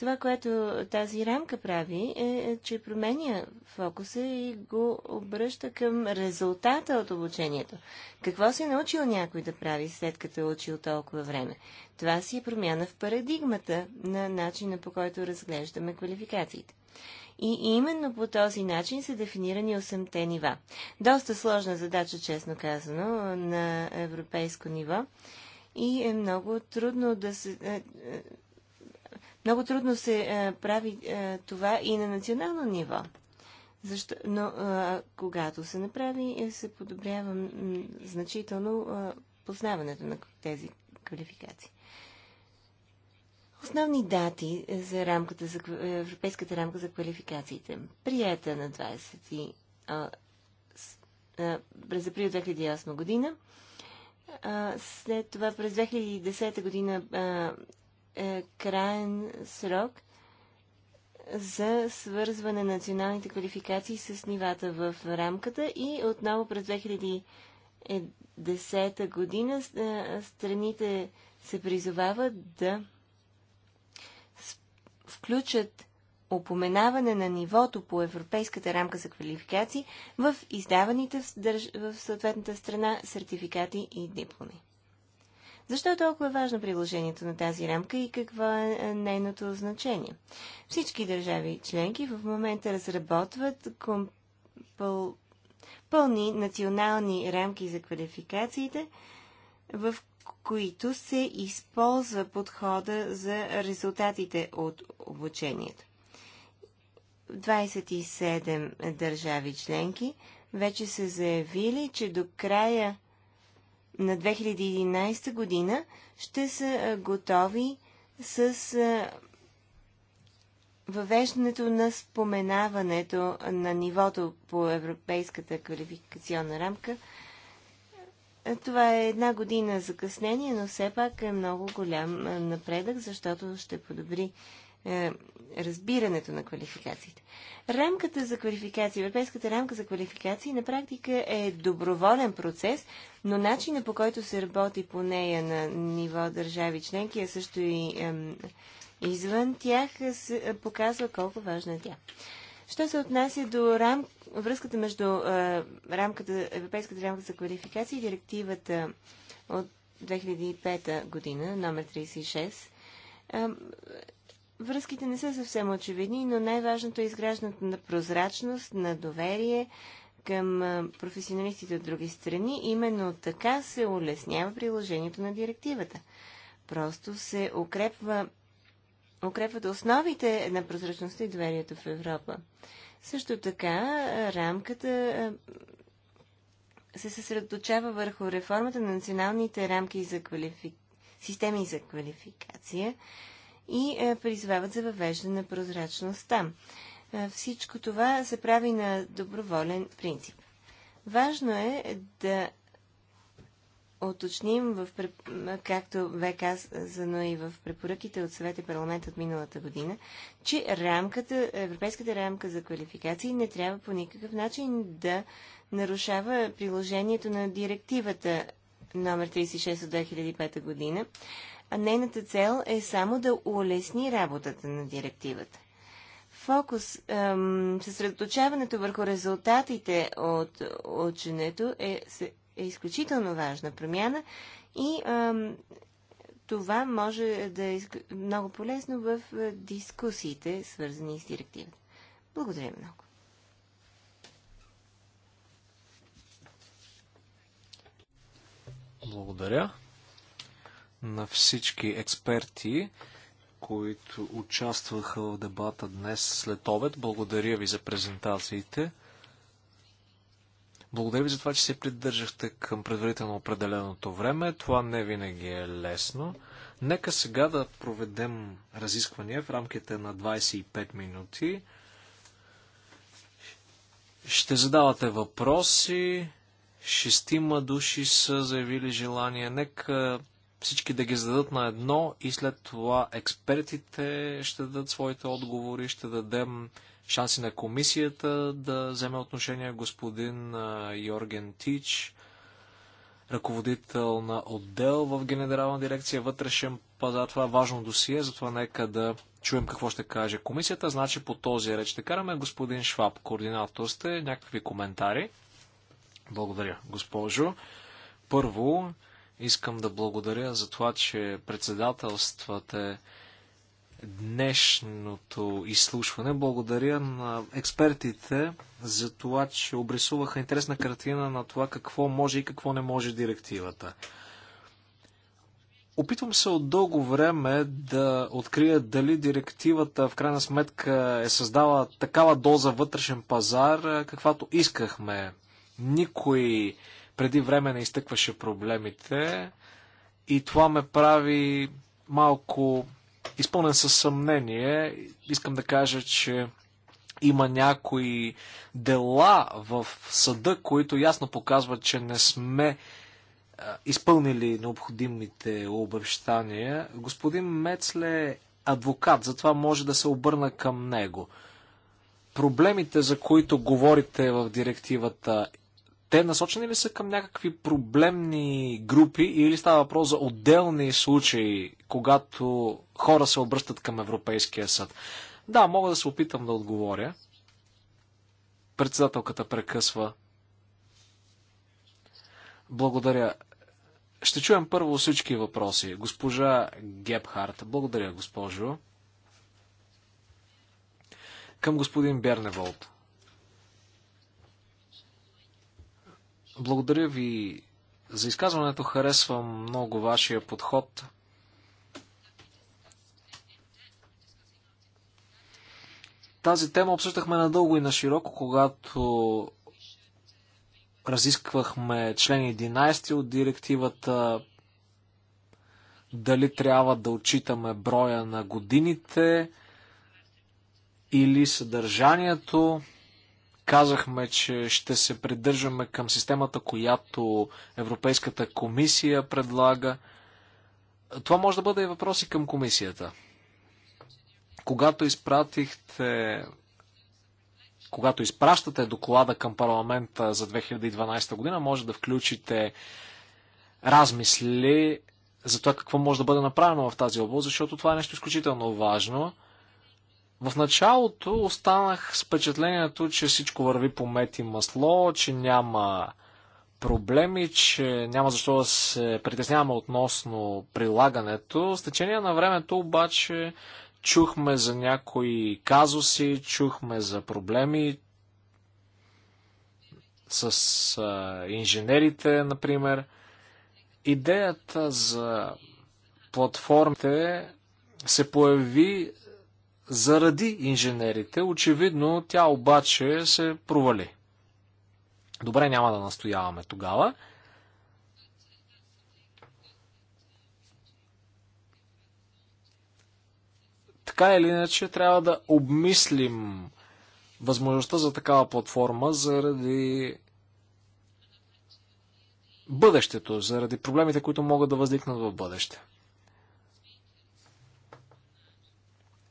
Това, което тази рамка прави, е, е, че променя фокуса и го обръща към резултата от обучението. Какво се е научил някой да прави, след като е учил толкова време? Това си е промяна в парадигмата на начина по който разглеждаме квалификациите. И именно по този начин са дефинирани 8-те нива. Доста сложна задача, честно казано, на европейско ниво. И е много трудно да се е, е, много трудно се а, е, прави а, е, това и на национално ниво. Защо? Но а, е, когато се направи, се подобрява значително а, познаването на тези квалификации. Основни дати за рамката за, Европейската рамка за квалификациите. Прията на 20 а, с, а, през април 2008 година. А, след това през 2010 година е, краен срок за свързване на националните квалификации с нивата в рамката и отново през 2010 година е, страните се призовават да включат упоменаване на нивото по Европейската рамка за квалификации в издаваните в съответната страна сертификати и дипломи. Защо е толкова важно приложението на тази рамка и какво е, е нейното значение? Всички държави членки в момента разработват компъл... пълни национални рамки за квалификациите, в които се използва подхода за резултатите от обучението. 27 държави членки вече са заявили, че до края на 2011 година ще са готови с въвеждането на споменаването на нивото по Европейската квалификационна рамка. Това е една година закъснение, но все пак е много голям напредък, защото ще подобри е, разбирането на квалификациите. Рамката за квалификации, Европейската рамка за квалификации на практика е доброволен процес, но начинът по който се работи по нея на ниво държави членки, а също и е, извън тях, се, е, показва колко важна е тя. Що се отнася до рам... връзката между е, рамката, Европейската рамка за квалификации и директивата от 2005 година, номер 36, е, връзките не са съвсем очевидни, но най-важното е изграждането на прозрачност, на доверие към професионалистите от други страни. Именно така се улеснява приложението на директивата. Просто се укрепва, укрепват основите на прозрачността и доверието в Европа. Също така, рамката се съсредоточава върху реформата на националните рамки за квалифи... системи за квалификация и е, призвават за въвеждане на прозрачността. Е, всичко това се прави на доброволен принцип. Важно е да уточним, в, както бе казано и в препоръките от съвета и парламент от миналата година, че рамката, европейската рамка за квалификации не трябва по никакъв начин да нарушава приложението на директивата номер 36 от 2005 година а нейната цел е само да улесни работата на директивата. Фокус, ем, съсредоточаването върху резултатите от ученето е, е изключително важна промяна и ем, това може да е много полезно в дискусиите, свързани с директивата. Благодаря много. Благодаря на всички експерти, които участваха в дебата днес след обед. Благодаря ви за презентациите. Благодаря ви за това, че се придържахте към предварително определеното време. Това не винаги е лесно. Нека сега да проведем разисквания в рамките на 25 минути. Ще задавате въпроси. Шестима души са заявили желание. Нека всички да ги зададат на едно и след това експертите ще дадат своите отговори, ще дадем шанси на комисията да вземе отношение господин Йорген Тич, ръководител на отдел в Генерална дирекция вътрешен пазар. Това е важно досие, затова нека да чуем какво ще каже комисията. Значи по този реч ще караме господин Шваб, координатор сте, някакви коментари. Благодаря, госпожо. Първо, Искам да благодаря за това, че председателствате днешното изслушване. Благодаря на експертите за това, че обрисуваха интересна картина на това какво може и какво не може директивата. Опитвам се от дълго време да открия дали директивата в крайна сметка е създала такава доза вътрешен пазар, каквато искахме. Никой преди време не изтъкваше проблемите и това ме прави малко изпълнен със съмнение. Искам да кажа, че има някои дела в съда, които ясно показват, че не сме изпълнили необходимите обещания. Господин Мецле е адвокат, затова може да се обърна към него. Проблемите, за които говорите в директивата, те насочени ли са към някакви проблемни групи или става въпрос за отделни случаи, когато хора се обръщат към Европейския съд? Да, мога да се опитам да отговоря. Председателката прекъсва. Благодаря. Ще чуем първо всички въпроси. Госпожа Гебхарт. Благодаря, госпожо. Към господин Берневолт. Благодаря ви за изказването. Харесвам много вашия подход. Тази тема обсъждахме надълго и на широко, когато разисквахме член 11 от директивата, дали трябва да отчитаме броя на годините или съдържанието. Казахме, че ще се придържаме към системата, която Европейската комисия предлага. Това може да бъде и въпроси към комисията. Когато изпратихте когато изпращате доклада към парламента за 2012 година, може да включите размисли за това какво може да бъде направено в тази област, защото това е нещо изключително важно. В началото останах с впечатлението, че всичко върви по мет и масло, че няма проблеми, че няма защо да се притесняваме относно прилагането. С течение на времето обаче чухме за някои казуси, чухме за проблеми с а, инженерите, например. Идеята за платформите се появи заради инженерите. Очевидно тя обаче се провали. Добре, няма да настояваме тогава. Така или иначе трябва да обмислим възможността за такава платформа заради бъдещето, заради проблемите, които могат да възникнат в бъдеще.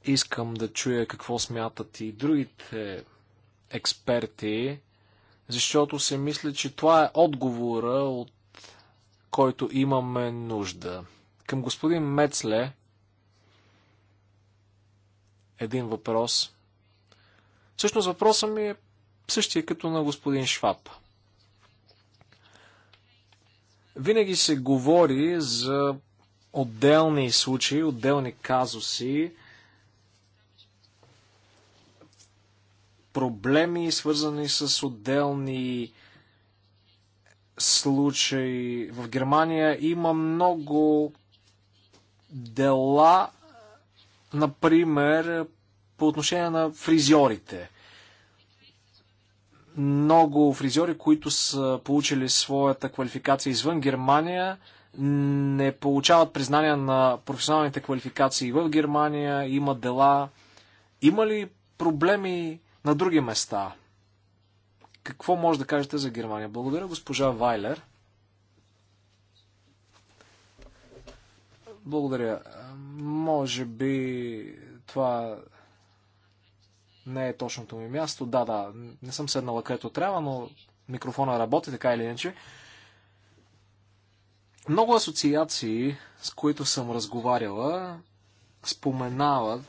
Искам да чуя какво смятат и другите експерти, защото се мисля, че това е отговора, от който имаме нужда. Към господин Мецле един въпрос. Всъщност въпросът ми е същия като на господин Шваб. Винаги се говори за отделни случаи, отделни казуси, проблеми, свързани с отделни случаи. В Германия има много дела, например, по отношение на фризьорите. Много фризьори, които са получили своята квалификация извън Германия, не получават признания на професионалните квалификации в Германия, има дела. Има ли проблеми на други места. Какво може да кажете за Германия? Благодаря, госпожа Вайлер. Благодаря. Може би това не е точното ми място. Да, да, не съм седнала където трябва, но микрофона работи така или иначе. Много асоциации, с които съм разговаряла, споменават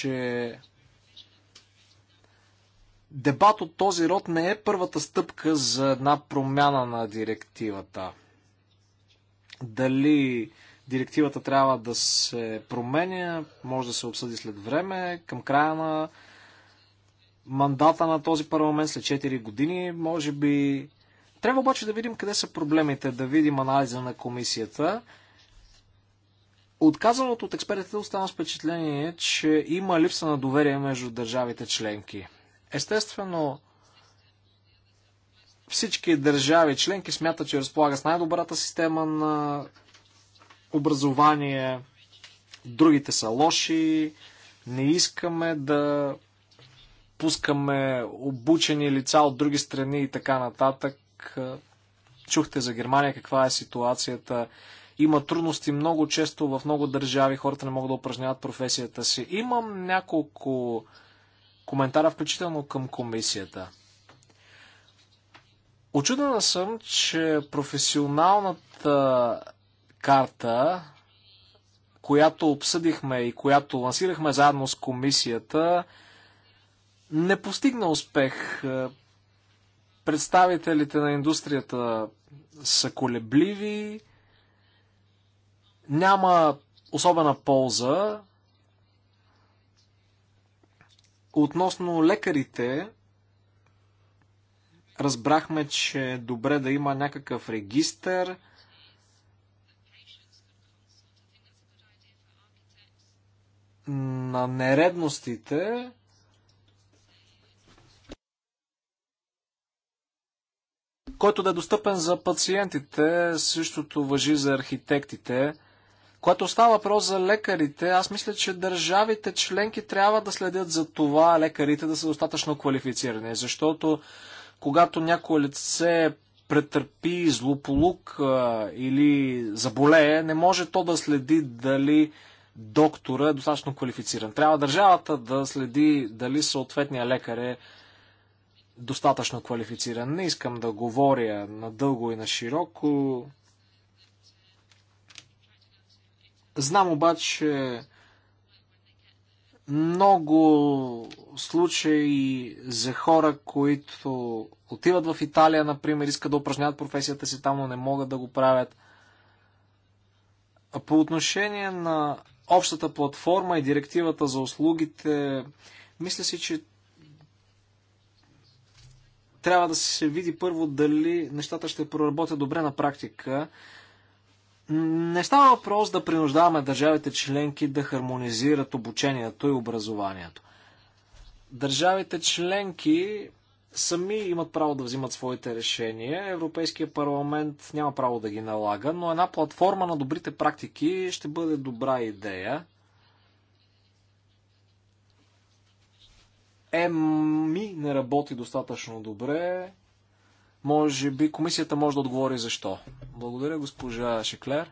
че дебат от този род не е първата стъпка за една промяна на директивата. Дали директивата трябва да се променя, може да се обсъди след време, към края на мандата на този парламент, след 4 години, може би. Трябва обаче да видим къде са проблемите, да видим анализа на комисията. Отказаното от експертите остана с впечатление, че има липса на доверие между държавите членки. Естествено, всички държави членки смятат, че разполага с най-добрата система на образование, другите са лоши, не искаме да пускаме обучени лица от други страни и така нататък. Чухте за Германия каква е ситуацията. Има трудности много често в много държави, хората не могат да упражняват професията си. Имам няколко коментара, включително към комисията. Очудена съм, че професионалната карта, която обсъдихме и която лансирахме заедно с комисията, не постигна успех. Представителите на индустрията са колебливи, няма особена полза. Относно лекарите, разбрахме, че е добре да има някакъв регистър. на нередностите, който да е достъпен за пациентите, същото въжи за архитектите. Когато става въпрос за лекарите, аз мисля, че държавите членки трябва да следят за това лекарите да са достатъчно квалифицирани, защото когато някое лице претърпи злополук а, или заболее, не може то да следи дали доктора е достатъчно квалифициран. Трябва държавата да следи дали съответния лекар е достатъчно квалифициран. Не искам да говоря надълго и на широко. Знам обаче много случаи за хора, които отиват в Италия, например, искат да упражняват професията си там, но не могат да го правят. По отношение на общата платформа и директивата за услугите, мисля си, че трябва да се види първо дали нещата ще проработят добре на практика. Не става въпрос да принуждаваме държавите членки да хармонизират обучението и образованието. Държавите членки сами имат право да взимат своите решения. Европейския парламент няма право да ги налага, но една платформа на добрите практики ще бъде добра идея. ЕМИ не работи достатъчно добре. Може би комисията може да отговори защо. Благодаря, госпожа Шеклер.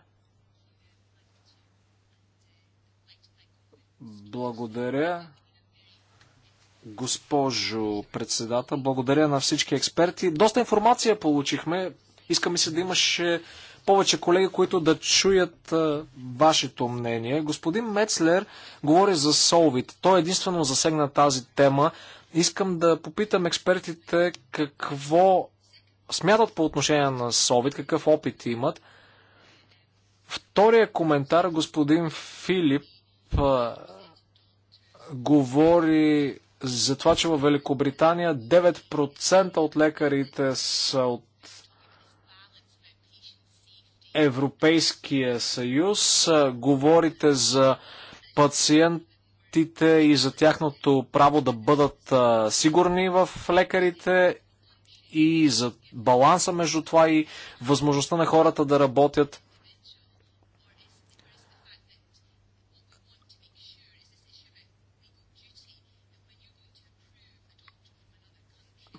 Благодаря, госпожо председател. Благодаря на всички експерти. Доста информация получихме. Искаме се да имаше повече колеги, които да чуят а, вашето мнение. Господин Мецлер говори за Солвит. Той единствено засегна тази тема. Искам да попитам експертите какво смятат по отношение на Совет, какъв опит имат. Втория коментар, господин Филип а, говори за това, че във Великобритания 9% от лекарите са от Европейския съюз. Говорите за пациентите и за тяхното право да бъдат сигурни в лекарите и за баланса между това и възможността на хората да работят.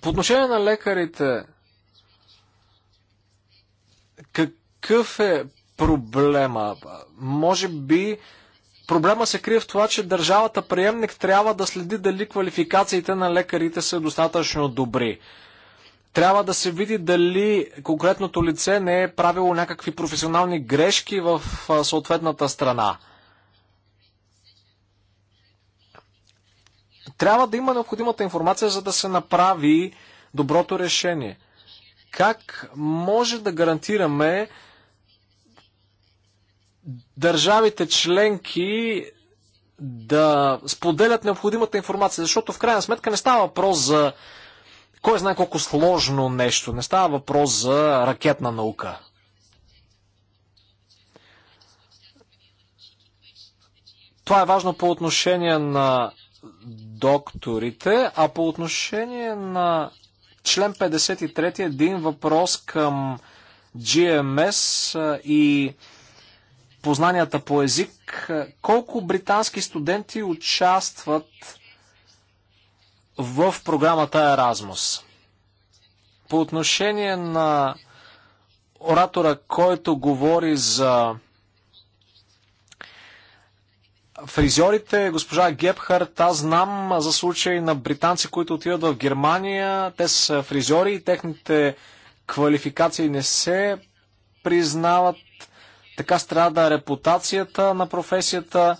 По отношение на лекарите, какъв е проблема? Може би проблема се крие в това, че държавата приемник трябва да следи дали квалификациите на лекарите са достатъчно добри. Трябва да се види дали конкретното лице не е правило някакви професионални грешки в съответната страна. Трябва да има необходимата информация, за да се направи доброто решение. Как може да гарантираме държавите членки да споделят необходимата информация, защото в крайна сметка не става въпрос за кой знае колко сложно нещо. Не става въпрос за ракетна наука. Това е важно по отношение на докторите, а по отношение на член 53 един въпрос към GMS и познанията по език. Колко британски студенти участват в програмата Еразмус. По отношение на оратора, който говори за фризьорите, госпожа Гепхарт, аз знам за случаи на британци, които отиват в Германия, те са фризьори и техните квалификации не се признават. Така страда репутацията на професията.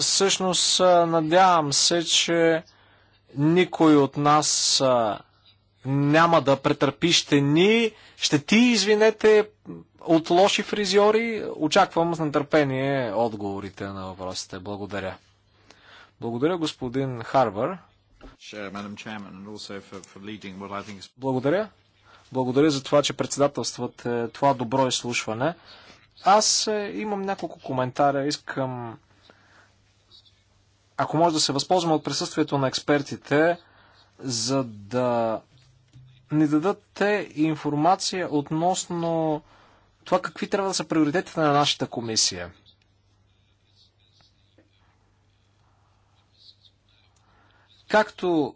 Всъщност, надявам се, че никой от нас а, няма да претърпи щени, ти извинете, от лоши фризьори. Очаквам с нетърпение отговорите на въпросите. Благодаря. Благодаря, господин Харбър. Благодаря. Благодаря за това, че председателствате това добро изслушване. Аз е, имам няколко коментара. Искам ако може да се възползваме от присъствието на експертите, за да ни дадат те информация относно това какви трябва да са приоритетите на нашата комисия. Както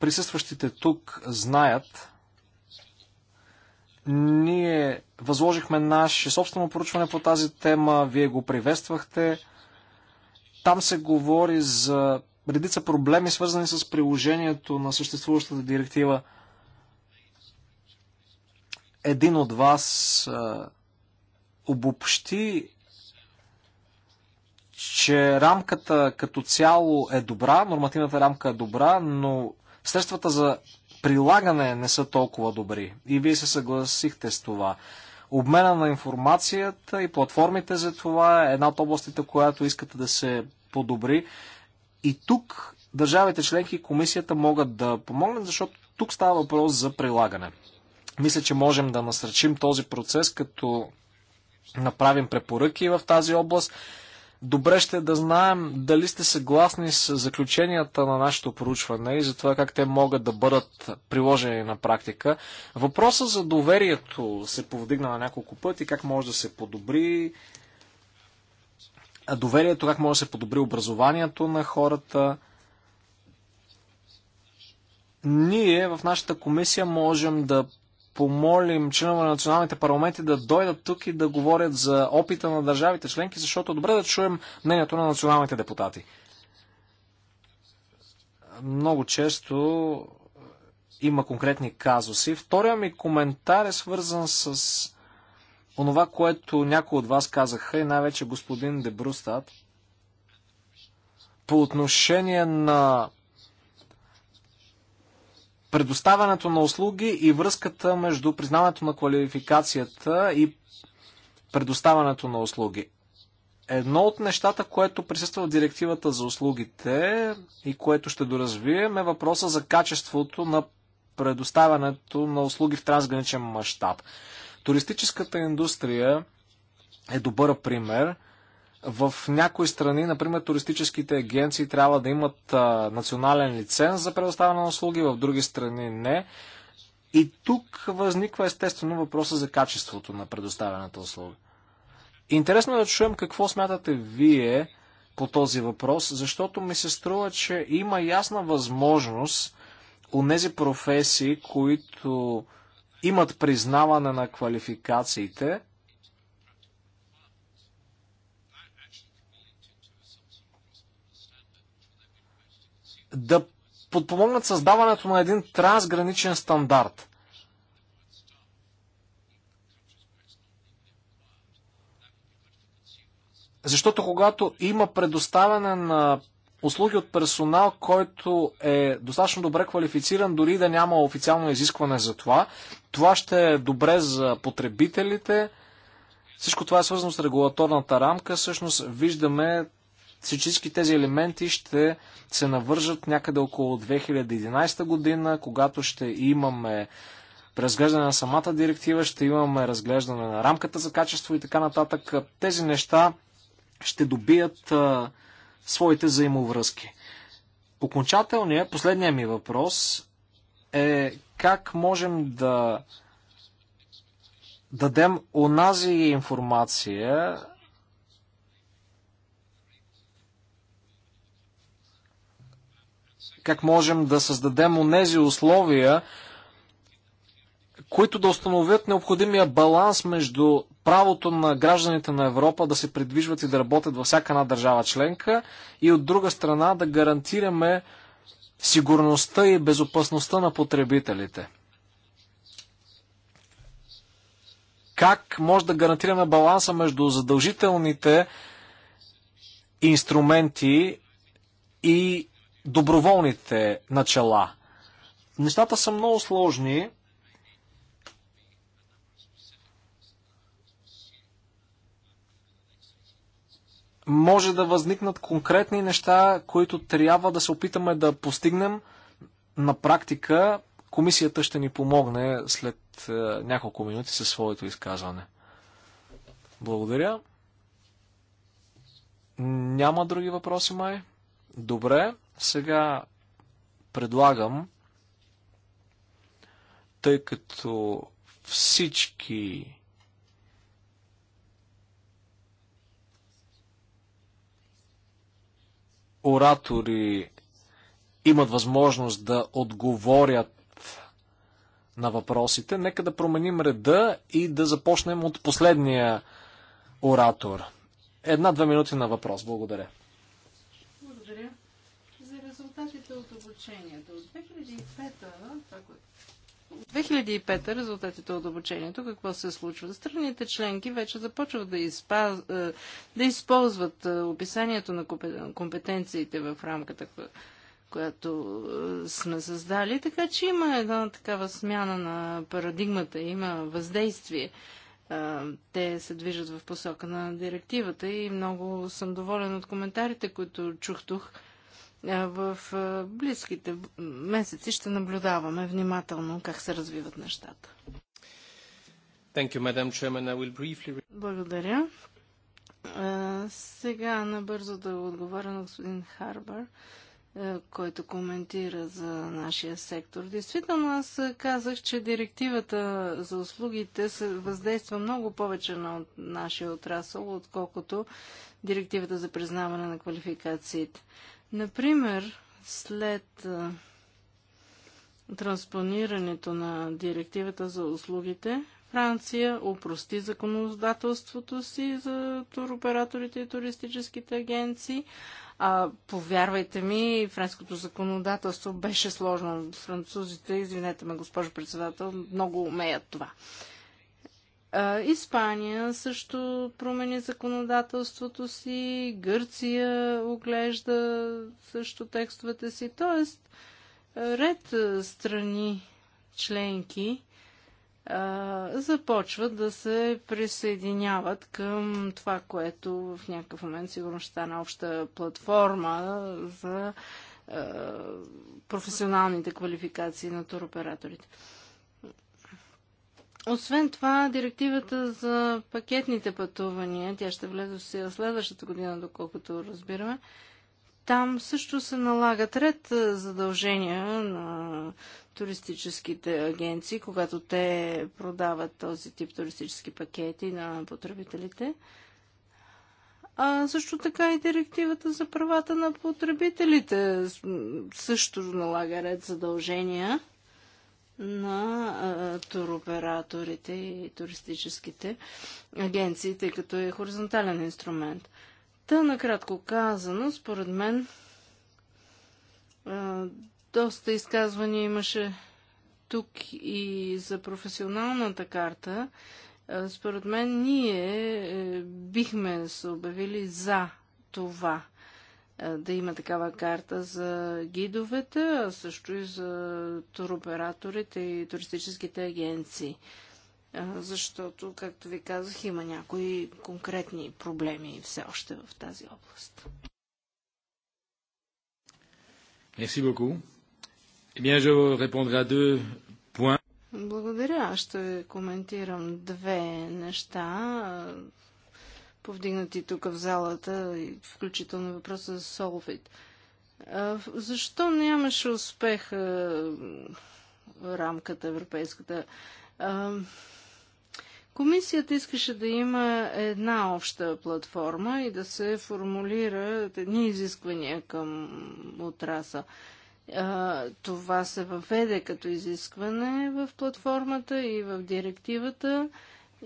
присъстващите тук знаят, ние възложихме наше собствено поручване по тази тема, вие го приветствахте. Там се говори за редица проблеми, свързани с приложението на съществуващата директива. Един от вас а, обобщи, че рамката като цяло е добра, нормативната рамка е добра, но средствата за прилагане не са толкова добри. И вие се съгласихте с това. Обмена на информацията и платформите за това е една от областите, която искате да се подобри. И тук държавите членки и комисията могат да помогнат, защото тук става въпрос за прилагане. Мисля, че можем да насръчим този процес, като направим препоръки в тази област добре ще е да знаем дали сте съгласни с заключенията на нашето проучване и за това как те могат да бъдат приложени на практика. Въпросът за доверието се повдигна на няколко пъти, как може да се подобри доверието, как може да се подобри образованието на хората. Ние в нашата комисия можем да помолим членове на националните парламенти да дойдат тук и да говорят за опита на държавите членки, защото е добре да чуем мнението на националните депутати. Много често има конкретни казуси. Втория ми коментар е свързан с онова, което някои от вас казаха и най-вече господин Дебрустат по отношение на предоставянето на услуги и връзката между признаването на квалификацията и предоставянето на услуги. Едно от нещата, което присъства в директивата за услугите и което ще доразвием е въпроса за качеството на предоставянето на услуги в трансграничен мащаб. Туристическата индустрия е добър пример – в някои страни, например, туристическите агенции трябва да имат а, национален лиценз за предоставяне на услуги, в други страни не. И тук възниква естествено въпроса за качеството на предоставената услуга. Интересно е да чуем какво смятате вие по този въпрос, защото ми се струва, че има ясна възможност у нези професии, които имат признаване на квалификациите, да подпомогнат създаването на един трансграничен стандарт. Защото когато има предоставяне на услуги от персонал, който е достатъчно добре квалифициран, дори да няма официално изискване за това, това ще е добре за потребителите. Всичко това е свързано с регулаторната рамка. Всъщност виждаме всички тези елементи ще се навържат някъде около 2011 година, когато ще имаме разглеждане на самата директива, ще имаме разглеждане на рамката за качество и така нататък. Тези неща ще добият а, своите взаимовръзки. Окончателният, последният ми въпрос е как можем да дадем онази информация, как можем да създадем онези условия, които да установят необходимия баланс между правото на гражданите на Европа да се придвижват и да работят във всяка една държава членка и от друга страна да гарантираме сигурността и безопасността на потребителите. Как може да гарантираме баланса между задължителните инструменти и доброволните начала. Нещата са много сложни. Може да възникнат конкретни неща, които трябва да се опитаме да постигнем на практика. Комисията ще ни помогне след е, няколко минути със своето изказване. Благодаря. Няма други въпроси, май? Добре. Сега предлагам, тъй като всички оратори имат възможност да отговорят на въпросите, нека да променим реда и да започнем от последния оратор. Една-две минути на въпрос. Благодаря резултатите от обучението. От 2005-та, от 2005 резултатите от обучението, какво се случва? Страните членки вече започват да, изпаз... Е, да използват е, описанието на компетенциите в рамката, която е, сме създали, така че има една такава смяна на парадигмата, има въздействие те се движат в посока на директивата и много съм доволен от коментарите, които чух тук. В близките месеци ще наблюдаваме внимателно как се развиват нещата. Thank you, Madam Chairman. I will briefly... Благодаря. Сега набързо да отговоря на господин Харбър, който коментира за нашия сектор. Действително аз казах, че директивата за услугите се въздейства много повече на нашия отрасъл, отколкото директивата за признаване на квалификациите. Например, след транспонирането на директивата за услугите, Франция упрости законодателството си за туроператорите и туристическите агенции. А, повярвайте ми, френското законодателство беше сложно. Французите, извинете ме, госпожо председател, много умеят това. Испания също промени законодателството си, Гърция оглежда също текстовете си, т.е. ред страни членки започват да се присъединяват към това, което в някакъв момент сигурно ще стане обща платформа за професионалните квалификации на туроператорите. Освен това, директивата за пакетните пътувания, тя ще влезе в сила следващата година, доколкото разбираме, там също се налагат ред задължения на туристическите агенции, когато те продават този тип туристически пакети на потребителите. А също така и директивата за правата на потребителите също налага ред задължения на туроператорите и туристическите агенции, тъй като е хоризонтален инструмент. Та, накратко казано, според мен, а, доста изказвания имаше тук и за професионалната карта. А, според мен, ние е, бихме се обявили за това е, да има такава карта за гидовете, а също и за туроператорите и туристическите агенции. Е, защото, както ви казах, има някои конкретни проблеми все още в тази област. Merci beaucoup. Eh bien, je répondrai à deux points. Благодаря. Аз ще коментирам две неща повдигнати тук в залата, включително въпроса за Солвит. Защо нямаше успех рамката европейската? Комисията искаше да има една обща платформа и да се формулират едни изисквания към отраса. Това се въведе като изискване в платформата и в директивата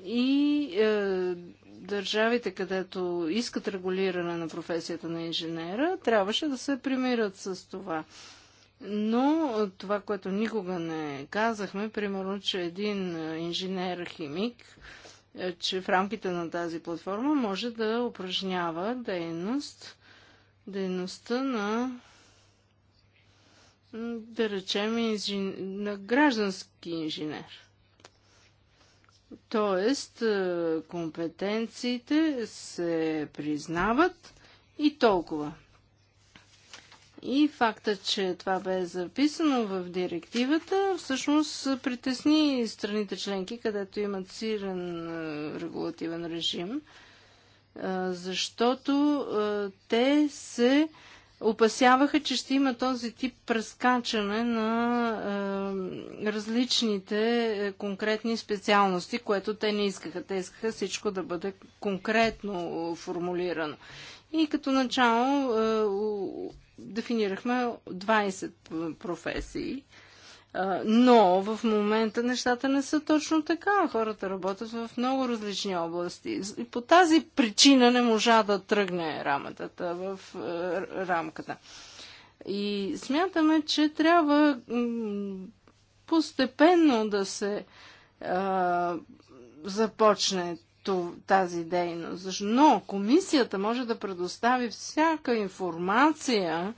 и е, държавите, където искат регулиране на професията на инженера, трябваше да се примират с това. Но е, това, което никога не казахме, примерно, че един е, инженер-химик, е, че в рамките на тази платформа може да упражнява дейност, дейността на да речем, инжен... на граждански инженер. Тоест, е, компетенциите се признават и толкова. И факта, че това бе записано в директивата, всъщност притесни страните членки, където имат сирен е, регулативен режим, е, защото те се опасяваха, че ще има този тип прескачане на е, различните е, конкретни специалности, което те не искаха. Те искаха всичко да бъде конкретно е, формулирано. И като начало е, дефинирахме 20 е, професии. Е, но в момента нещата не са точно така. Хората работят в много различни области. И по тази причина не можа да тръгне рамата в рамката. И смятаме, че трябва постепенно да се а, започне тази дейност. Но комисията може да предостави всяка информация,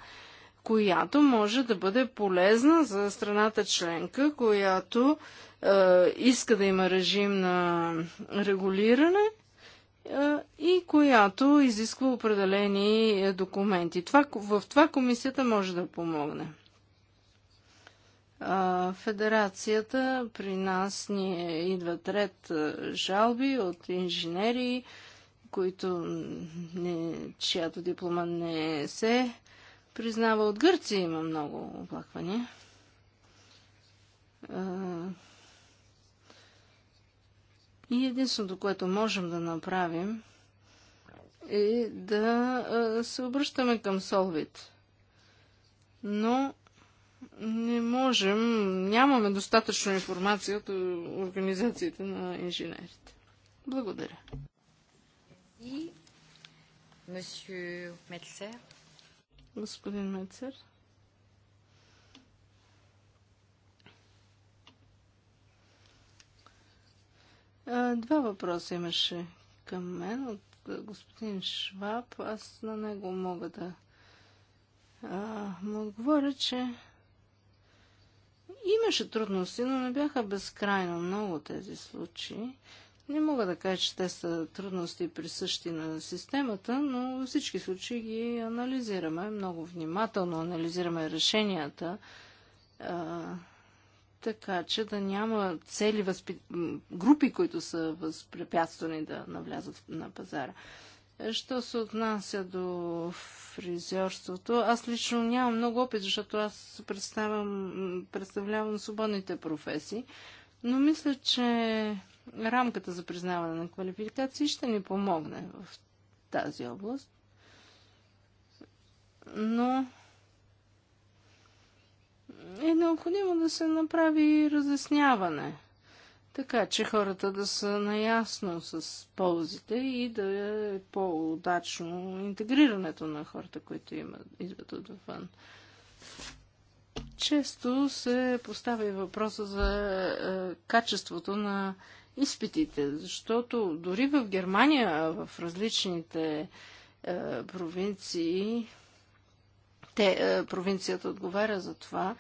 която може да бъде полезна за страната членка, която е, иска да има режим на регулиране е, и която изисква определени е, документи. Това, в това комисията може да помогне. Федерацията при нас ни е, идват ред е, жалби от инженери, които не, чиято диплома не се признава, от Гърция има много оплаквания. И единственото, което можем да направим, е да се обръщаме към Солвит. Но не можем, нямаме достатъчно информация от организацията на инженерите. Благодаря. И месье Метсер господин Мецер. Два въпроса имаше към мен от господин Шваб. Аз на него мога да му отговоря, че имаше трудности, но не бяха безкрайно много тези случаи. Не мога да кажа, че те са трудности присъщи на системата, но във всички случаи ги анализираме. Много внимателно анализираме решенията, а, така че да няма цели възпи... групи, които са възпрепятствани да навлязат на пазара. Е, що се отнася до фризьорството, аз лично нямам много опит, защото аз представлявам свободните професии, но мисля, че рамката за признаване на квалификации ще ни помогне в тази област. Но е необходимо да се направи разясняване, така че хората да са наясно с ползите и да е по-удачно интегрирането на хората, които имат, идват отвън често се поставя и въпроса за е, качеството на изпитите, защото дори в Германия, в различните е, провинции, те, е, провинцията отговаря за това,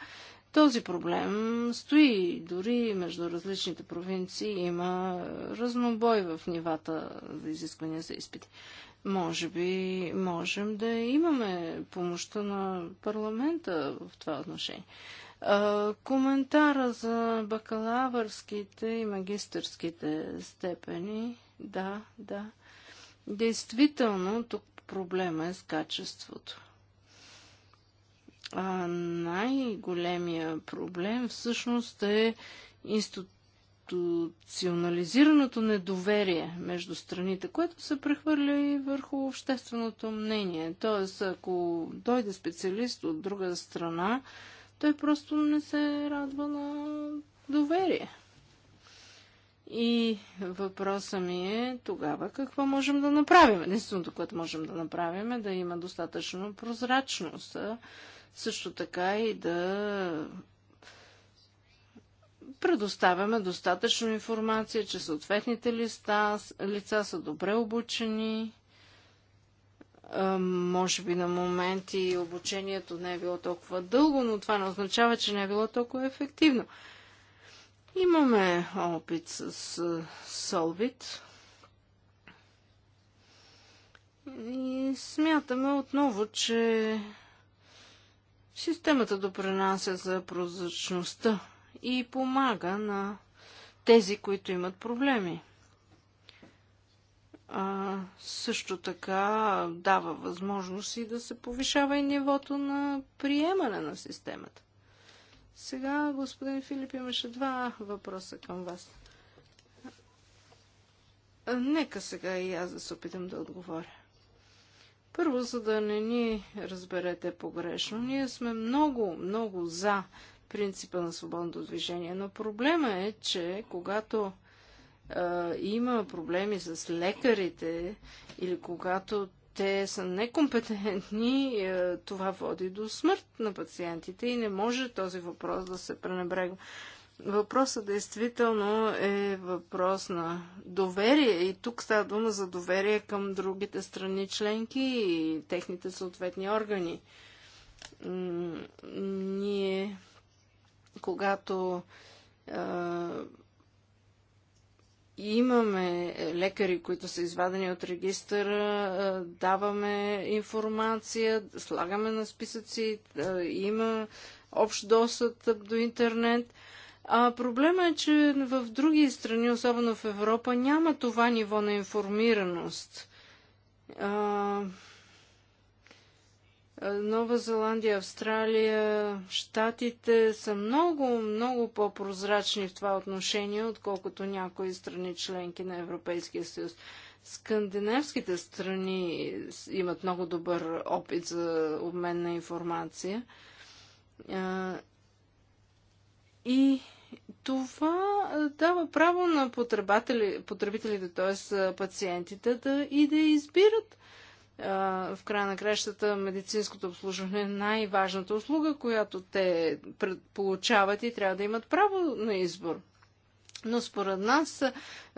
този проблем стои. Дори между различните провинции има разнобой в нивата за изисквания за изпити. Може би можем да имаме помощта на парламента в това отношение. Коментара за бакалавърските и магистърските степени. Да, да. Действително, тук проблема е с качеството. А най-големия проблем всъщност е институционализираното недоверие между страните, което се прехвърля и върху общественото мнение. Тоест, ако дойде специалист от друга страна, той просто не се радва на доверие. И въпросът ми е тогава какво можем да направим. Единственото, което можем да направим е да има достатъчно прозрачност. Също така и да предоставяме достатъчно информация, че съответните листа, лица са добре обучени е, може би на моменти обучението не е било толкова дълго, но това не означава, че не е било толкова ефективно. Имаме опит с Солвит. Е, и смятаме отново, че системата допринася за прозрачността и помага на тези, които имат проблеми а, също така дава възможност и да се повишава и нивото на приемане на системата. Сега, господин Филип, имаше два въпроса към вас. Нека сега и аз да се опитам да отговоря. Първо, за да не ни разберете погрешно, ние сме много, много за принципа на свободното движение, но проблема е, че когато а, има проблеми с лекарите или когато те са некомпетентни, а, това води до смърт на пациентите и не може този въпрос да се пренебрегва. Въпросът действително е въпрос на доверие и тук става дума за доверие към другите страни членки и техните съответни органи. М ние, когато имаме лекари, които са извадени от регистъра, даваме информация, слагаме на списъци, има общ достъп до интернет. А проблема е, че в други страни, особено в Европа, няма това ниво на информираност. Е, Нова Зеландия, Австралия, Штатите са много, много по-прозрачни в това отношение, отколкото някои страни членки на Европейския съюз. Скандинавските страни имат много добър опит за обмен на информация. Е, и това е, дава право на потребителите, т.е. пациентите, да и да избират в края на кращата медицинското обслужване е най-важната услуга, която те получават и трябва да имат право на избор. Но според нас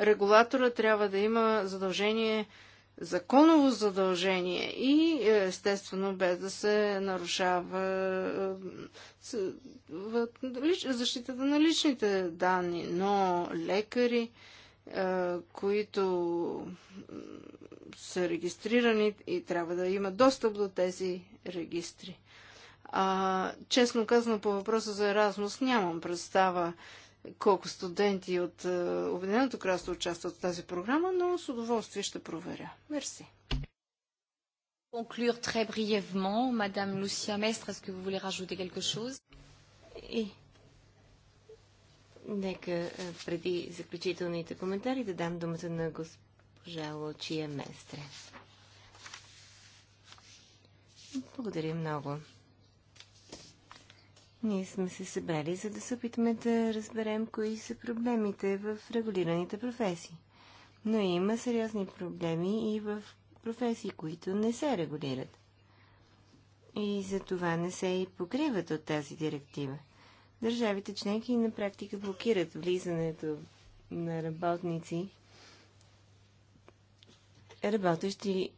регулатора трябва да има задължение, законово задължение и естествено без да се нарушава е, защитата на личните данни. Но лекари, е, които са регистрирани и трябва да има достъп до тези регистри. А, честно казано, по въпроса за Еразмус нямам представа колко студенти от е, Обединеното кралство участват в тази програма, но с удоволствие ще проверя. Мерси. Conclure très brièvement, Madame Lucia Mestre, est-ce que vous voulez rajouter quelque chose И... Нека е, преди заключителните коментари да дам думата на господин госпожа Лучия Местре. Благодаря много. Ние сме се събрали, за да се опитаме да разберем кои са проблемите в регулираните професии. Но има сериозни проблеми и в професии, които не се регулират. И за това не се и покриват от тази директива. Държавите членки на практика блокират влизането на работници работещи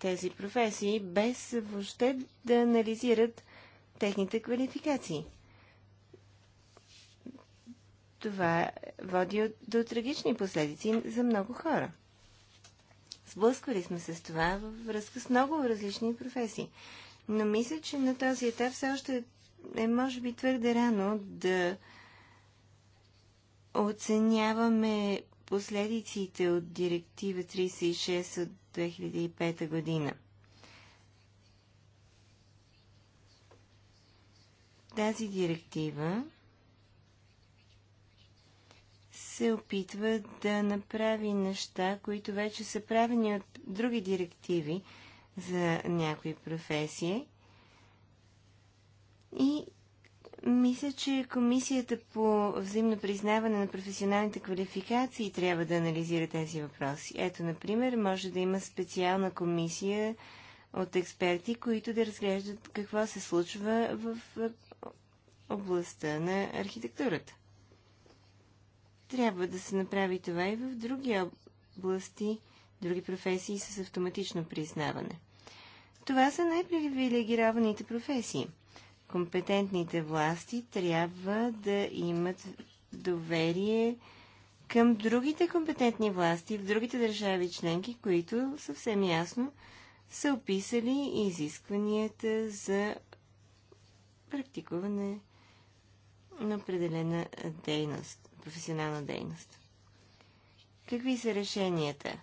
тези професии, без въобще да анализират техните квалификации. Това води до трагични последици за много хора. Сблъсквали сме се с това във връзка с много различни професии. Но мисля, че на този етап все още е, може би, твърде рано да оценяваме последиците от директива 36 от 2005 година. Тази директива се опитва да направи неща, които вече са правени от други директиви за някои професии и мисля, че Комисията по взаимно признаване на професионалните квалификации трябва да анализира тези въпроси. Ето, например, може да има специална комисия от експерти, които да разглеждат какво се случва в областта на архитектурата. Трябва да се направи това и в други области, други професии с автоматично признаване. Това са най-привилегированите професии – компетентните власти трябва да имат доверие към другите компетентни власти в другите държави членки, които съвсем ясно са описали изискванията за практикуване на определена дейност, професионална дейност. Какви са решенията?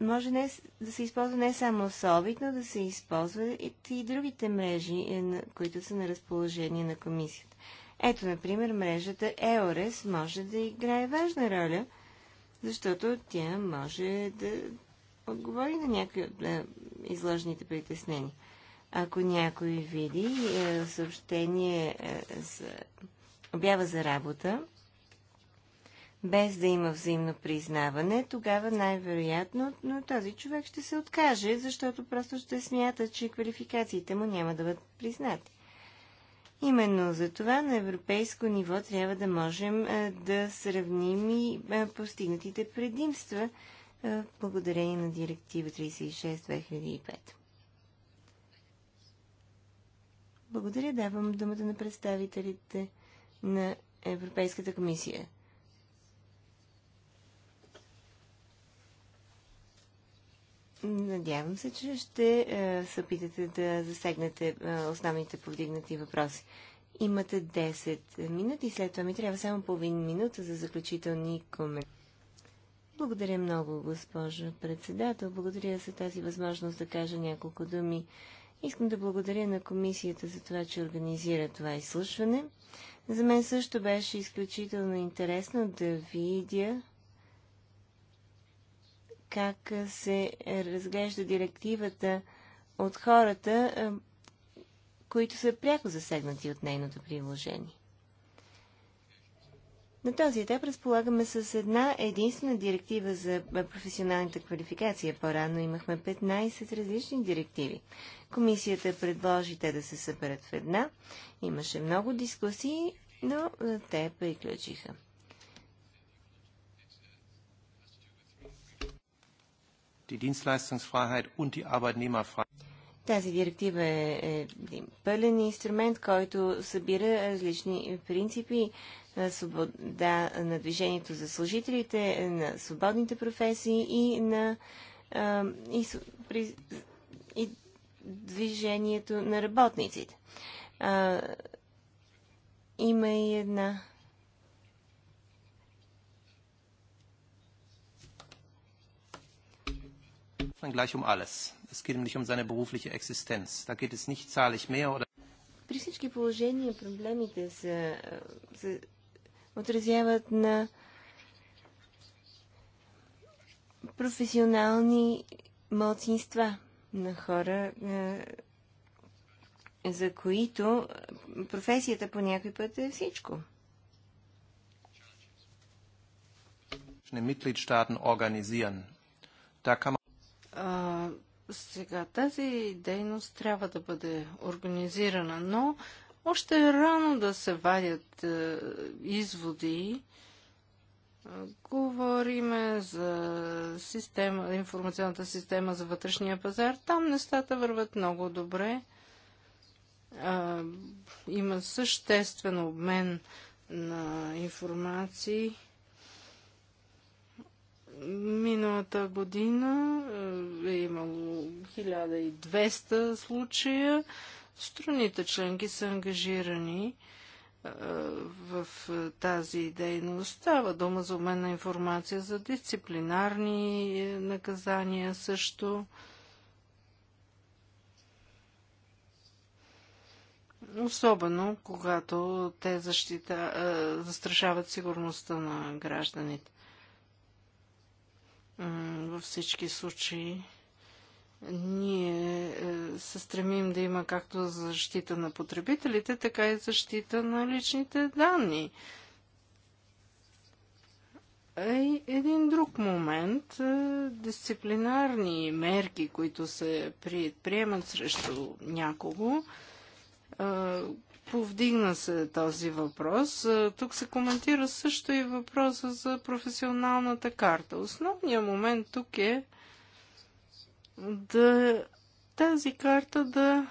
може не, да се използва не само совит, но да се използват и другите мрежи, е, които са на разположение на комисията. Ето, например, мрежата EORES може да играе важна роля, защото тя може да отговори на някои от е, изложените притеснения. Ако някой види е, съобщение за обява за работа, без да има взаимно признаване, тогава най-вероятно но този човек ще се откаже, защото просто ще смята, че квалификациите му няма да бъдат признати. Именно за това на европейско ниво трябва да можем е, да сравним и е, постигнатите предимства е, благодарение на директива 36-2005. Благодаря, давам думата на представителите на Европейската комисия. Надявам се, че ще е, се опитате да засегнете е, основните повдигнати въпроси. Имате 10 минути, след това ми трябва само половин минута за заключителни коментари. Благодаря много, госпожо председател. Благодаря за тази възможност да кажа няколко думи. Искам да благодаря на комисията за това, че организира това изслушване. За мен също беше изключително интересно да видя как се е, разглежда директивата от хората, които са пряко засегнати от нейното приложение. На този етап разполагаме с една единствена директива за професионалната квалификация. По-рано имахме 15 различни директиви. Комисията предложи те да се съберат в една. Имаше много дискусии, но те приключиха. die Dienstleistungsfreiheit und die Arbeitnehmerfreiheit. Тази директива е, е пълен инструмент, който събира различни принципи на е, свобода на движението за служителите, е, на свободните професии и на е, и, при, и движението на работниците. Е, има и една sondern gleich um alles. Es geht ihm um seine berufliche Existenz. Da geht es nicht, zahle mehr oder. При всички положения проблемите се, се отразяват на професионални малцинства, на хора, е, за които професията по някой път е всичко. Да, а, сега тази дейност трябва да бъде организирана, но още е рано да се вадят а, изводи. Говориме за система, информационната система за вътрешния пазар. Там нещата върват много добре. А, има съществен обмен на информации Миналата година е, е имало 1200 случая. Страните членки са ангажирани е, в е, тази дейност. Става дума за обмен на информация за дисциплинарни наказания също. Особено когато те защита, застрашават сигурността на гражданите. Във всички случаи ние е, се стремим да има както защита на потребителите, така и защита на личните данни. И един друг момент е, дисциплинарни мерки, които се приемат срещу някого, е, Повдигна се този въпрос. Тук се коментира също и въпроса за професионалната карта. Основният момент тук е да тази карта да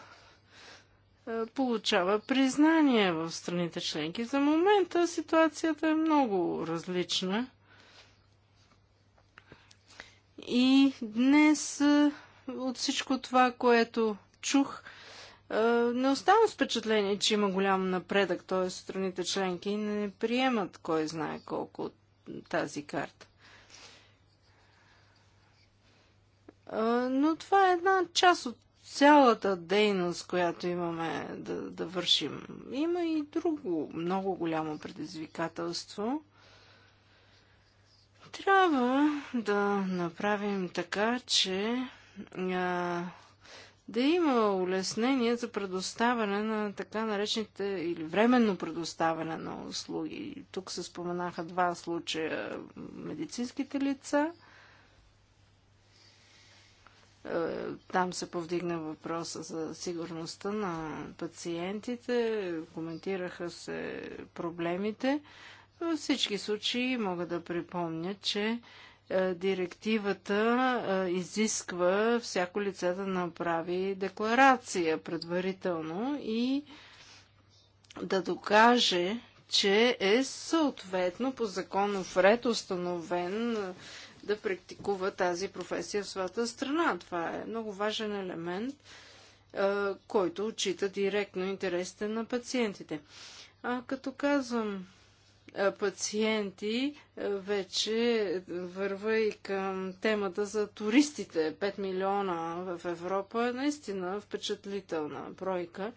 получава признание в страните членки. За момента ситуацията е много различна. И днес от всичко това, което чух, е, не оставам с впечатление, че има голям напредък, т.е. страните членки не приемат кой знае колко от тази карта. Е, но това е една част от цялата дейност, която имаме да, да вършим. Има и друго много голямо предизвикателство. Трябва да направим така, че а, е, да има улеснение за предоставяне на така наречените или временно предоставяне на услуги. Тук се споменаха два случая медицинските лица. Е, там се повдигна въпроса за сигурността на пациентите, коментираха се проблемите. Във всички случаи мога да припомня, че е, директивата е, изисква всяко лице да направи декларация предварително и да докаже, че е съответно по законов ред установен е, да практикува тази професия в своята страна. Това е много важен елемент, който отчита директно интересите на пациентите. А като казвам пациенти, вече върва и към темата за туристите. 5 милиона в Европа е наистина впечатлителна бройка.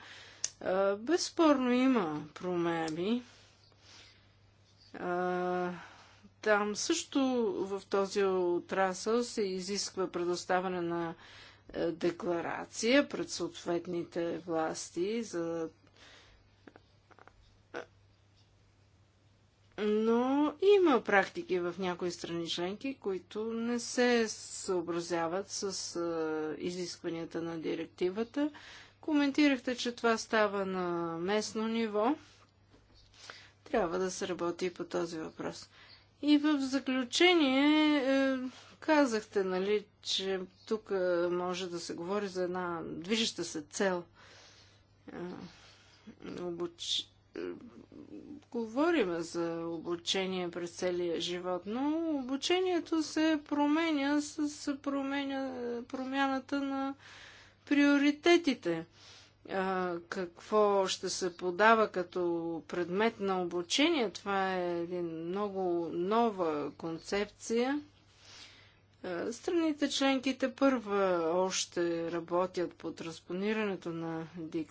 Безспорно има промени. Там също в този отрасъл се изисква предоставяне на декларация пред съответните власти за Но има практики в някои страни членки, които не се съобразяват с изискванията на директивата. Коментирахте, че това става на местно ниво. Трябва да се работи и по този въпрос. И в заключение е, казахте, нали, че тук може да се говори за една движеща се цел. Е, обуч говорим за обучение през целия живот, но обучението се променя с променя, промяната на приоритетите. А, какво ще се подава като предмет на обучение? Това е един много нова концепция. Страните членките първа още работят по транспонирането на дик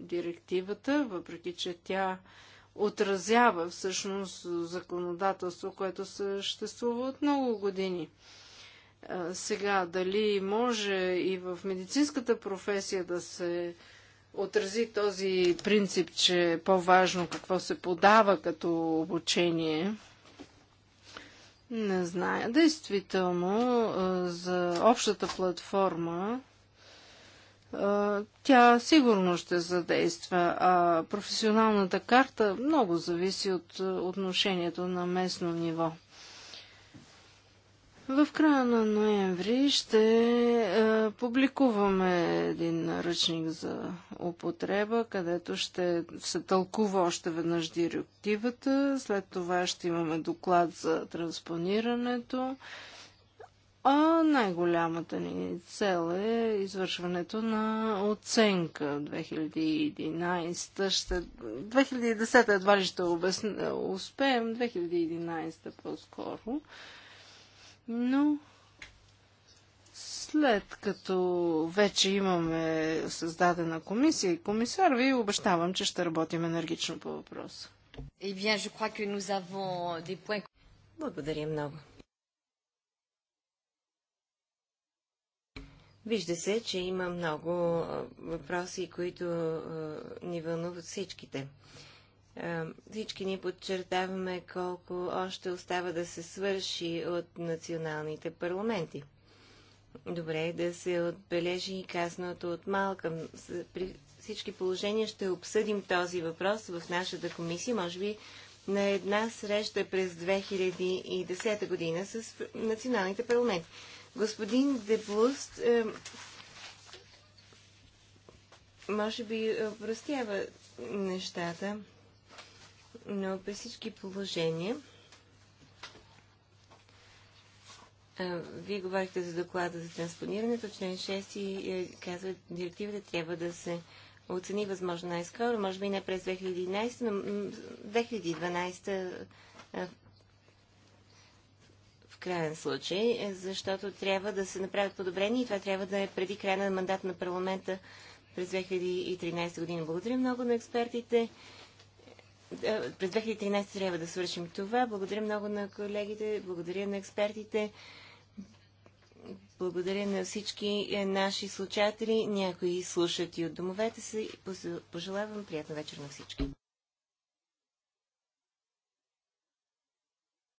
директивата, въпреки че тя отразява всъщност законодателство, което съществува от много години. Сега, дали може и в медицинската професия да се отрази този принцип, че е по-важно какво се подава като обучение, не зная. Действително, за общата платформа тя сигурно ще задейства. А професионалната карта много зависи от отношението на местно ниво. В края на ноември ще публикуваме един ръчник за употреба, където ще се тълкува още веднъж директивата. След това ще имаме доклад за транспонирането. А най-голямата ни цел е извършването на оценка 2011. Ще... 2010 едва ли ще обясня... успеем, 2011 по-скоро. Но след като вече имаме създадена комисия и комисар, ви обещавам, че ще работим енергично по въпроса. Eh Благодаря много. Вижда се, че има много въпроси, които ни вълнуват всичките. Всички ни подчертаваме колко още остава да се свърши от националните парламенти. Добре е да се отбележи и казаното от малка. При всички положения ще обсъдим този въпрос в нашата комисия, може би на една среща през 2010 година с националните парламенти. Господин Дебуст е, може би е, простява нещата, но при всички положения е, вие говорихте за доклада за транспонирането, член 6 и е, казва, директивата трябва да се оцени възможно най-скоро, може би не през 2011, но 2012 крайен случай, е, защото трябва да се направят подобрения и това трябва да е преди края на мандат на парламента през 2013 година. Благодаря много на експертите. Е, през 2013 трябва да свършим това. Благодаря много на колегите, благодаря на експертите, благодаря на всички е, наши случатели, Някои слушат и от домовете си. Пожелавам приятна вечер на всички.